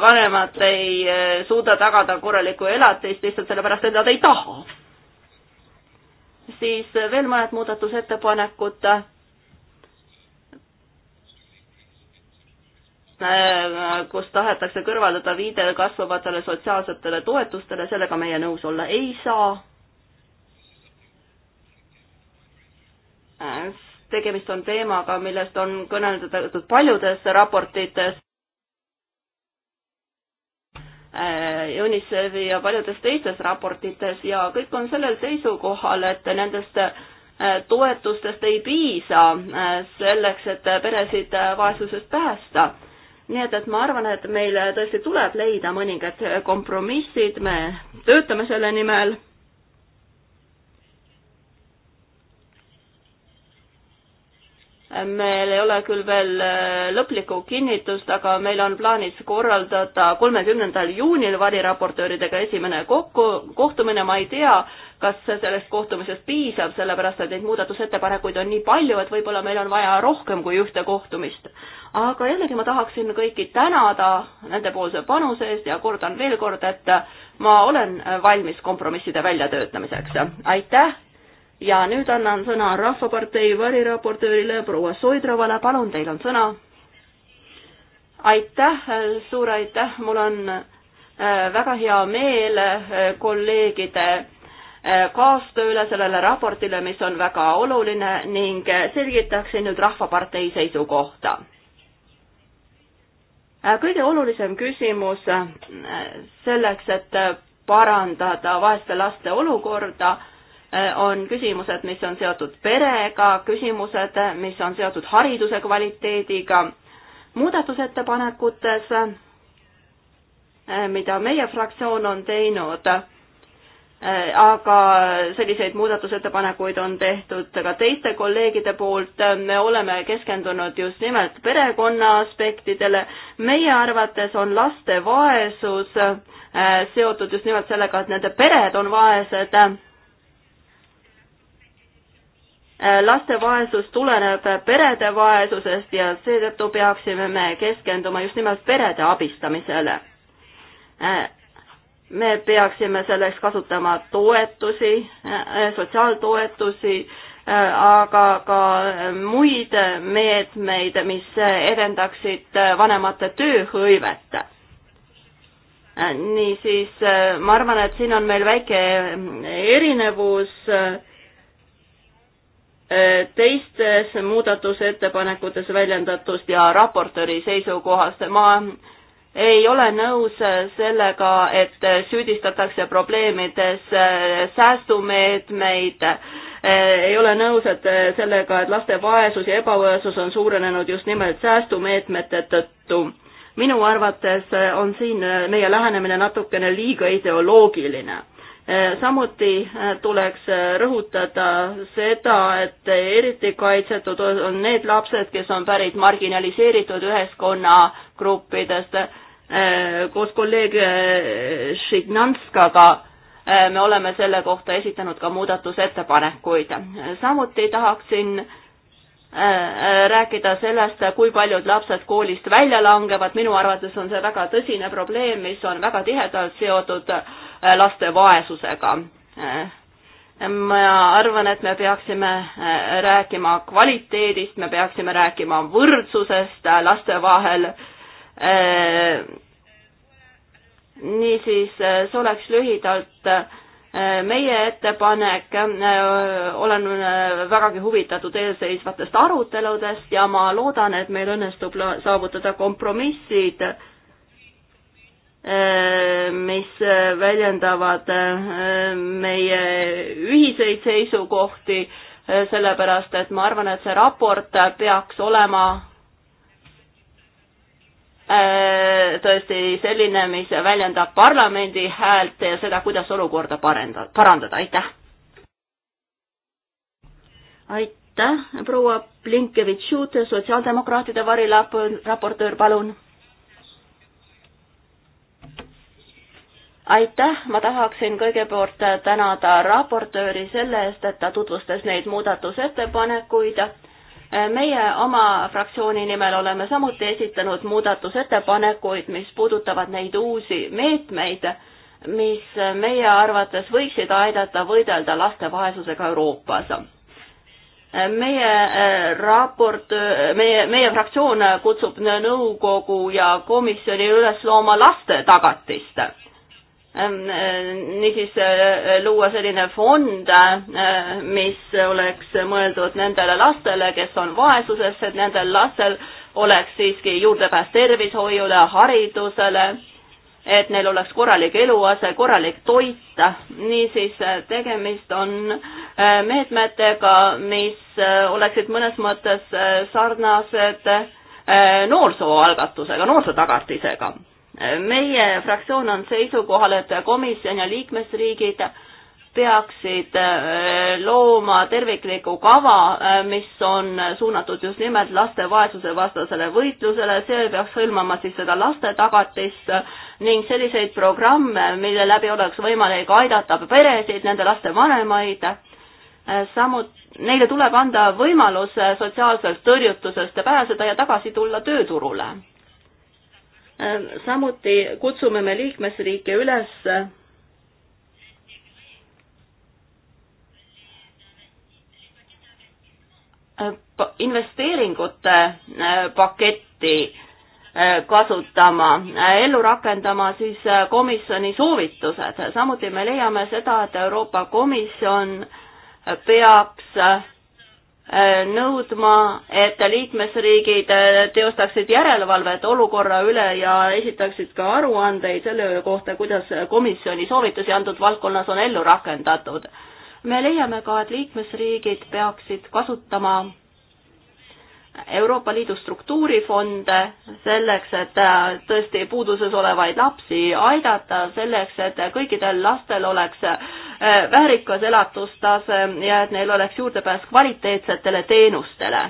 vanemad ei suuda tagada korralikku elatist lihtsalt sellepärast, et nad ei taha siis veel mõned muudatusettepanekud. kus tahetakse kõrvaldada viide kasvavatele sotsiaalsetele toetustele, sellega meie nõus olla ei saa. tegemist on teemaga, millest on kõneldatud paljudes raportites. Äh, UNICEF-i ja paljudes teistes raportites ja kõik on sellel seisukohal, et nendest äh, toetustest ei piisa äh, selleks, et peresid vaesusest päästa. nii et, et ma arvan, et meil tõesti tuleb leida mõningad kompromissid, me töötame selle nimel meil ei ole küll veel äh, lõplikku kinnitust, aga meil on plaanis korraldada kolmekümnendal juunil variraportööridega esimene kokku, kohtumine, ma ei tea, kas sellest kohtumisest piisab, sellepärast et neid muudatusettepanekuid on nii palju, et võib-olla meil on vaja rohkem kui ühte kohtumist. aga jällegi ma tahaksin kõiki tänada nendepoolse panuse eest ja kordan veel kord, et ma olen valmis kompromisside väljatöötamiseks. aitäh ja nüüd annan sõna Rahvapartei variraportöörile proua Soidrovale, palun, teil on sõna. aitäh, suur aitäh, mul on äh, väga hea meel äh, kolleegide äh, kaastööle sellele raportile, mis on väga oluline ning selgitaksin nüüd Rahvapartei seisukohta. kõige olulisem küsimus selleks, et parandada vaeste laste olukorda Äh, on küsimused, mis on seotud perega, küsimused, mis on seotud hariduse kvaliteediga. muudatusettepanekutes, äh, mida meie fraktsioon on teinud, äh, aga selliseid muudatusettepanekuid on tehtud ka teiste kolleegide poolt, me oleme keskendunud just nimelt perekonna aspektidele. meie arvates on laste vaesus seotud just nimelt sellega, et nende pered on vaesed Äh, laste vaesus tuleneb perede vaesusest ja seetõttu peaksime me keskenduma just nimelt perede abistamisele. Äh, me peaksime selleks kasutama toetusi, äh, sotsiaaltoetusi, aga ka muid meetmeid, mis edendaksid vanemate tööhõivet niisiis ma arvan, et siin on meil väike erinevus äh, teistes muudatusettepanekutes väljendatust ja raportööri seisukohast. ma ei ole nõus sellega, et süüdistatakse probleemides säästumeetmeid, ei ole nõus, et sellega, et laste vaesus ja ebavõesus on suurenenud just nimelt säästumeetmete tõttu. minu arvates on siin meie lähenemine natukene liiga ideoloogiline Eh, samuti eh, tuleks eh, rõhutada seda, et eriti kaitsetud on need lapsed, kes on pärit marginaliseeritud ühiskonnagruppidest. koos kolleeg Šignanskaga me oleme selle kohta esitanud ka muudatusettepanekuid. samuti tahaksin rääkida sellest, kui paljud lapsed koolist välja langevad, minu arvates on see väga tõsine probleem, mis on väga tihedalt seotud äh, Äh, laste vaesusega. Äh, ma arvan, et me peaksime äh, rääkima kvaliteedist, me peaksime rääkima võrdsusest laste vahel. niisiis, see oleks lühidalt meie ettepanek, olen vägagi huvitatud eelseisvatest aruteludest ja ma loodan, et meil õnnestub saavutada kompromissid Äh, mis äh, väljendavad äh, meie ühiseid seisukohti, sellepärast et ma arvan, et see raport peaks olema tõesti selline, mis väljendab parlamendi häält ja seda, kuidas olukorda parenda-, parandada, aitäh! aitäh, proua Blinkevitš-Jute, sotsiaaldemokraatide varirap-, raportöör, palun! aitäh, ma tahaksin kõigepealt tänada raportööri selle eest, et ta tutvustas neid muudatusettepanekuid. meie oma fraktsiooni nimel oleme samuti esitanud muudatusettepanekuid, mis puudutavad neid uusi meetmeid, mis meie arvates võiksid aidata võidelda laste vaesusega Euroopas meie äh, raport, äh, meie, meie fraktsioon kutsub nõukogu ja komisjoni üles looma laste tagatist Ähm, äh, niisiis äh, luua selline fond, äh, mis oleks mõeldud nendele lastele, kes on vaesuses, et nendel lastel oleks siiski juurdepääs tervishoiule, haridusele, et neil oleks korralik eluase, korralik toit, niisiis tegemist on meetmetega, mis oleksid mõnes mõttes sarnased noorsooalgatusega, noorsootagatisega meie fraktsioon on seisukohal, et komisjon ja liikmesriigid peaksid äh, looma tervikliku kava, äh, mis on suunatud just nimelt laste vaesuse vastasele võitlusele, see peaks hõlmama siis seda lastetagatist ning selliseid programme, mille läbi oleks võimalik aidata peresid, nende laste vanemaid, äh, samuti neile tuleb anda võimalus sotsiaalsest tõrjutusest pääseda ja tagasi tulla tööturule Ähm, samuti kutsume me liikmesriike üles äh, investeeringute äh, paketti äh, kasutama, ellu rakendama siis komisjoni soovitused, samuti me leiame seda, et Euroopa Komisjon peaks Äh, nõudma, et liikmesriigid äh, teostaksid järelevalvet olukorra üle ja esitaksid ka aruandeid selle kohta, kuidas komisjoni soovitusi antud valdkonnas on ellu rakendatud. me leiame ka, et liikmesriigid peaksid kasutama Euroopa Liidu struktuurifonde selleks, et äh, tõesti puuduses olevaid lapsi aidata, selleks, et kõikidel lastel oleks äh, väärikas elatustase ja et neil oleks juurdepääs kvaliteetsetele teenustele.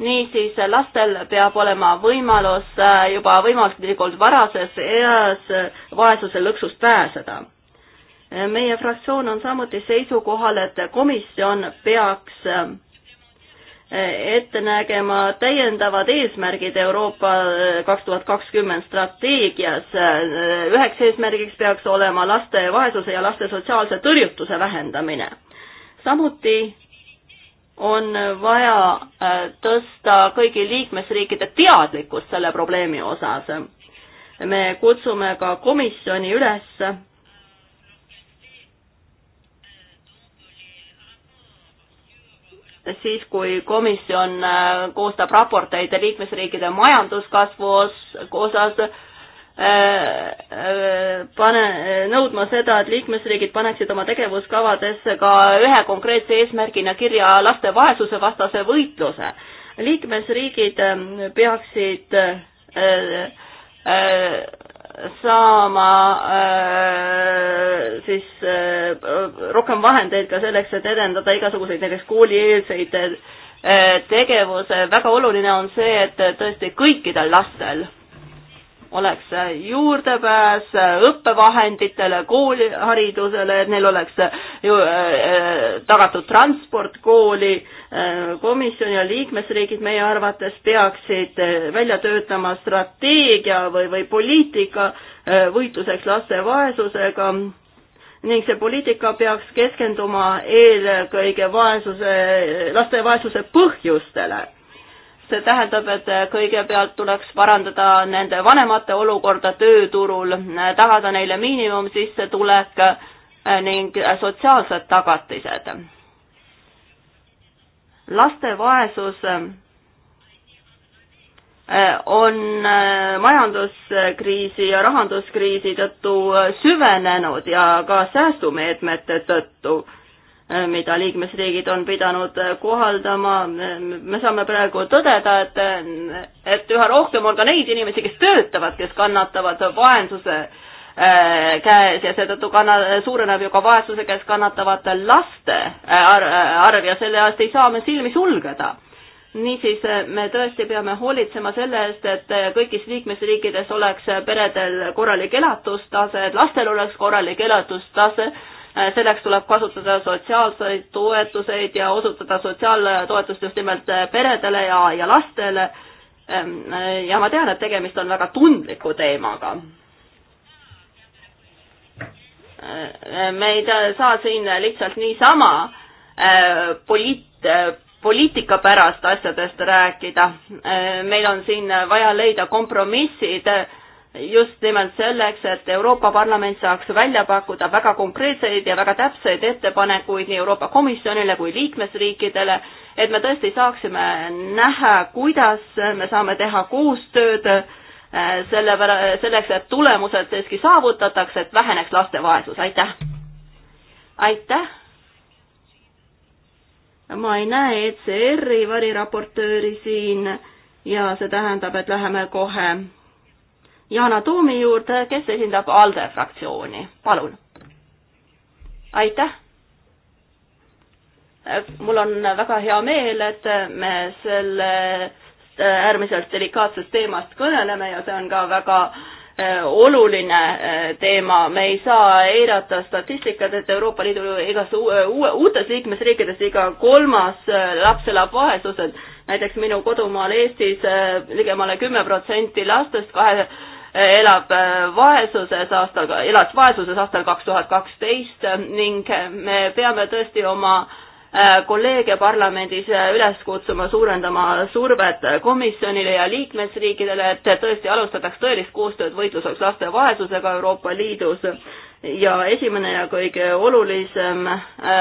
niisiis, lastel peab olema võimalus äh, juba võimalikult varases eas vaesuse lõksust pääseda meie fraktsioon on samuti seisukohal, et komisjon peaks ette nägema täiendavad eesmärgid Euroopa eh, kaks tuhat kakskümmend strateegias. Eh, üheks eesmärgiks peaks olema laste vaesuse ja laste sotsiaalse tõrjutuse vähendamine. samuti on vaja eh, tõsta kõigi liikmesriikide teadlikkust selle probleemi osas. me kutsume ka komisjoni üles siis, kui komisjon äh, koostab raporteid liikmesriikide majanduskasvu osas, äh, äh, pane, nõudma seda, et liikmesriigid paneksid oma tegevuskavadesse ka ühe konkreetse eesmärgina kirja laste vaesuse vastase võitluse. liikmesriigid peaksid saama äh, siis äh, rohkem vahendeid ka selleks, et edendada igasuguseid näiteks koolieelseid äh, tegevuse, väga oluline on see, et tõesti kõikidel lastel oleks juurdepääs õppevahenditele, kooliharidusele, et neil oleks ju, äh, tagatud transport kooli komisjon ja liikmesriigid meie arvates peaksid eh, välja töötama strateegia või, või poliitika eh, võitluseks laste vaesusega ning see poliitika peaks keskenduma eelkõige vaesuse, laste vaesuse põhjustele. see tähendab, et kõigepealt tuleks parandada nende vanemate olukorda tööturul, tagada neile miinimumsissetulek eh, ning sotsiaalsed tagatised laste vaesus äh, on äh, majanduskriisi ja rahanduskriisi tõttu äh, süvenenud ja ka säästumeetmete tõttu, mida liikmesriigid on pidanud kohaldama. me saame praegu tõdeda, et, et üha rohkem on ka neid inimesi, kes töötavad, kes kannatavad vaesuse Äh, käes ja seetõttu kanna-, suureneb ju ka vaesuse käes kannatavate laste äh, äh, arv ja selle eest ei saa me silmi sulgeda niisiis me tõesti peame hoolitsema selle eest, et kõigis liikmesriikides oleks peredel korralik elatustase, et lastel oleks korralik elatustase, selleks tuleb kasutada sotsiaalseid toetuseid ja osutada sotsiaaltoetust just nimelt peredele ja, ja lastele. ja ma tean, et tegemist on väga tundliku teemaga Äh, me ei saa siin lihtsalt niisama äh, poliit, äh, poliitika pärast asjadest rääkida. meil on siin vaja leida kompromissid just nimelt selleks, et Euroopa Parlament saaks välja pakkuda väga konkreetseid ja väga täpseid ettepanekuid nii Euroopa Komisjonile kui liikmesriikidele, et me tõesti saaksime näha, kuidas me saame teha koostööd äh, Äh, selle pära-, selleks, et tulemused siiski saavutatakse, et väheneks laste vaesus, aitäh! aitäh! ma ei näe ECR-i variraportööri siin ja see tähendab, et läheme kohe Yana Toomi juurde, kes esindab ALDE fraktsiooni, palun! aitäh! Äh, mul on väga hea meel, et me selle Äh, äärmiselt delikaatsest teemast kõneleme ja see on ka väga äh, oluline äh, teema, me ei saa eirata statistikat, et Euroopa Liidu igas uutes liikmesriikides iga kolmas laps elab vaesuses. näiteks minu kodumaal Eestis ligemale kümme protsenti lastest kahe elab vaesuses aastal, elas vaesuses aastal kaks tuhat kaksteist ning me peame tõesti oma äh, Äh, kolleege parlamendis äh, üles kutsuma suurendama survet komisjonile ja liikmesriikidele, et tõesti alustataks tõelist koostööd võitluseks laste vaesusega Euroopa Liidus ja esimene ja kõige olulisem äh,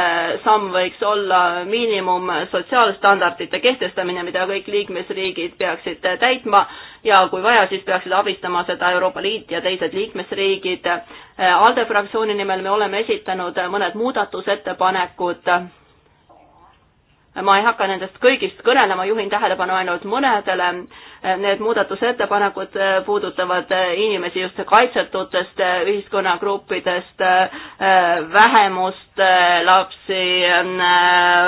samm võiks olla miinimum sotsiaalstandardite kehtestamine, mida kõik liikmesriigid peaksid täitma ja kui vaja, siis peaksid abistama seda Euroopa Liit ja teised liikmesriigid. ALDE fraktsiooni nimel me oleme esitanud mõned muudatusettepanekud ma ei hakka nendest kõigist kõnelema, juhin tähelepanu ainult mõnedele. Need muudatusettepanekud äh, puudutavad äh, inimesi just kaitsetutest äh, ühiskonnagruppidest, vähemust lapsi,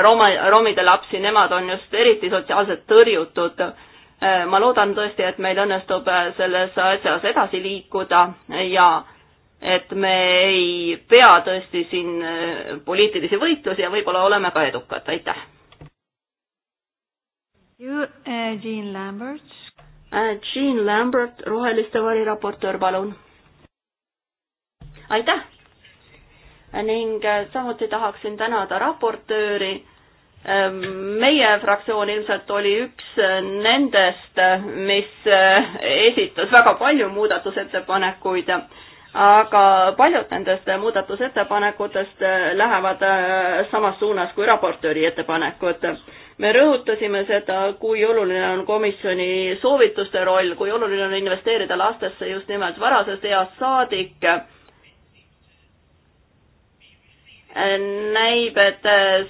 roma, romide lapsi, nemad on just eriti sotsiaalselt tõrjutud. ma loodan tõesti, et meil õnnestub selles asjas edasi liikuda ja et me ei pea tõesti siin poliitilisi võitlusi ja võib-olla oleme ka edukad, aitäh! Uh, Jean Lambert. Uh, Jean Lambert, roheliste variraportöör, palun. aitäh! ning äh, samuti tahaksin tänada raportööri. Ähm, meie fraktsioon ilmselt oli üks äh, nendest, äh, mis esitas väga palju muudatusettepanekuid aga paljud nendest muudatusettepanekutest lähevad samas suunas kui raportööri ettepanekud me rõhutasime seda, kui oluline on komisjoni soovituste roll, kui oluline on investeerida lastesse just nimelt varasest east saadik näib, et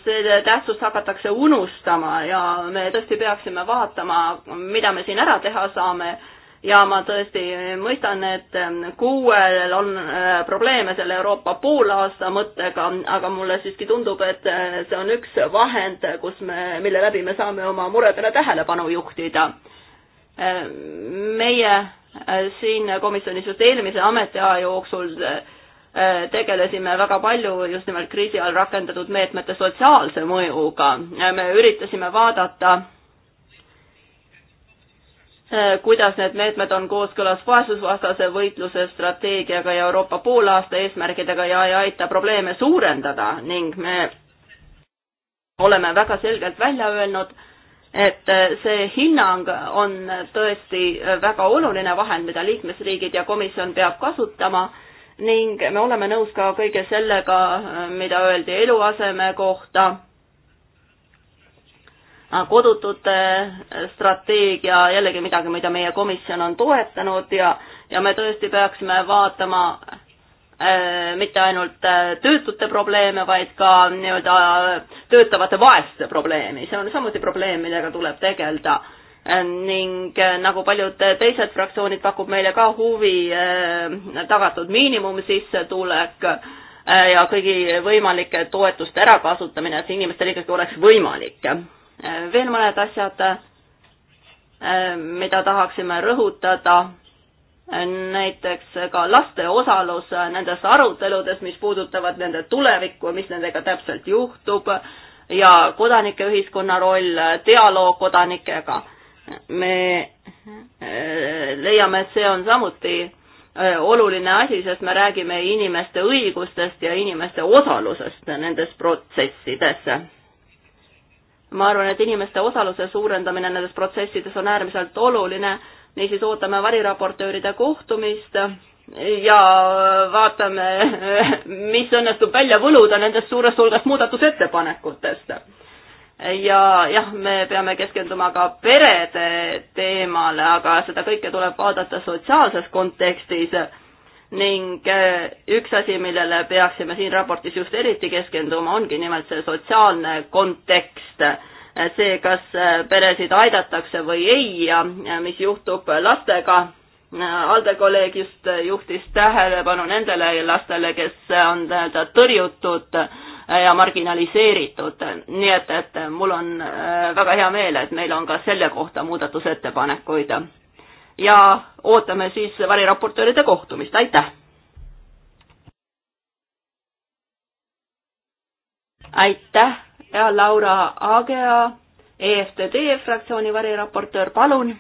selle tähtsust hakatakse unustama ja me tõesti peaksime vaatama, mida me siin ära teha saame ja ma tõesti mõistan, et ähm, kuuel on äh, probleeme selle Euroopa poolaasta mõttega, aga mulle siiski tundub, et äh, see on üks vahend, kus me, mille läbi me saame oma muredele tähelepanu juhtida. Äh, meie siin komisjonis just eelmise ametiaja jooksul tegelesime väga palju just nimelt kriisi ajal rakendatud meetmete sotsiaalse mõjuga. me üritasime vaadata Äh, kuidas need meetmed on kooskõlas vaesusvastase võitluse strateegiaga ja Euroopa poolaasta eesmärkidega ja ei aita probleeme suurendada ning me oleme väga selgelt välja öelnud, et äh, see hinnang on tõesti äh, väga oluline vahend, mida liikmesriigid ja komisjon peab kasutama ning me oleme nõus ka kõige sellega, mida öeldi eluaseme kohta Äh, kodutute äh, strateegia, jällegi midagi, mida meie komisjon on toetanud ja, ja me tõesti peaksime vaatama äh, mitte ainult äh, töötute probleeme, vaid ka nii-öelda töötavate vaeste probleemi, see on samuti probleem, millega tuleb tegeleda ning nagu paljud teised fraktsioonid, pakub meile ka huvi tagatud miinimumsissetulek ja kõigi võimalike toetuste ärakasutamine, et inimestel ikkagi oleks võimalik veel mõned asjad, äh, mida tahaksime rõhutada, näiteks ka laste osalus nendes aruteludes, mis puudutavad nende tulevikku, mis nendega täpselt juhtub ja kodanike ühiskonna roll, dialoog kodanikega. me äh, leiame, et see on samuti äh, oluline asi, sest me räägime inimeste õigustest ja inimeste osalusest nendes protsessides ma arvan, et inimeste osaluse suurendamine nendes protsessides on äärmiselt oluline, niisiis ootame variraportööride kohtumist ja vaatame, mis õnnestub välja võluda nendest suurest hulgast muudatusettepanekutest. ja jah, me peame keskenduma ka perede teemale, aga seda kõike tuleb vaadata sotsiaalses kontekstis ning eh, üks asi, millele peaksime siin raportis just eriti keskenduma, ongi nimelt see sotsiaalne kontekst, see, kas eh, peresid aidatakse või ei ja mis juhtub lastega. Alde kolleeg just juhtis tähelepanu nendele lastele, kes on nii-öelda tõrjutud ja marginaliseeritud, nii et, et mul on eh, väga hea meel, et meil on ka selle kohta muudatusettepanekuid ja ootame siis variraportööride kohtumist, aitäh! aitäh ja Laura Agea, EFTD fraktsiooni variraportöör, palun!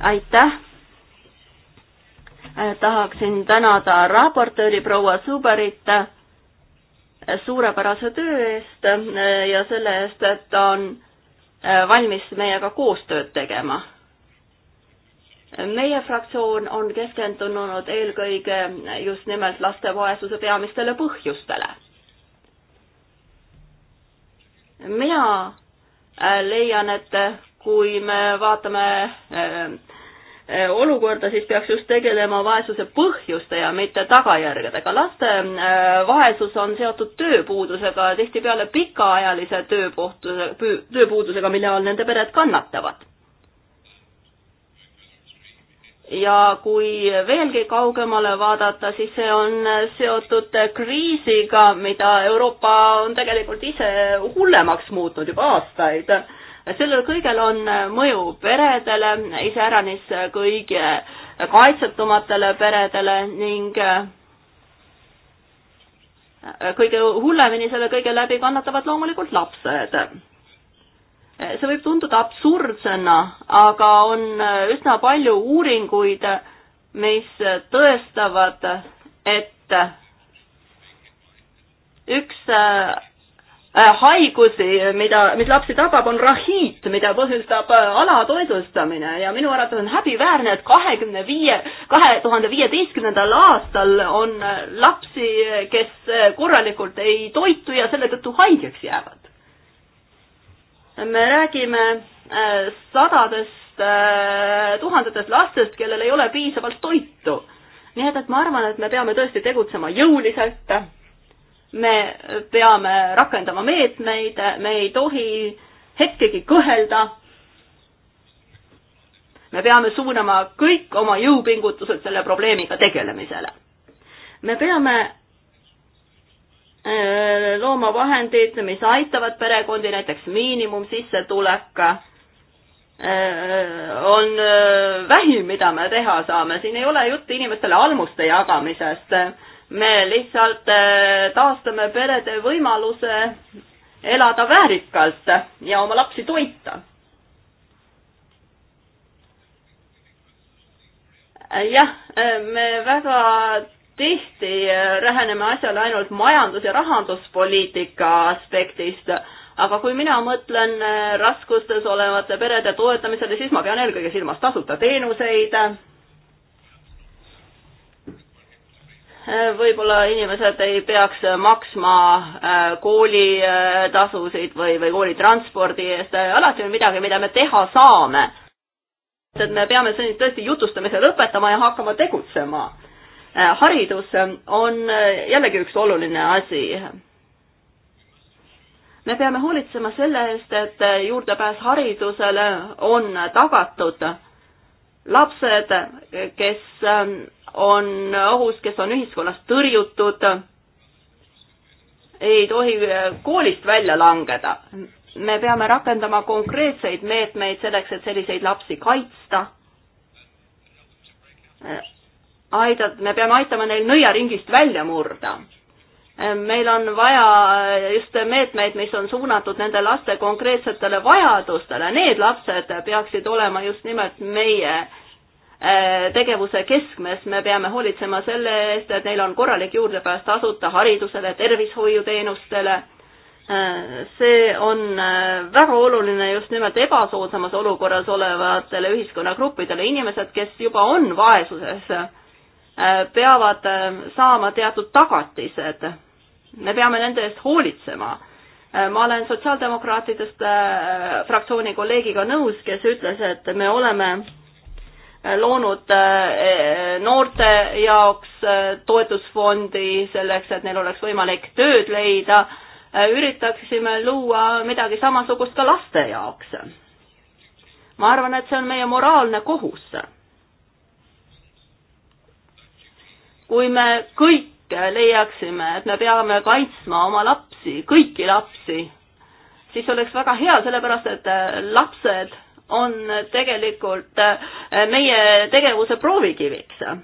aitäh! Äh, tahaksin tänada raportööri proua Suberit äh, suurepärase töö eest äh, ja selle eest, et ta on valmis meiega koostööd tegema meie fraktsioon on keskendunud eelkõige just nimelt laste vaesuse peamistele põhjustele. mina äh, leian, et kui me vaatame äh, olukorda, siis peaks just tegelema vaesuse põhjuste ja mitte tagajärgedega. laste äh, vaesus on seotud tööpuudusega, tihtipeale pikaajalise tööpuhtuse, tööpuudusega, mille all nende pered kannatavad ja kui veelgi kaugemale vaadata, siis see on seotud kriisiga, mida Euroopa on tegelikult ise hullemaks muutnud juba aastaid. sellel kõigel on mõju peredele, iseäranis kõige kaitsetumatele peredele ning kõige hullemini selle kõige läbi kannatavad loomulikult lapsed see võib tunduda absurdsena, aga on äh, üsna palju uuringuid, äh, mis tõestavad, et äh, üks haigusi, mida, mis lapsi tabab, on rahiit, mida põhjustab alatoitlustamine ja minu arvates on häbiväärne, et kahekümne viie, kahe tuhande viieteistkümnendal aastal on lapsi, kes korralikult ei toitu ja selle tõttu haigeks jäävad me räägime äh, sadadest äh, tuhandetest lastest, kellel ei ole piisavalt toitu. nii et, et ma arvan, et me peame tõesti tegutsema jõuliselt. me peame rakendama meetmeid, me ei tohi hetkegi kõhelda. me peame suunama kõik oma jõupingutused selle probleemiga tegelemisele. me peame Äh, loomavahendid, mis aitavad perekondi, näiteks miinimumsissetulek, äh, on äh, vähim, mida me teha saame, siin ei ole juttu inimestele almuste jagamisest. me lihtsalt taastame perede võimaluse elada väärikalt ja oma lapsi toita jah, me väga tihti äh, läheneme asjale ainult majandus- ja rahanduspoliitika aspektist, aga kui mina mõtlen äh, raskustes olevate perede toetamisele, siis ma pean eelkõige silmas tasuta teenuseid, äh, võib-olla inimesed ei peaks maksma koolitasusid või, või koolitranspordi eest, alati on midagi, mida me teha saame. et me peame siin tõesti jutustamise lõpetama ja hakkama tegutsema Äh, haridus on äh, jällegi üks oluline asi. me peame hoolitsema selle eest, et äh, juurdepääs haridusele on tagatud. lapsed, kes ähm, on ohus, kes on ühiskonnas tõrjutud, ei tohi koolist välja langeda. me peame rakendama konkreetseid meetmeid selleks, et selliseid lapsi kaitsta aidat-, me peame aitama neil nõiaringist välja murda. meil on vaja just meetmeid, mis on suunatud nende laste konkreetsetele vajadustele, need lapsed peaksid olema just nimelt meie eh, tegevuse keskmes, me peame hoolitsema selle eest, et neil on korralik juurdepääs tasuta haridusele, tervishoiuteenustele eh, see on eh, väga oluline just nimelt ebasoodsamas olukorras olevatele ühiskonnagruppidele, inimesed, kes juba on vaesuses. Äh, peavad ähm, saama teatud tagatised. me peame nende eest hoolitsema. Äh, ma olen sotsiaaldemokraatidest äh, fraktsiooni kolleegiga nõus, kes ütles, et me oleme loonud noorte jaoks toetusfondi selleks, et neil oleks võimalik tööd leida, üritaksime luua midagi samasugust ka laste jaoks. ma arvan, et see on meie moraalne kohus kui me kõik leiaksime, et me peame kaitsma oma lapsi, kõiki lapsi, siis oleks väga hea, sellepärast et äh, lapsed on tegelikult äh, meie tegevuse proovikiviks. Äh,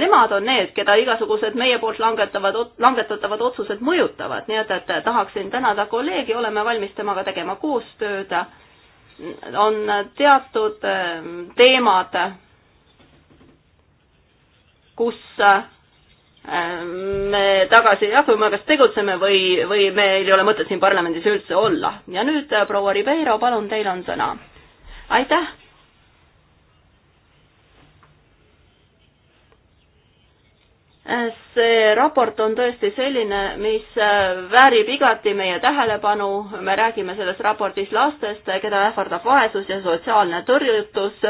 nemad on need, keda igasugused meie poolt langetavad, langetatavad otsused mõjutavad, nii et, et tahaksin tänada kolleegi, oleme valmis temaga tegema koostööd. on teatud teemad, kus äh, me tagasi jahvime, kas tegutseme või, või meil ei ole mõtet siin parlamendis üldse olla. ja nüüd äh, proua Ribeiro, palun, teil on sõna. aitäh. Äh, see raport on tõesti selline, mis väärib igati meie tähelepanu, me räägime selles raportis lastest, keda ähvardab vaesus ja sotsiaalne tõrjutus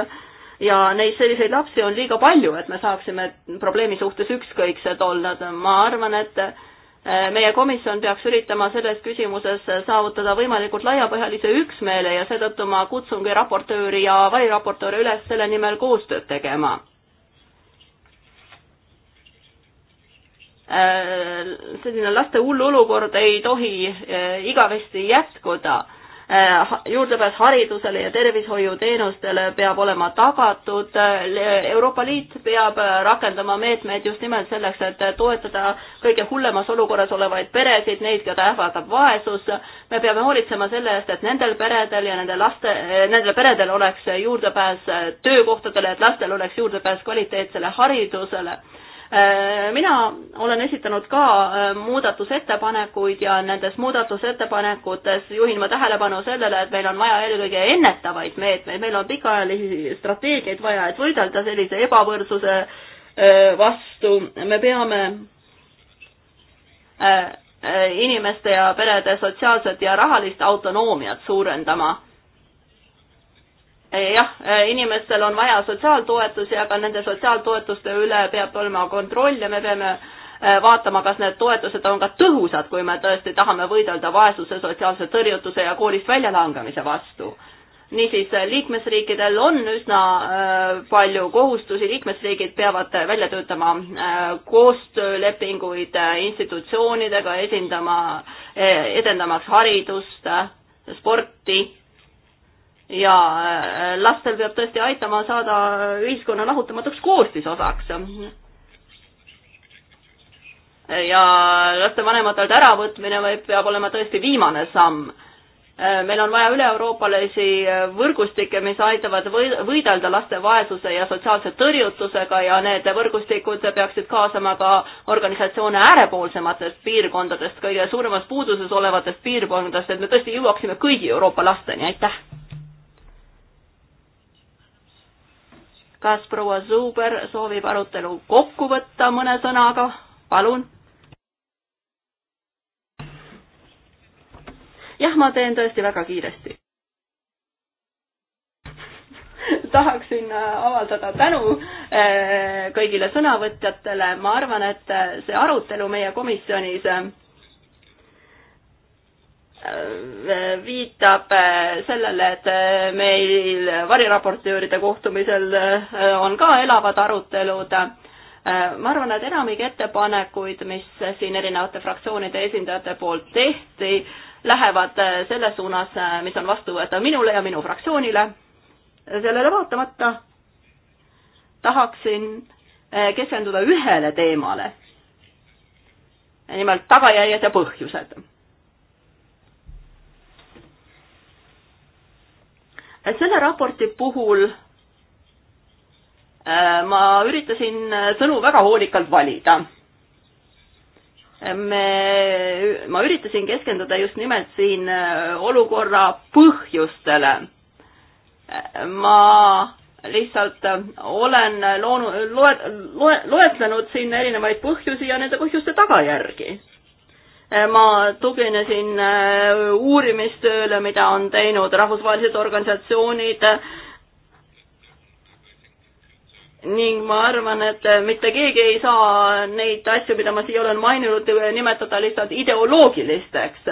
ja neid selliseid lapsi on liiga palju, et me saaksime probleemi suhtes ükskõiksed olla, ma arvan, et eh, meie komisjon peaks üritama selles küsimuses saavutada võimalikult laiapõhjalise üksmeele ja seetõttu ma kutsungi raportööri ja variraportööre üles selle nimel koostööd tegema. Eh, selline laste hull olukord ei tohi eh, igavesti jätkuda Äh, juurdepääs haridusele ja tervishoiuteenustele peab olema tagatud. Euroopa Liit peab äh, rakendama meetmeid just nimelt selleks, et äh, toetada kõige hullemas olukorras olevaid peresid, neid, keda ähvardab vaesus. me peame hoolitsema selle eest, et nendel peredel ja nende laste, nendel peredel oleks juurdepääs töökohtadele, et lastel oleks juurdepääs kvaliteetsele haridusele Äh, mina olen esitanud ka äh, muudatusettepanekuid ja nendes muudatusettepanekutes juhin ma tähelepanu sellele, et meil on vaja eelkõige ennetavaid meetmeid, meil on pikaajalisi strateegiaid vaja, et võidelda sellise ebavõrdsuse äh, vastu, me peame inimeste ja perede sotsiaalset ja rahalist autonoomiat suurendama Eh, jah, eh, inimestel on vaja sotsiaaltoetusi, aga nende sotsiaaltoetuste üle peab olema kontroll ja me peame eh, vaatama, kas need toetused on ka tõhusad, kui me tõesti tahame võidelda vaesuse, sotsiaalse tõrjutuse ja koolist väljalangemise vastu. niisiis, liikmesriikidel on üsna palju kohustusi, liikmesriigid peavad välja töötama koostöölepinguid institutsioonidega, esindama, edendamaks haridust, sporti ja äh, lastel peab tõesti aitama saada ühiskonna lahutamatuks koostisosaks. ja lastevanematelt äravõtmine võib, peab olema tõesti viimane samm. Äh, meil on vaja üle-euroopalisi äh, võrgustikke, mis aitavad või, võidelda laste vaesuse ja sotsiaalse tõrjutusega ja need võrgustikud peaksid kaasama ka organisatsioone äärepoolsematest piirkondadest, kõige suuremas puuduses olevatest piirkondadest, et me tõesti jõuaksime kõigi Euroopa lasteni, aitäh! kas proua Zuber soovib arutelu kokku võtta mõne sõnaga? palun. jah, ma teen tõesti väga kiiresti. tahaksin äh, avaldada tänu äh, kõigile sõnavõtjatele, ma arvan, et äh, see arutelu meie komisjonis Äh, viitab äh, sellele, et äh, meil variraportööride kohtumisel on ka elavad arutelud. ma arvan, et enamik ettepanekuid, mis siin erinevate fraktsioonide esindajate poolt tehti, lähevad selles suunas, mis on vastuvõetav minule ja minu fraktsioonile. sellele vaatamata tahaksin keskenduda ühele teemale. nimelt tagajärjed ja põhjused selle raporti puhul äh, ma üritasin äh, sõnu väga hoolikalt valida. me, ma üritasin keskenduda just nimelt siin äh, olukorra põhjustele. ma lihtsalt olen loonud, loe-, loe-, loetlenud siin erinevaid põhjusi ja nende põhjuste tagajärgi Äh, ma tuginesin äh, uurimistööle, mida on teinud rahvusvahelised organisatsioonid ning ma arvan, et äh, mitte keegi ei saa neid asju, mida ma siia olen maininud, nimetada lihtsalt ideoloogilisteks.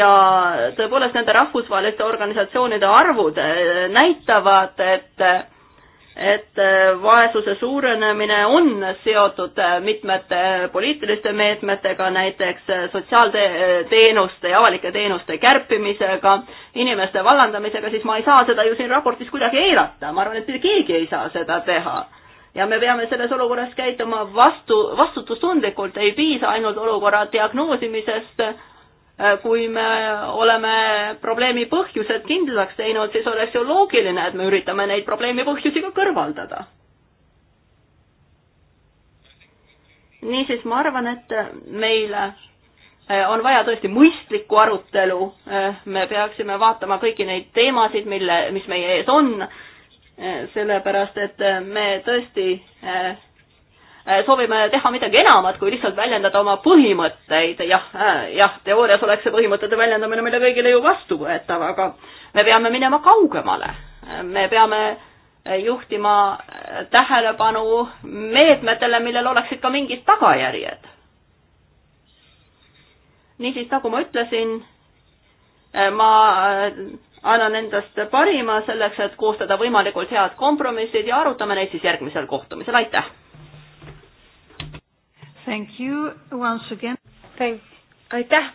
ja tõepoolest nende rahvusvaheliste organisatsioonide arvud näitavad, et et äh, vaesuse suurenemine on seotud äh, mitmete äh, poliitiliste meetmetega, näiteks sotsiaalteenuste ja avalike teenuste kärpimisega, inimeste vallandamisega, siis ma ei saa seda ju siin raportis kuidagi eirata, ma arvan, et keegi ei saa seda teha. ja me peame selles olukorras käituma vastu, vastutustundlikult, ei piisa ainult olukorra diagnoosimisest Äh, kui me oleme probleemi põhjused kindlaks teinud, siis oleks ju loogiline, et me üritame neid probleemi põhjusi ka kõrvaldada. niisiis, ma arvan, et meil äh, on vaja tõesti mõistlikku arutelu, äh, me peaksime vaatama kõiki neid teemasid, mille, mis meie ees on, sellepärast et me tõesti Äh, soovime teha midagi enamat, kui lihtsalt väljendada oma põhimõtteid, jah, äh, jah, teoorias oleks see põhimõtete väljendamine meile kõigile ju vastuvõetav, aga me peame minema kaugemale. Äh, me peame juhtima tähelepanu meetmetele, millel oleksid ka mingid tagajärjed. niisiis, nagu ma ütlesin, ma annan endast parima selleks, et koostada võimalikult head kompromissid ja arutame neid siis järgmisel kohtumisel, aitäh! Thank you once again. aitäh!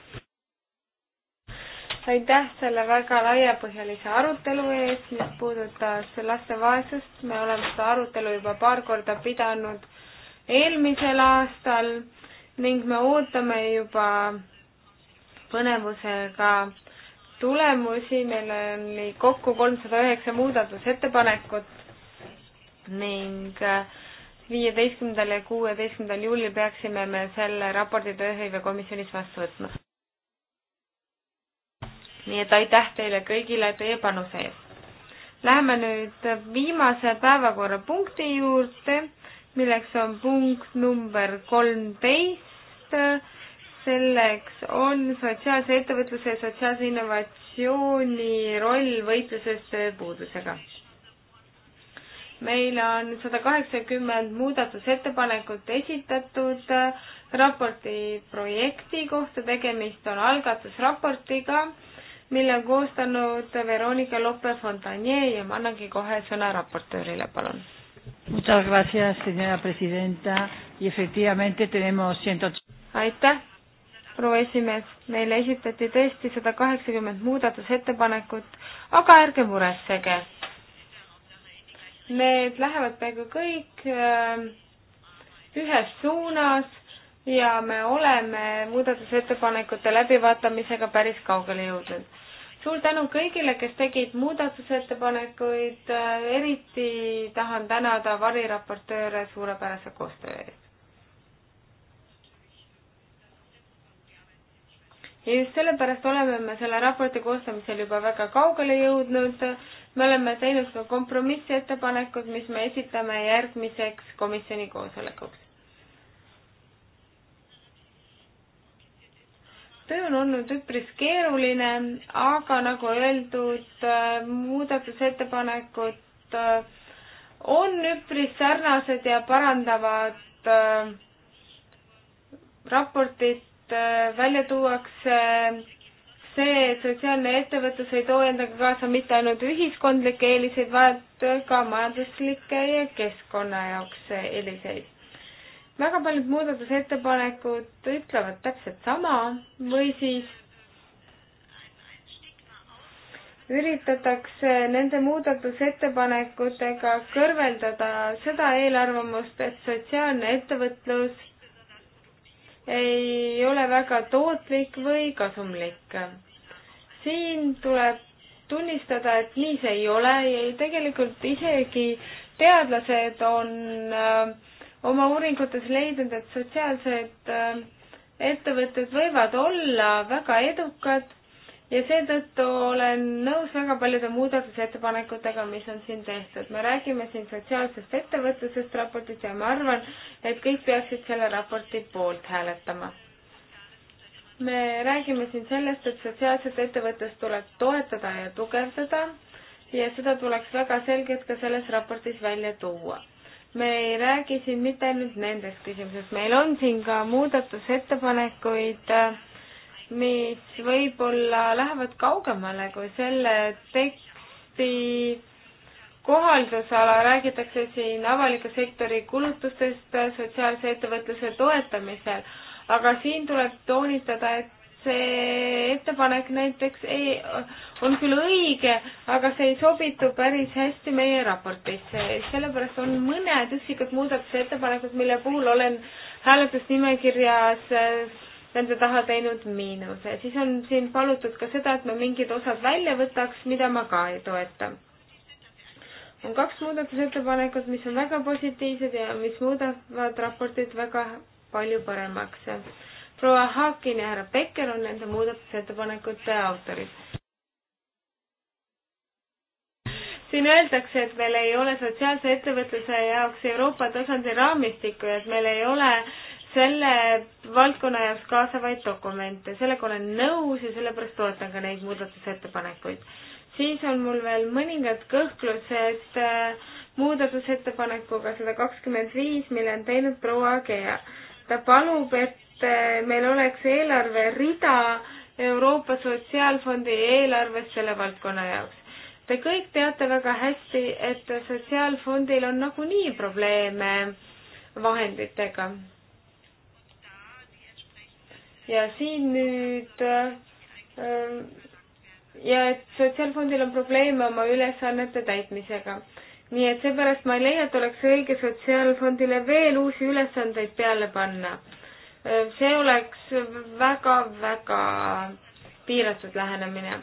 aitäh selle väga laiapõhjalise arutelu eest, mis puudutas laste vaesust. me oleme seda arutelu juba paar korda pidanud eelmisel aastal ning me ootame juba põnevusega tulemusi. meil oli kokku kolmsada üheksa muudatusettepanekut ning äh, viieteistkümnendal ja kuueteistkümnendal juulil peaksime me selle raporti tööhõivekomisjonis vastu võtma. nii et aitäh teile kõigile teie panuse eest. Läheme nüüd viimase päevakorrapunkti juurde, milleks on punkt number kolmteist. selleks on sotsiaalse ettevõtluse ja sotsiaalse innovatsiooni roll võitluses tööpuudusega meil on sada kaheksakümmend muudatusettepanekut esitatud raporti projekti kohta, tegemist on algatusraportiga, mille on koostanud Veronika Lope-Fontanier ja ma annangi kohe sõna raportöörile, palun. Muchas gracias, señora presidenta y efectivamente tenemos ciento. aitäh, proua esimees, meile esitati tõesti sada kaheksakümmend muudatusettepanekut, aga ärge muretsege Need lähevad peaaegu kõik äh, ühes suunas ja me oleme muudatusettepanekute läbivaatamisega päris kaugele jõudnud. suur tänu kõigile, kes tegid muudatusettepanekuid, äh, eriti tahan tänada variraportööre suurepärase koostöö eest. ja just sellepärast oleme me selle raporti koostamisel juba väga kaugele jõudnud, me oleme teinud ka kompromissettepanekud, mis me esitame järgmiseks komisjoni koosolekuks. töö on olnud üpris keeruline, aga nagu öeldud, muudatusettepanekud äh, on üpris sarnased ja parandavad äh, raportit, äh, välja tuuakse see, et sotsiaalne ettevõtlus ei too endaga kaasa mitte ainult ühiskondlikke eeliseid, vaid ka majanduslikke ja keskkonna jaoks eeliseid. väga paljud muudatusettepanekud ütlevad täpselt sama või siis üritatakse nende muudatusettepanekutega kõrveldada seda eelarvamust, et sotsiaalne ettevõtlus ei ole väga tootlik või kasumlik. siin tuleb tunnistada, et nii see ei ole ja tegelikult isegi teadlased on äh, oma uuringutes leidnud, et sotsiaalsed äh, ettevõtted võivad olla väga edukad ja seetõttu olen nõus väga paljude muudatusettepanekutega, mis on siin tehtud. me räägime siin sotsiaalsest ettevõtlusest raportis ja ma arvan, et kõik peaksid selle raporti poolt hääletama. me räägime siin sellest, et sotsiaalset ettevõtlust tuleb toetada ja tugevdada ja seda tuleks väga selgelt ka selles raportis välja tuua me ei räägi siin mitte ainult nendest küsimusest, meil on siin ka muudatusettepanekuid äh, mis võib-olla lähevad kaugemale kui selle teksti kohaldusala, räägitakse siin avaliku sektori kulutustest sotsiaalse ettevõtluse toetamisel, aga siin tuleb toonitada, et see ettepanek näiteks ei, on küll õige, aga see ei sobitu päris hästi meie raportisse, sellepärast on mõned üksikud muudatusettepanekud, mille puhul olen hääletusnimekirjas nende taha teinud miinuse. siis on siin palutud ka seda, et ma mingid osad välja võtaks, mida ma ka ei toeta. on kaks muudatusettepanekut, mis on väga positiivsed ja mis muudavad raportit väga palju paremaks. proua Haakin ja härra Becker on nende muudatusettepanekute autorid. siin öeldakse, et meil ei ole sotsiaalse ettevõtluse jaoks Euroopa tasandi raamistikku ja et meil ei ole äh, selle valdkonna jaoks kaasavaid dokumente, sellega olen nõus ja sellepärast toetan ka neid muudatusettepanekuid. siis on mul veel mõningad kõhklused äh, muudatusettepanekuga sada kakskümmend viis, mille on teinud proua Agea. ta palub, et äh, meil oleks eelarverida Euroopa Sotsiaalfondi eelarves selle valdkonna jaoks. Te kõik teate väga hästi, et Sotsiaalfondil on nagunii probleeme vahenditega ja siin nüüd äh, ja et Sotsiaalfondil on probleeme oma ülesannete täitmisega. nii et seepärast ma ei leia, et oleks õige Sotsiaalfondile veel uusi ülesandeid peale panna. Äh, see oleks väga-väga piiratud lähenemine.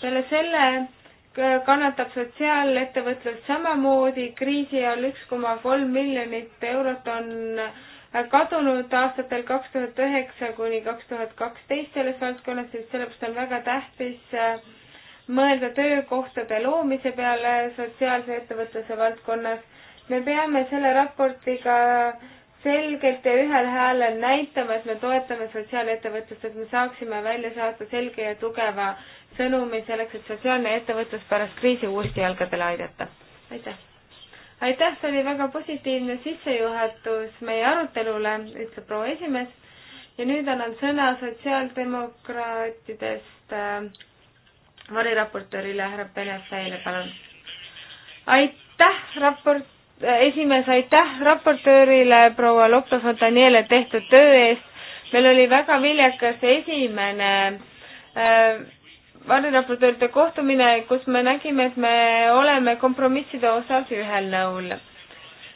peale selle äh, kannatab sotsiaalettevõtlus samamoodi, kriisi ajal üks koma kolm miljonit eurot on äh, kadunud aastatel kaks tuhat üheksa kuni kaks tuhat kaksteist selles valdkonnas, sest sellepärast on väga tähtis äh, mõelda töökohtade loomise peale sotsiaalse ettevõtluse valdkonnas. me peame selle raportiga selgelt ja ühel häälel näitama, et me toetame sotsiaalettevõtlust, et me saaksime välja saata selge ja tugeva sõnumi selleks, et sotsiaalne ettevõtlus pärast kriisi uuesti jalgadele aidata. aitäh! aitäh, see oli väga positiivne sissejuhatus meie arutelule, ütleb proua esimees. ja nüüd annan sõna sotsiaaldemokraatidest äh, variraportöörile härra Benefeile, palun. aitäh, raport äh,, esimees, aitäh raportöörile proua Lopez-Fontaniele tehtud töö eest. meil oli väga viljakas esimene äh, variraportööride kohtumine, kus me nägime, et me oleme kompromisside osas ühel nõul.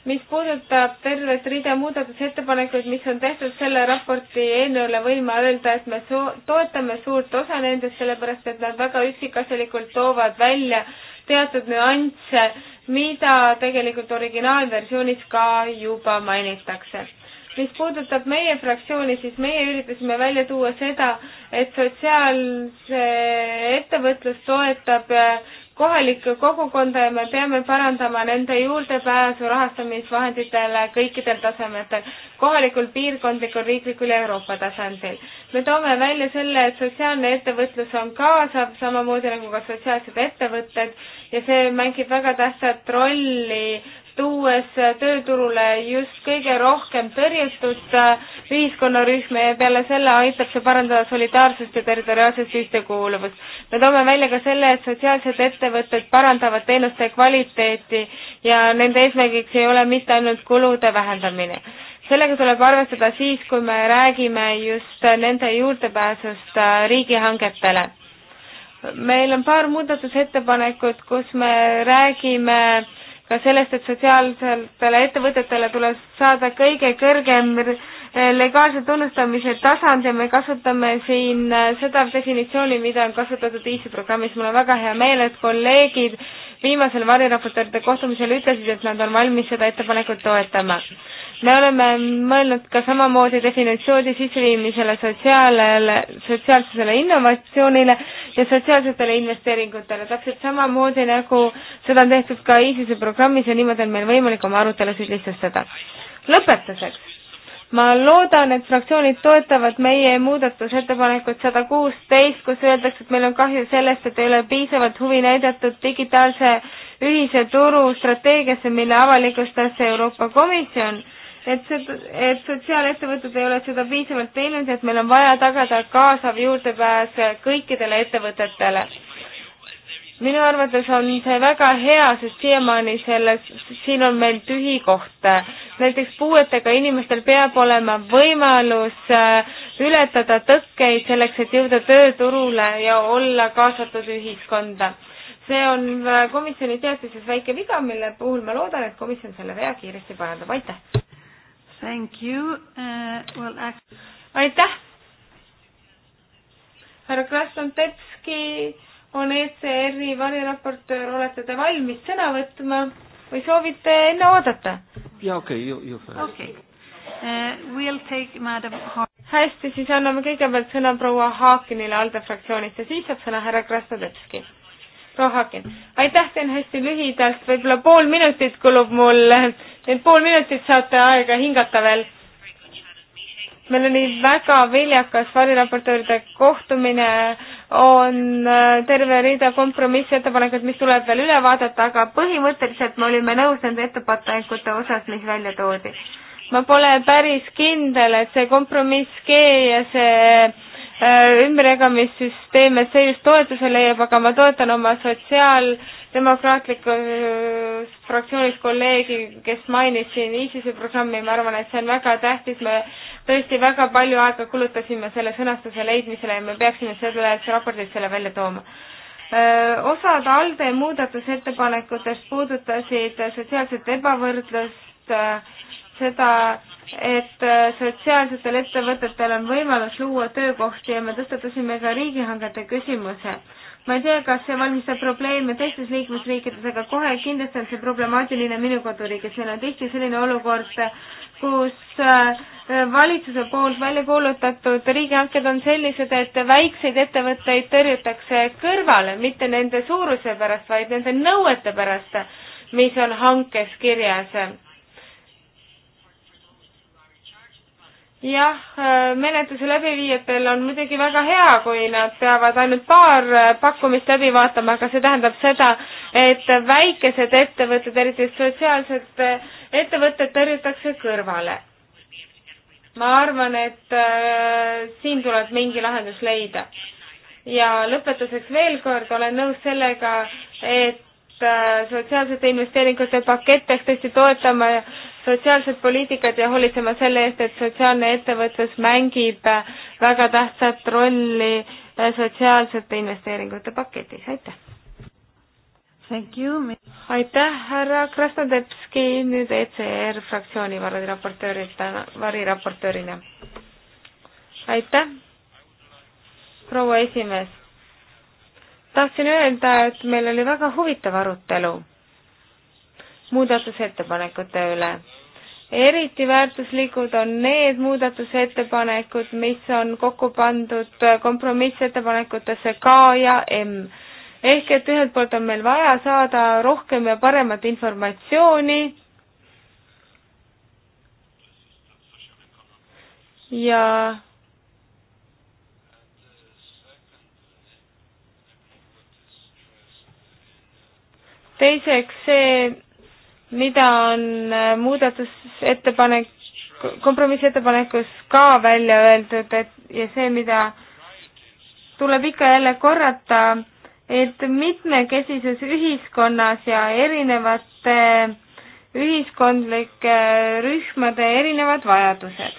mis puudutab tervet rida muudatusettepanekuid, mis on tehtud selle raporti eelnõule, võin ma öelda, et me so-, toetame suurt osa nendest, sellepärast et nad väga üksikasjalikult toovad välja teatud nüansse, mida tegelikult originaalversioonis ka juba mainitakse mis puudutab meie fraktsiooni, siis meie üritasime välja tuua seda, et sotsiaalse ettevõtlus toetab äh, kohalikku kogukonda ja me peame parandama nende juurdepääsu rahastamisvahenditele kõikidel tasemetel, kohalikul, piirkondlikul, riiklikul ja Euroopa tasandil. me toome välja selle, et sotsiaalne ettevõtlus on kaasav, samamoodi nagu ka sotsiaalsed ettevõtted ja see mängib väga tähtsat rolli tuues tööturule just kõige rohkem tõrjutud äh, ühiskonnarühmi ja peale selle aitab see parandada solidaarsust ja territoriaalset ühtekuuluvust. me toome välja ka selle, et sotsiaalsed ettevõtted parandavad teenuste kvaliteeti ja nende eesmärgiks ei ole mitte ainult kulude vähendamine. sellega tuleb arvestada siis, kui me räägime just nende juurdepääsust äh, riigihangetele meil on paar muudatusettepanekut, kus me räägime äh, ka sellest, et sotsiaalsetele ettevõtetele tuleb saada kõige kõrgem eh, legaalse tunnustamise tasand ja me kasutame siin eh, seda definitsiooni, mida on kasutatud ICI programmis. mul on väga hea meel, et kolleegid viimasel variraportööride kohtumisel ütlesid, et nad on valmis seda ettepanekut toetama me oleme mõelnud ka samamoodi definitsiooni sisseviimisele sotsiaalele, sotsiaalsusele innovatsioonile ja sotsiaalsetele investeeringutele, täpselt samamoodi nagu seda on tehtud ka ISISe programmis ja niimoodi on meil võimalik oma arutelusid lihtsustada. lõpetuseks, ma loodan, et fraktsioonid toetavad meie muudatusettepanekut sada kuusteist, kus öeldakse, et meil on kahju sellest, et ei ole piisavalt huvi näidatud digitaalse ühise turu strateegiasse, mille avalikustas Euroopa Komisjon et see, et sotsiaalettevõtted ei ole seda piisavalt teinud, et meil on vaja tagada kaasav juurdepääs kõikidele ettevõtetele. minu arvates on see väga hea, sest siiamaani selles, siin on meil tühi koht. näiteks puuetega inimestel peab olema võimalus äh, ületada tõkkeid selleks, et jõuda tööturule ja olla kaasatud ühiskonda see on äh, komisjoni teatises väike viga, mille puhul ma loodan, et komisjon selle vea kiiresti parandab, aitäh! Thank you uh,. Well, aitäh. härra Krasnodebski on ECR-i variraportöör, olete te valmis sõna võtma või soovite enne oodata? jaa, okei okay,, ju, ju. okei okay. uh,. We'll take madam Har-. hästi, siis anname kõigepealt sõna proua Haakinile ALDE fraktsioonist ja siis saab sõna härra Krasnodebski proua Hakin. aitäh, teen hästi lühidalt, võib-olla pool minutit kulub mul, et pool minutit saate aega hingata veel. meil oli väga viljakas variraportööride kohtumine, on äh, terve rida kompromissettepanekuid, mis tuleb veel üle vaadata, aga põhimõtteliselt me olime nõus nende ettepanekute osas, mis välja toodi. ma pole päris kindel, et see kompromiss G ja see Äh, ümberjagamissüsteeme, see just toetuse leiab, aga ma toetan oma sotsiaaldemokraatlikus fraktsioonis kolleegi, kes mainis siin ISISe programmi, ma arvan, et see on väga tähtis, me tõesti väga palju aega kulutasime selle sõnastuse leidmisele ja me peaksime selles raportis selle välja tooma. Äh, osad ALDE muudatusettepanekutest puudutasid sotsiaalset ebavõrdlust, äh, seda, et äh, sotsiaalsetel ettevõtetel on võimalus luua töökohti ja me tõstatasime ka riigihangete küsimuse. ma ei tea, kas see valmistab probleeme teistes liikmesriikides, aga kohe kindlasti on see problemaatiline minu koduriigis, meil on tihti selline olukord, kus äh, valitsuse poolt välja kuulutatud riigihanked on sellised, et väikseid ettevõtteid tõrjutakse kõrvale, mitte nende suuruse pärast, vaid nende nõuete pärast, mis on hankes kirjas jah, äh, menetluse läbiviijatel on muidugi väga hea, kui nad peavad ainult paar äh, pakkumist läbi vaatama, aga see tähendab seda, et väikesed ettevõtted, eriti just sotsiaalsed äh, ettevõtted, tõrjutakse kõrvale. ma arvan, et äh, siin tuleb mingi lahendus leida. ja lõpetuseks veel kord olen nõus sellega, et sotsiaalsete investeeringute pakett peaks tõesti toetama sotsiaalset poliitikat ja hoolitsema selle eest, et sotsiaalne ettevõtlus mängib väga tähtsat rolli eh, sotsiaalsete investeeringute paketis, aitäh! aitäh, härra Krasnodebski, nüüd ECR fraktsiooni variraportöörilt, variraportöörina. aitäh, proua esimees! tahtsin öelda, et meil oli väga huvitav arutelu muudatusettepanekute üle eriti väärtuslikud on need muudatusettepanekud, mis on kokku pandud kompromissettepanekutesse K ja M. ehk et ühelt poolt on meil vaja saada rohkem ja paremat informatsiooni ja teiseks see mida on äh, muudatusettepanek, kompromissettepanekus ka välja öeldud, et ja see, mida tuleb ikka jälle korrata, et mitmekesisus ühiskonnas ja erinevate ühiskondlike rühmade erinevad vajadused.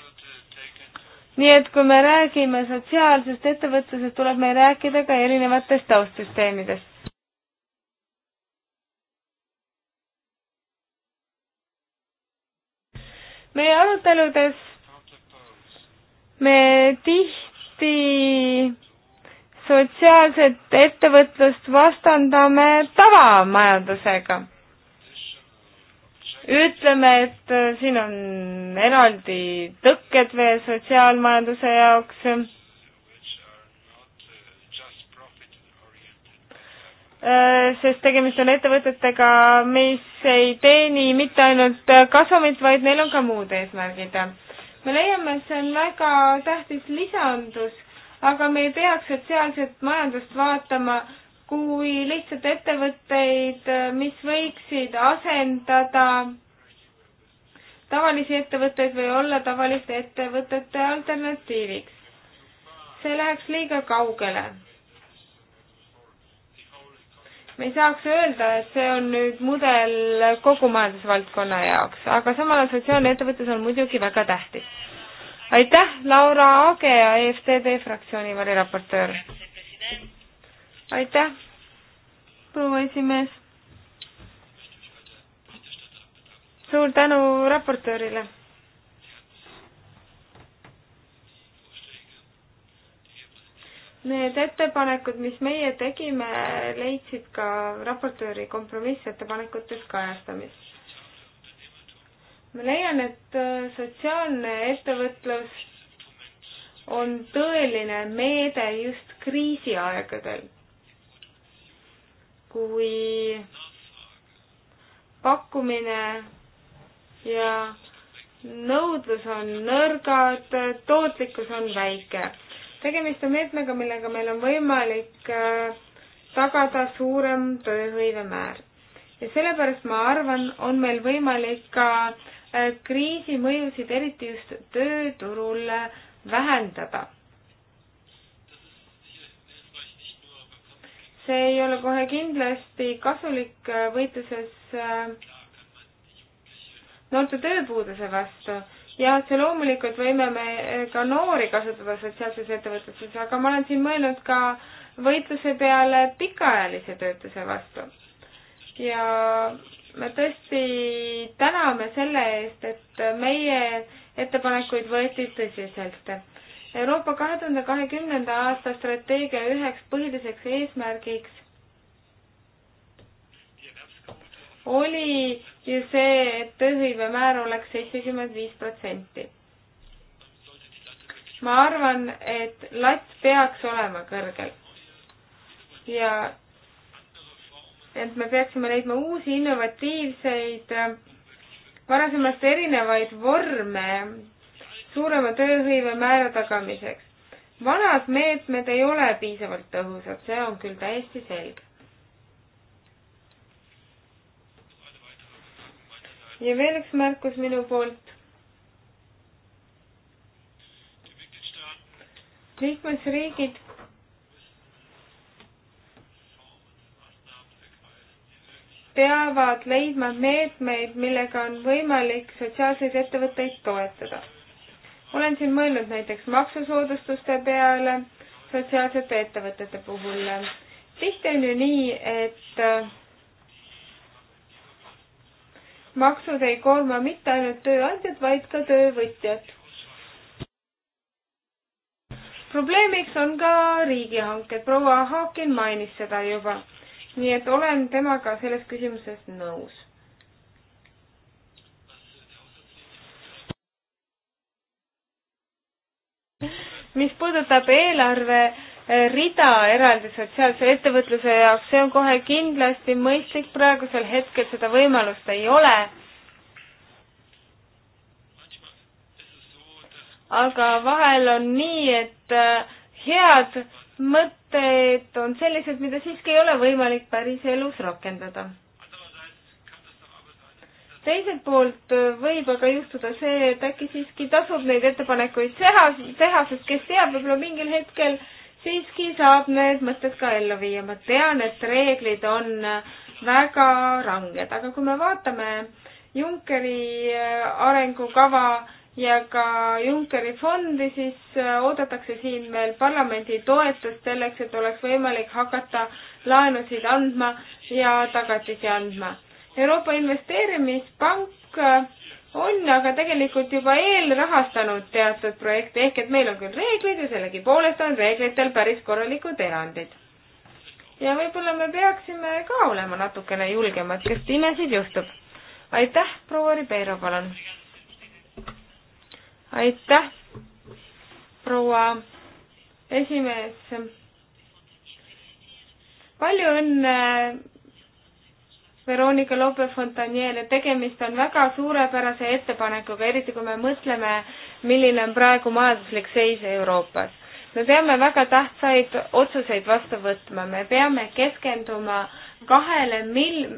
nii et kui me räägime sotsiaalsest ettevõtlusest, tuleb meil rääkida ka erinevatest taustsüsteemidest meie aruteludes me tihti sotsiaalset ettevõtlust vastandame tavamajandusega. ütleme, et siin on eraldi tõkked veel sotsiaalmajanduse jaoks Äh, sest tegemist on ettevõtetega, mis ei teeni mitte ainult kasumit, vaid neil on ka muud eesmärgid. me leiame, et see on väga tähtis lisandus, aga me ei peaks sotsiaalset majandust vaatama kui lihtsalt ettevõtteid, mis võiksid asendada tavalisi ettevõtteid või olla tavaliste ettevõtete alternatiiviks. see läheks liiga kaugele me ei saaks öelda, et see on nüüd mudel kogu majandusvaldkonna jaoks, aga samal ajal sotsiaalne ettevõtlus on muidugi väga tähtis. aitäh, Laura Aage ja EFTD fraktsiooni variraportöör. aitäh, proua esimees. suur tänu raportöörile Need ettepanekud, mis meie tegime, leidsid ka raportööri kompromissettepanekutes kajastamist. ma leian, et äh, sotsiaalne ettevõtlus on tõeline meede just kriisiaegadel, kui pakkumine ja nõudlus on nõrgad, tootlikkus on väike tegemist on meetmega, millega meil on võimalik äh, tagada suurem tööhõive määr. ja sellepärast ma arvan, on meil võimalik ka äh, kriisi mõjusid, eriti just tööturul, äh, vähendada. see ei ole kohe kindlasti kasulik võitluses noorte tööpuuduse vastu ja otse loomulikult võime me eh, ka noori kasutada sotsiaalses ettevõtluses, aga ma olen siin mõelnud ka võitluse peale pikaajalise töötuse vastu. ja me tõesti täname selle eest, et meie ettepanekuid võeti tõsiselt. Euroopa kahe tuhande kahekümnenda aasta strateegia üheks põhiliseks eesmärgiks oli ja see, et tööhõivemäär oleks seitsekümmend viis protsenti. ma arvan, et latt peaks olema kõrgel ja et me peaksime leidma uusi innovatiivseid, varasemast erinevaid vorme suurema tööhõive määra tagamiseks. vanad meetmed ei ole piisavalt tõhusad, see on küll täiesti selge. ja veel üks märkus minu poolt. liikmesriigid peavad leidma meetmeid, millega on võimalik sotsiaalseid ettevõtteid toetada. olen siin mõelnud näiteks maksusoodustuste peale sotsiaalsete ettevõtete puhul. tihti on ju nii, et maksud ei koorma mitte ainult tööandjat, vaid ka töövõtjat. probleemiks on ka riigihanked, proua Haakin mainis seda juba, nii et olen temaga selles küsimuses nõus mis puudutab eelarve rida eraldi sotsiaalse ettevõtluse jaoks, see on kohe kindlasti mõistlik, praegusel hetkel seda võimalust ei ole. aga vahel on nii, et äh, head mõtted on sellised, mida siiski ei ole võimalik päriselus rakendada. teiselt poolt võib aga juhtuda see, et äkki siiski tasub neid ettepanekuid teha, teha, sest kes teab, võib-olla mingil hetkel äh, siiski saab need mõtted ka ellu viia. ma tean, et reeglid on väga ranged, aga kui me vaatame Junckeri äh, arengukava ja ka Junckeri fondi, siis äh, oodatakse siin veel parlamendi toetust selleks, et oleks võimalik hakata laenusid andma ja tagatisi andma. Euroopa Investeerimispank äh, on aga tegelikult juba eelrahastanud teatud projekte, ehk et meil on küll reeglid ja sellegipoolest on reeglitel päris korralikud erandid. ja võib-olla me peaksime ka olema natukene julgemad, sest imesid juhtub. aitäh, proua Ribeiro, palun. aitäh, proua esimees. palju õnne Veronika Lope-Fontaniele, tegemist on väga suurepärase ettepanekuga, eriti kui me mõtleme, milline on praegu majanduslik seis Euroopas. me peame väga tähtsaid otsuseid vastu võtma, me peame keskenduma kahele mil-,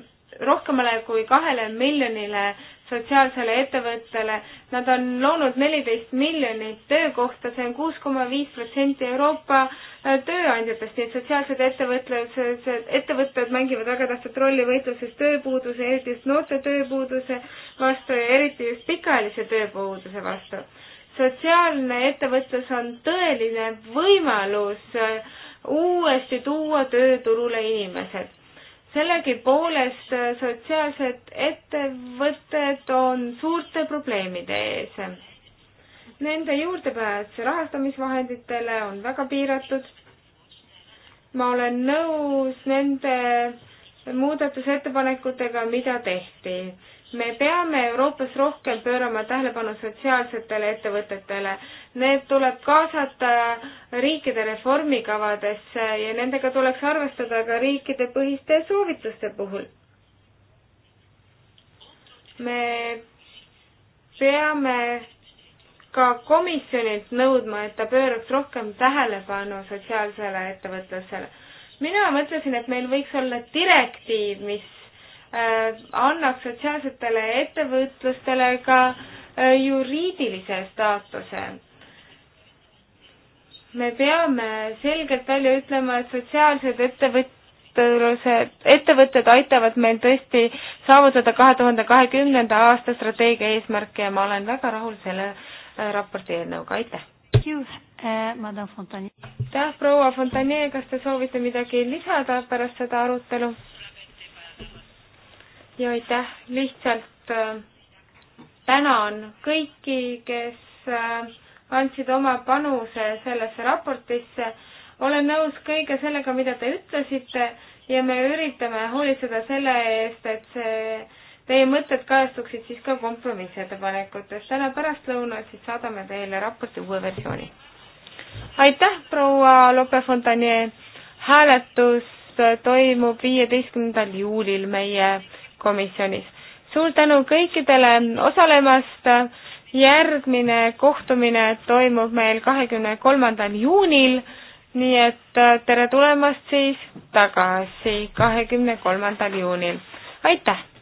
rohkemale kui kahele miljonile sotsiaalsele ettevõttele. Nad on loonud neliteist miljonit töökohta, see on kuus koma viis protsenti Euroopa äh, tööandjatest, nii et sotsiaalsed ettevõtlused, ettevõtted mängivad väga tähtsat rolli võitluses tööpuuduse, eriti just noorte tööpuuduse vastu ja eriti just pikaajalise tööpuuduse vastu. sotsiaalne ettevõtlus on tõeline võimalus äh, uuesti tuua tööturule inimesed sellegipoolest äh, sotsiaalsed ettevõtted on suurte probleemide ees. Nende juurdepääs rahastamisvahenditele on väga piiratud. ma olen nõus nende muudatusettepanekutega, mida tehti me peame Euroopas rohkem pöörama tähelepanu sotsiaalsetele ettevõtetele. Need tuleb kaasata riikide reformikavadesse ja nendega tuleks arvestada ka riikide põhiste soovituste puhul. me peame ka komisjonilt nõudma, et ta pööraks rohkem tähelepanu sotsiaalsele ettevõtlusele. mina mõtlesin, et meil võiks olla direktiiv, mis Äh, annaks sotsiaalsetele ettevõtlustele ka äh, juriidilise staatuse. me peame selgelt välja ütlema, et sotsiaalsed ettevõtlused, ettevõtted aitavad meil tõesti saavutada kahe tuhande kahekümnenda aasta strateegia eesmärke ja ma olen väga rahul selle äh, raporti eelnõuga, aitäh! aitäh, proua Fontanier, kas te soovite midagi lisada pärast seda arutelu? ja aitäh, lihtsalt äh, tänan kõiki, kes äh, andsid oma panuse sellesse raportisse. olen nõus kõige sellega, mida te ütlesite ja me üritame hoolitseda selle eest, et see, teie mõtted kajastuksid siis ka kompromissettepanekutes. täna pärastlõunal siis saadame teile raporti uue versiooni. aitäh, proua Lope-Fontanier. hääletus toimub viieteistkümnendal juulil meie komisjonis. suur tänu kõikidele osalemast, järgmine kohtumine toimub meil kahekümne kolmandal juunil, nii et äh, tere tulemast siis tagasi kahekümne kolmandal juunil, aitäh!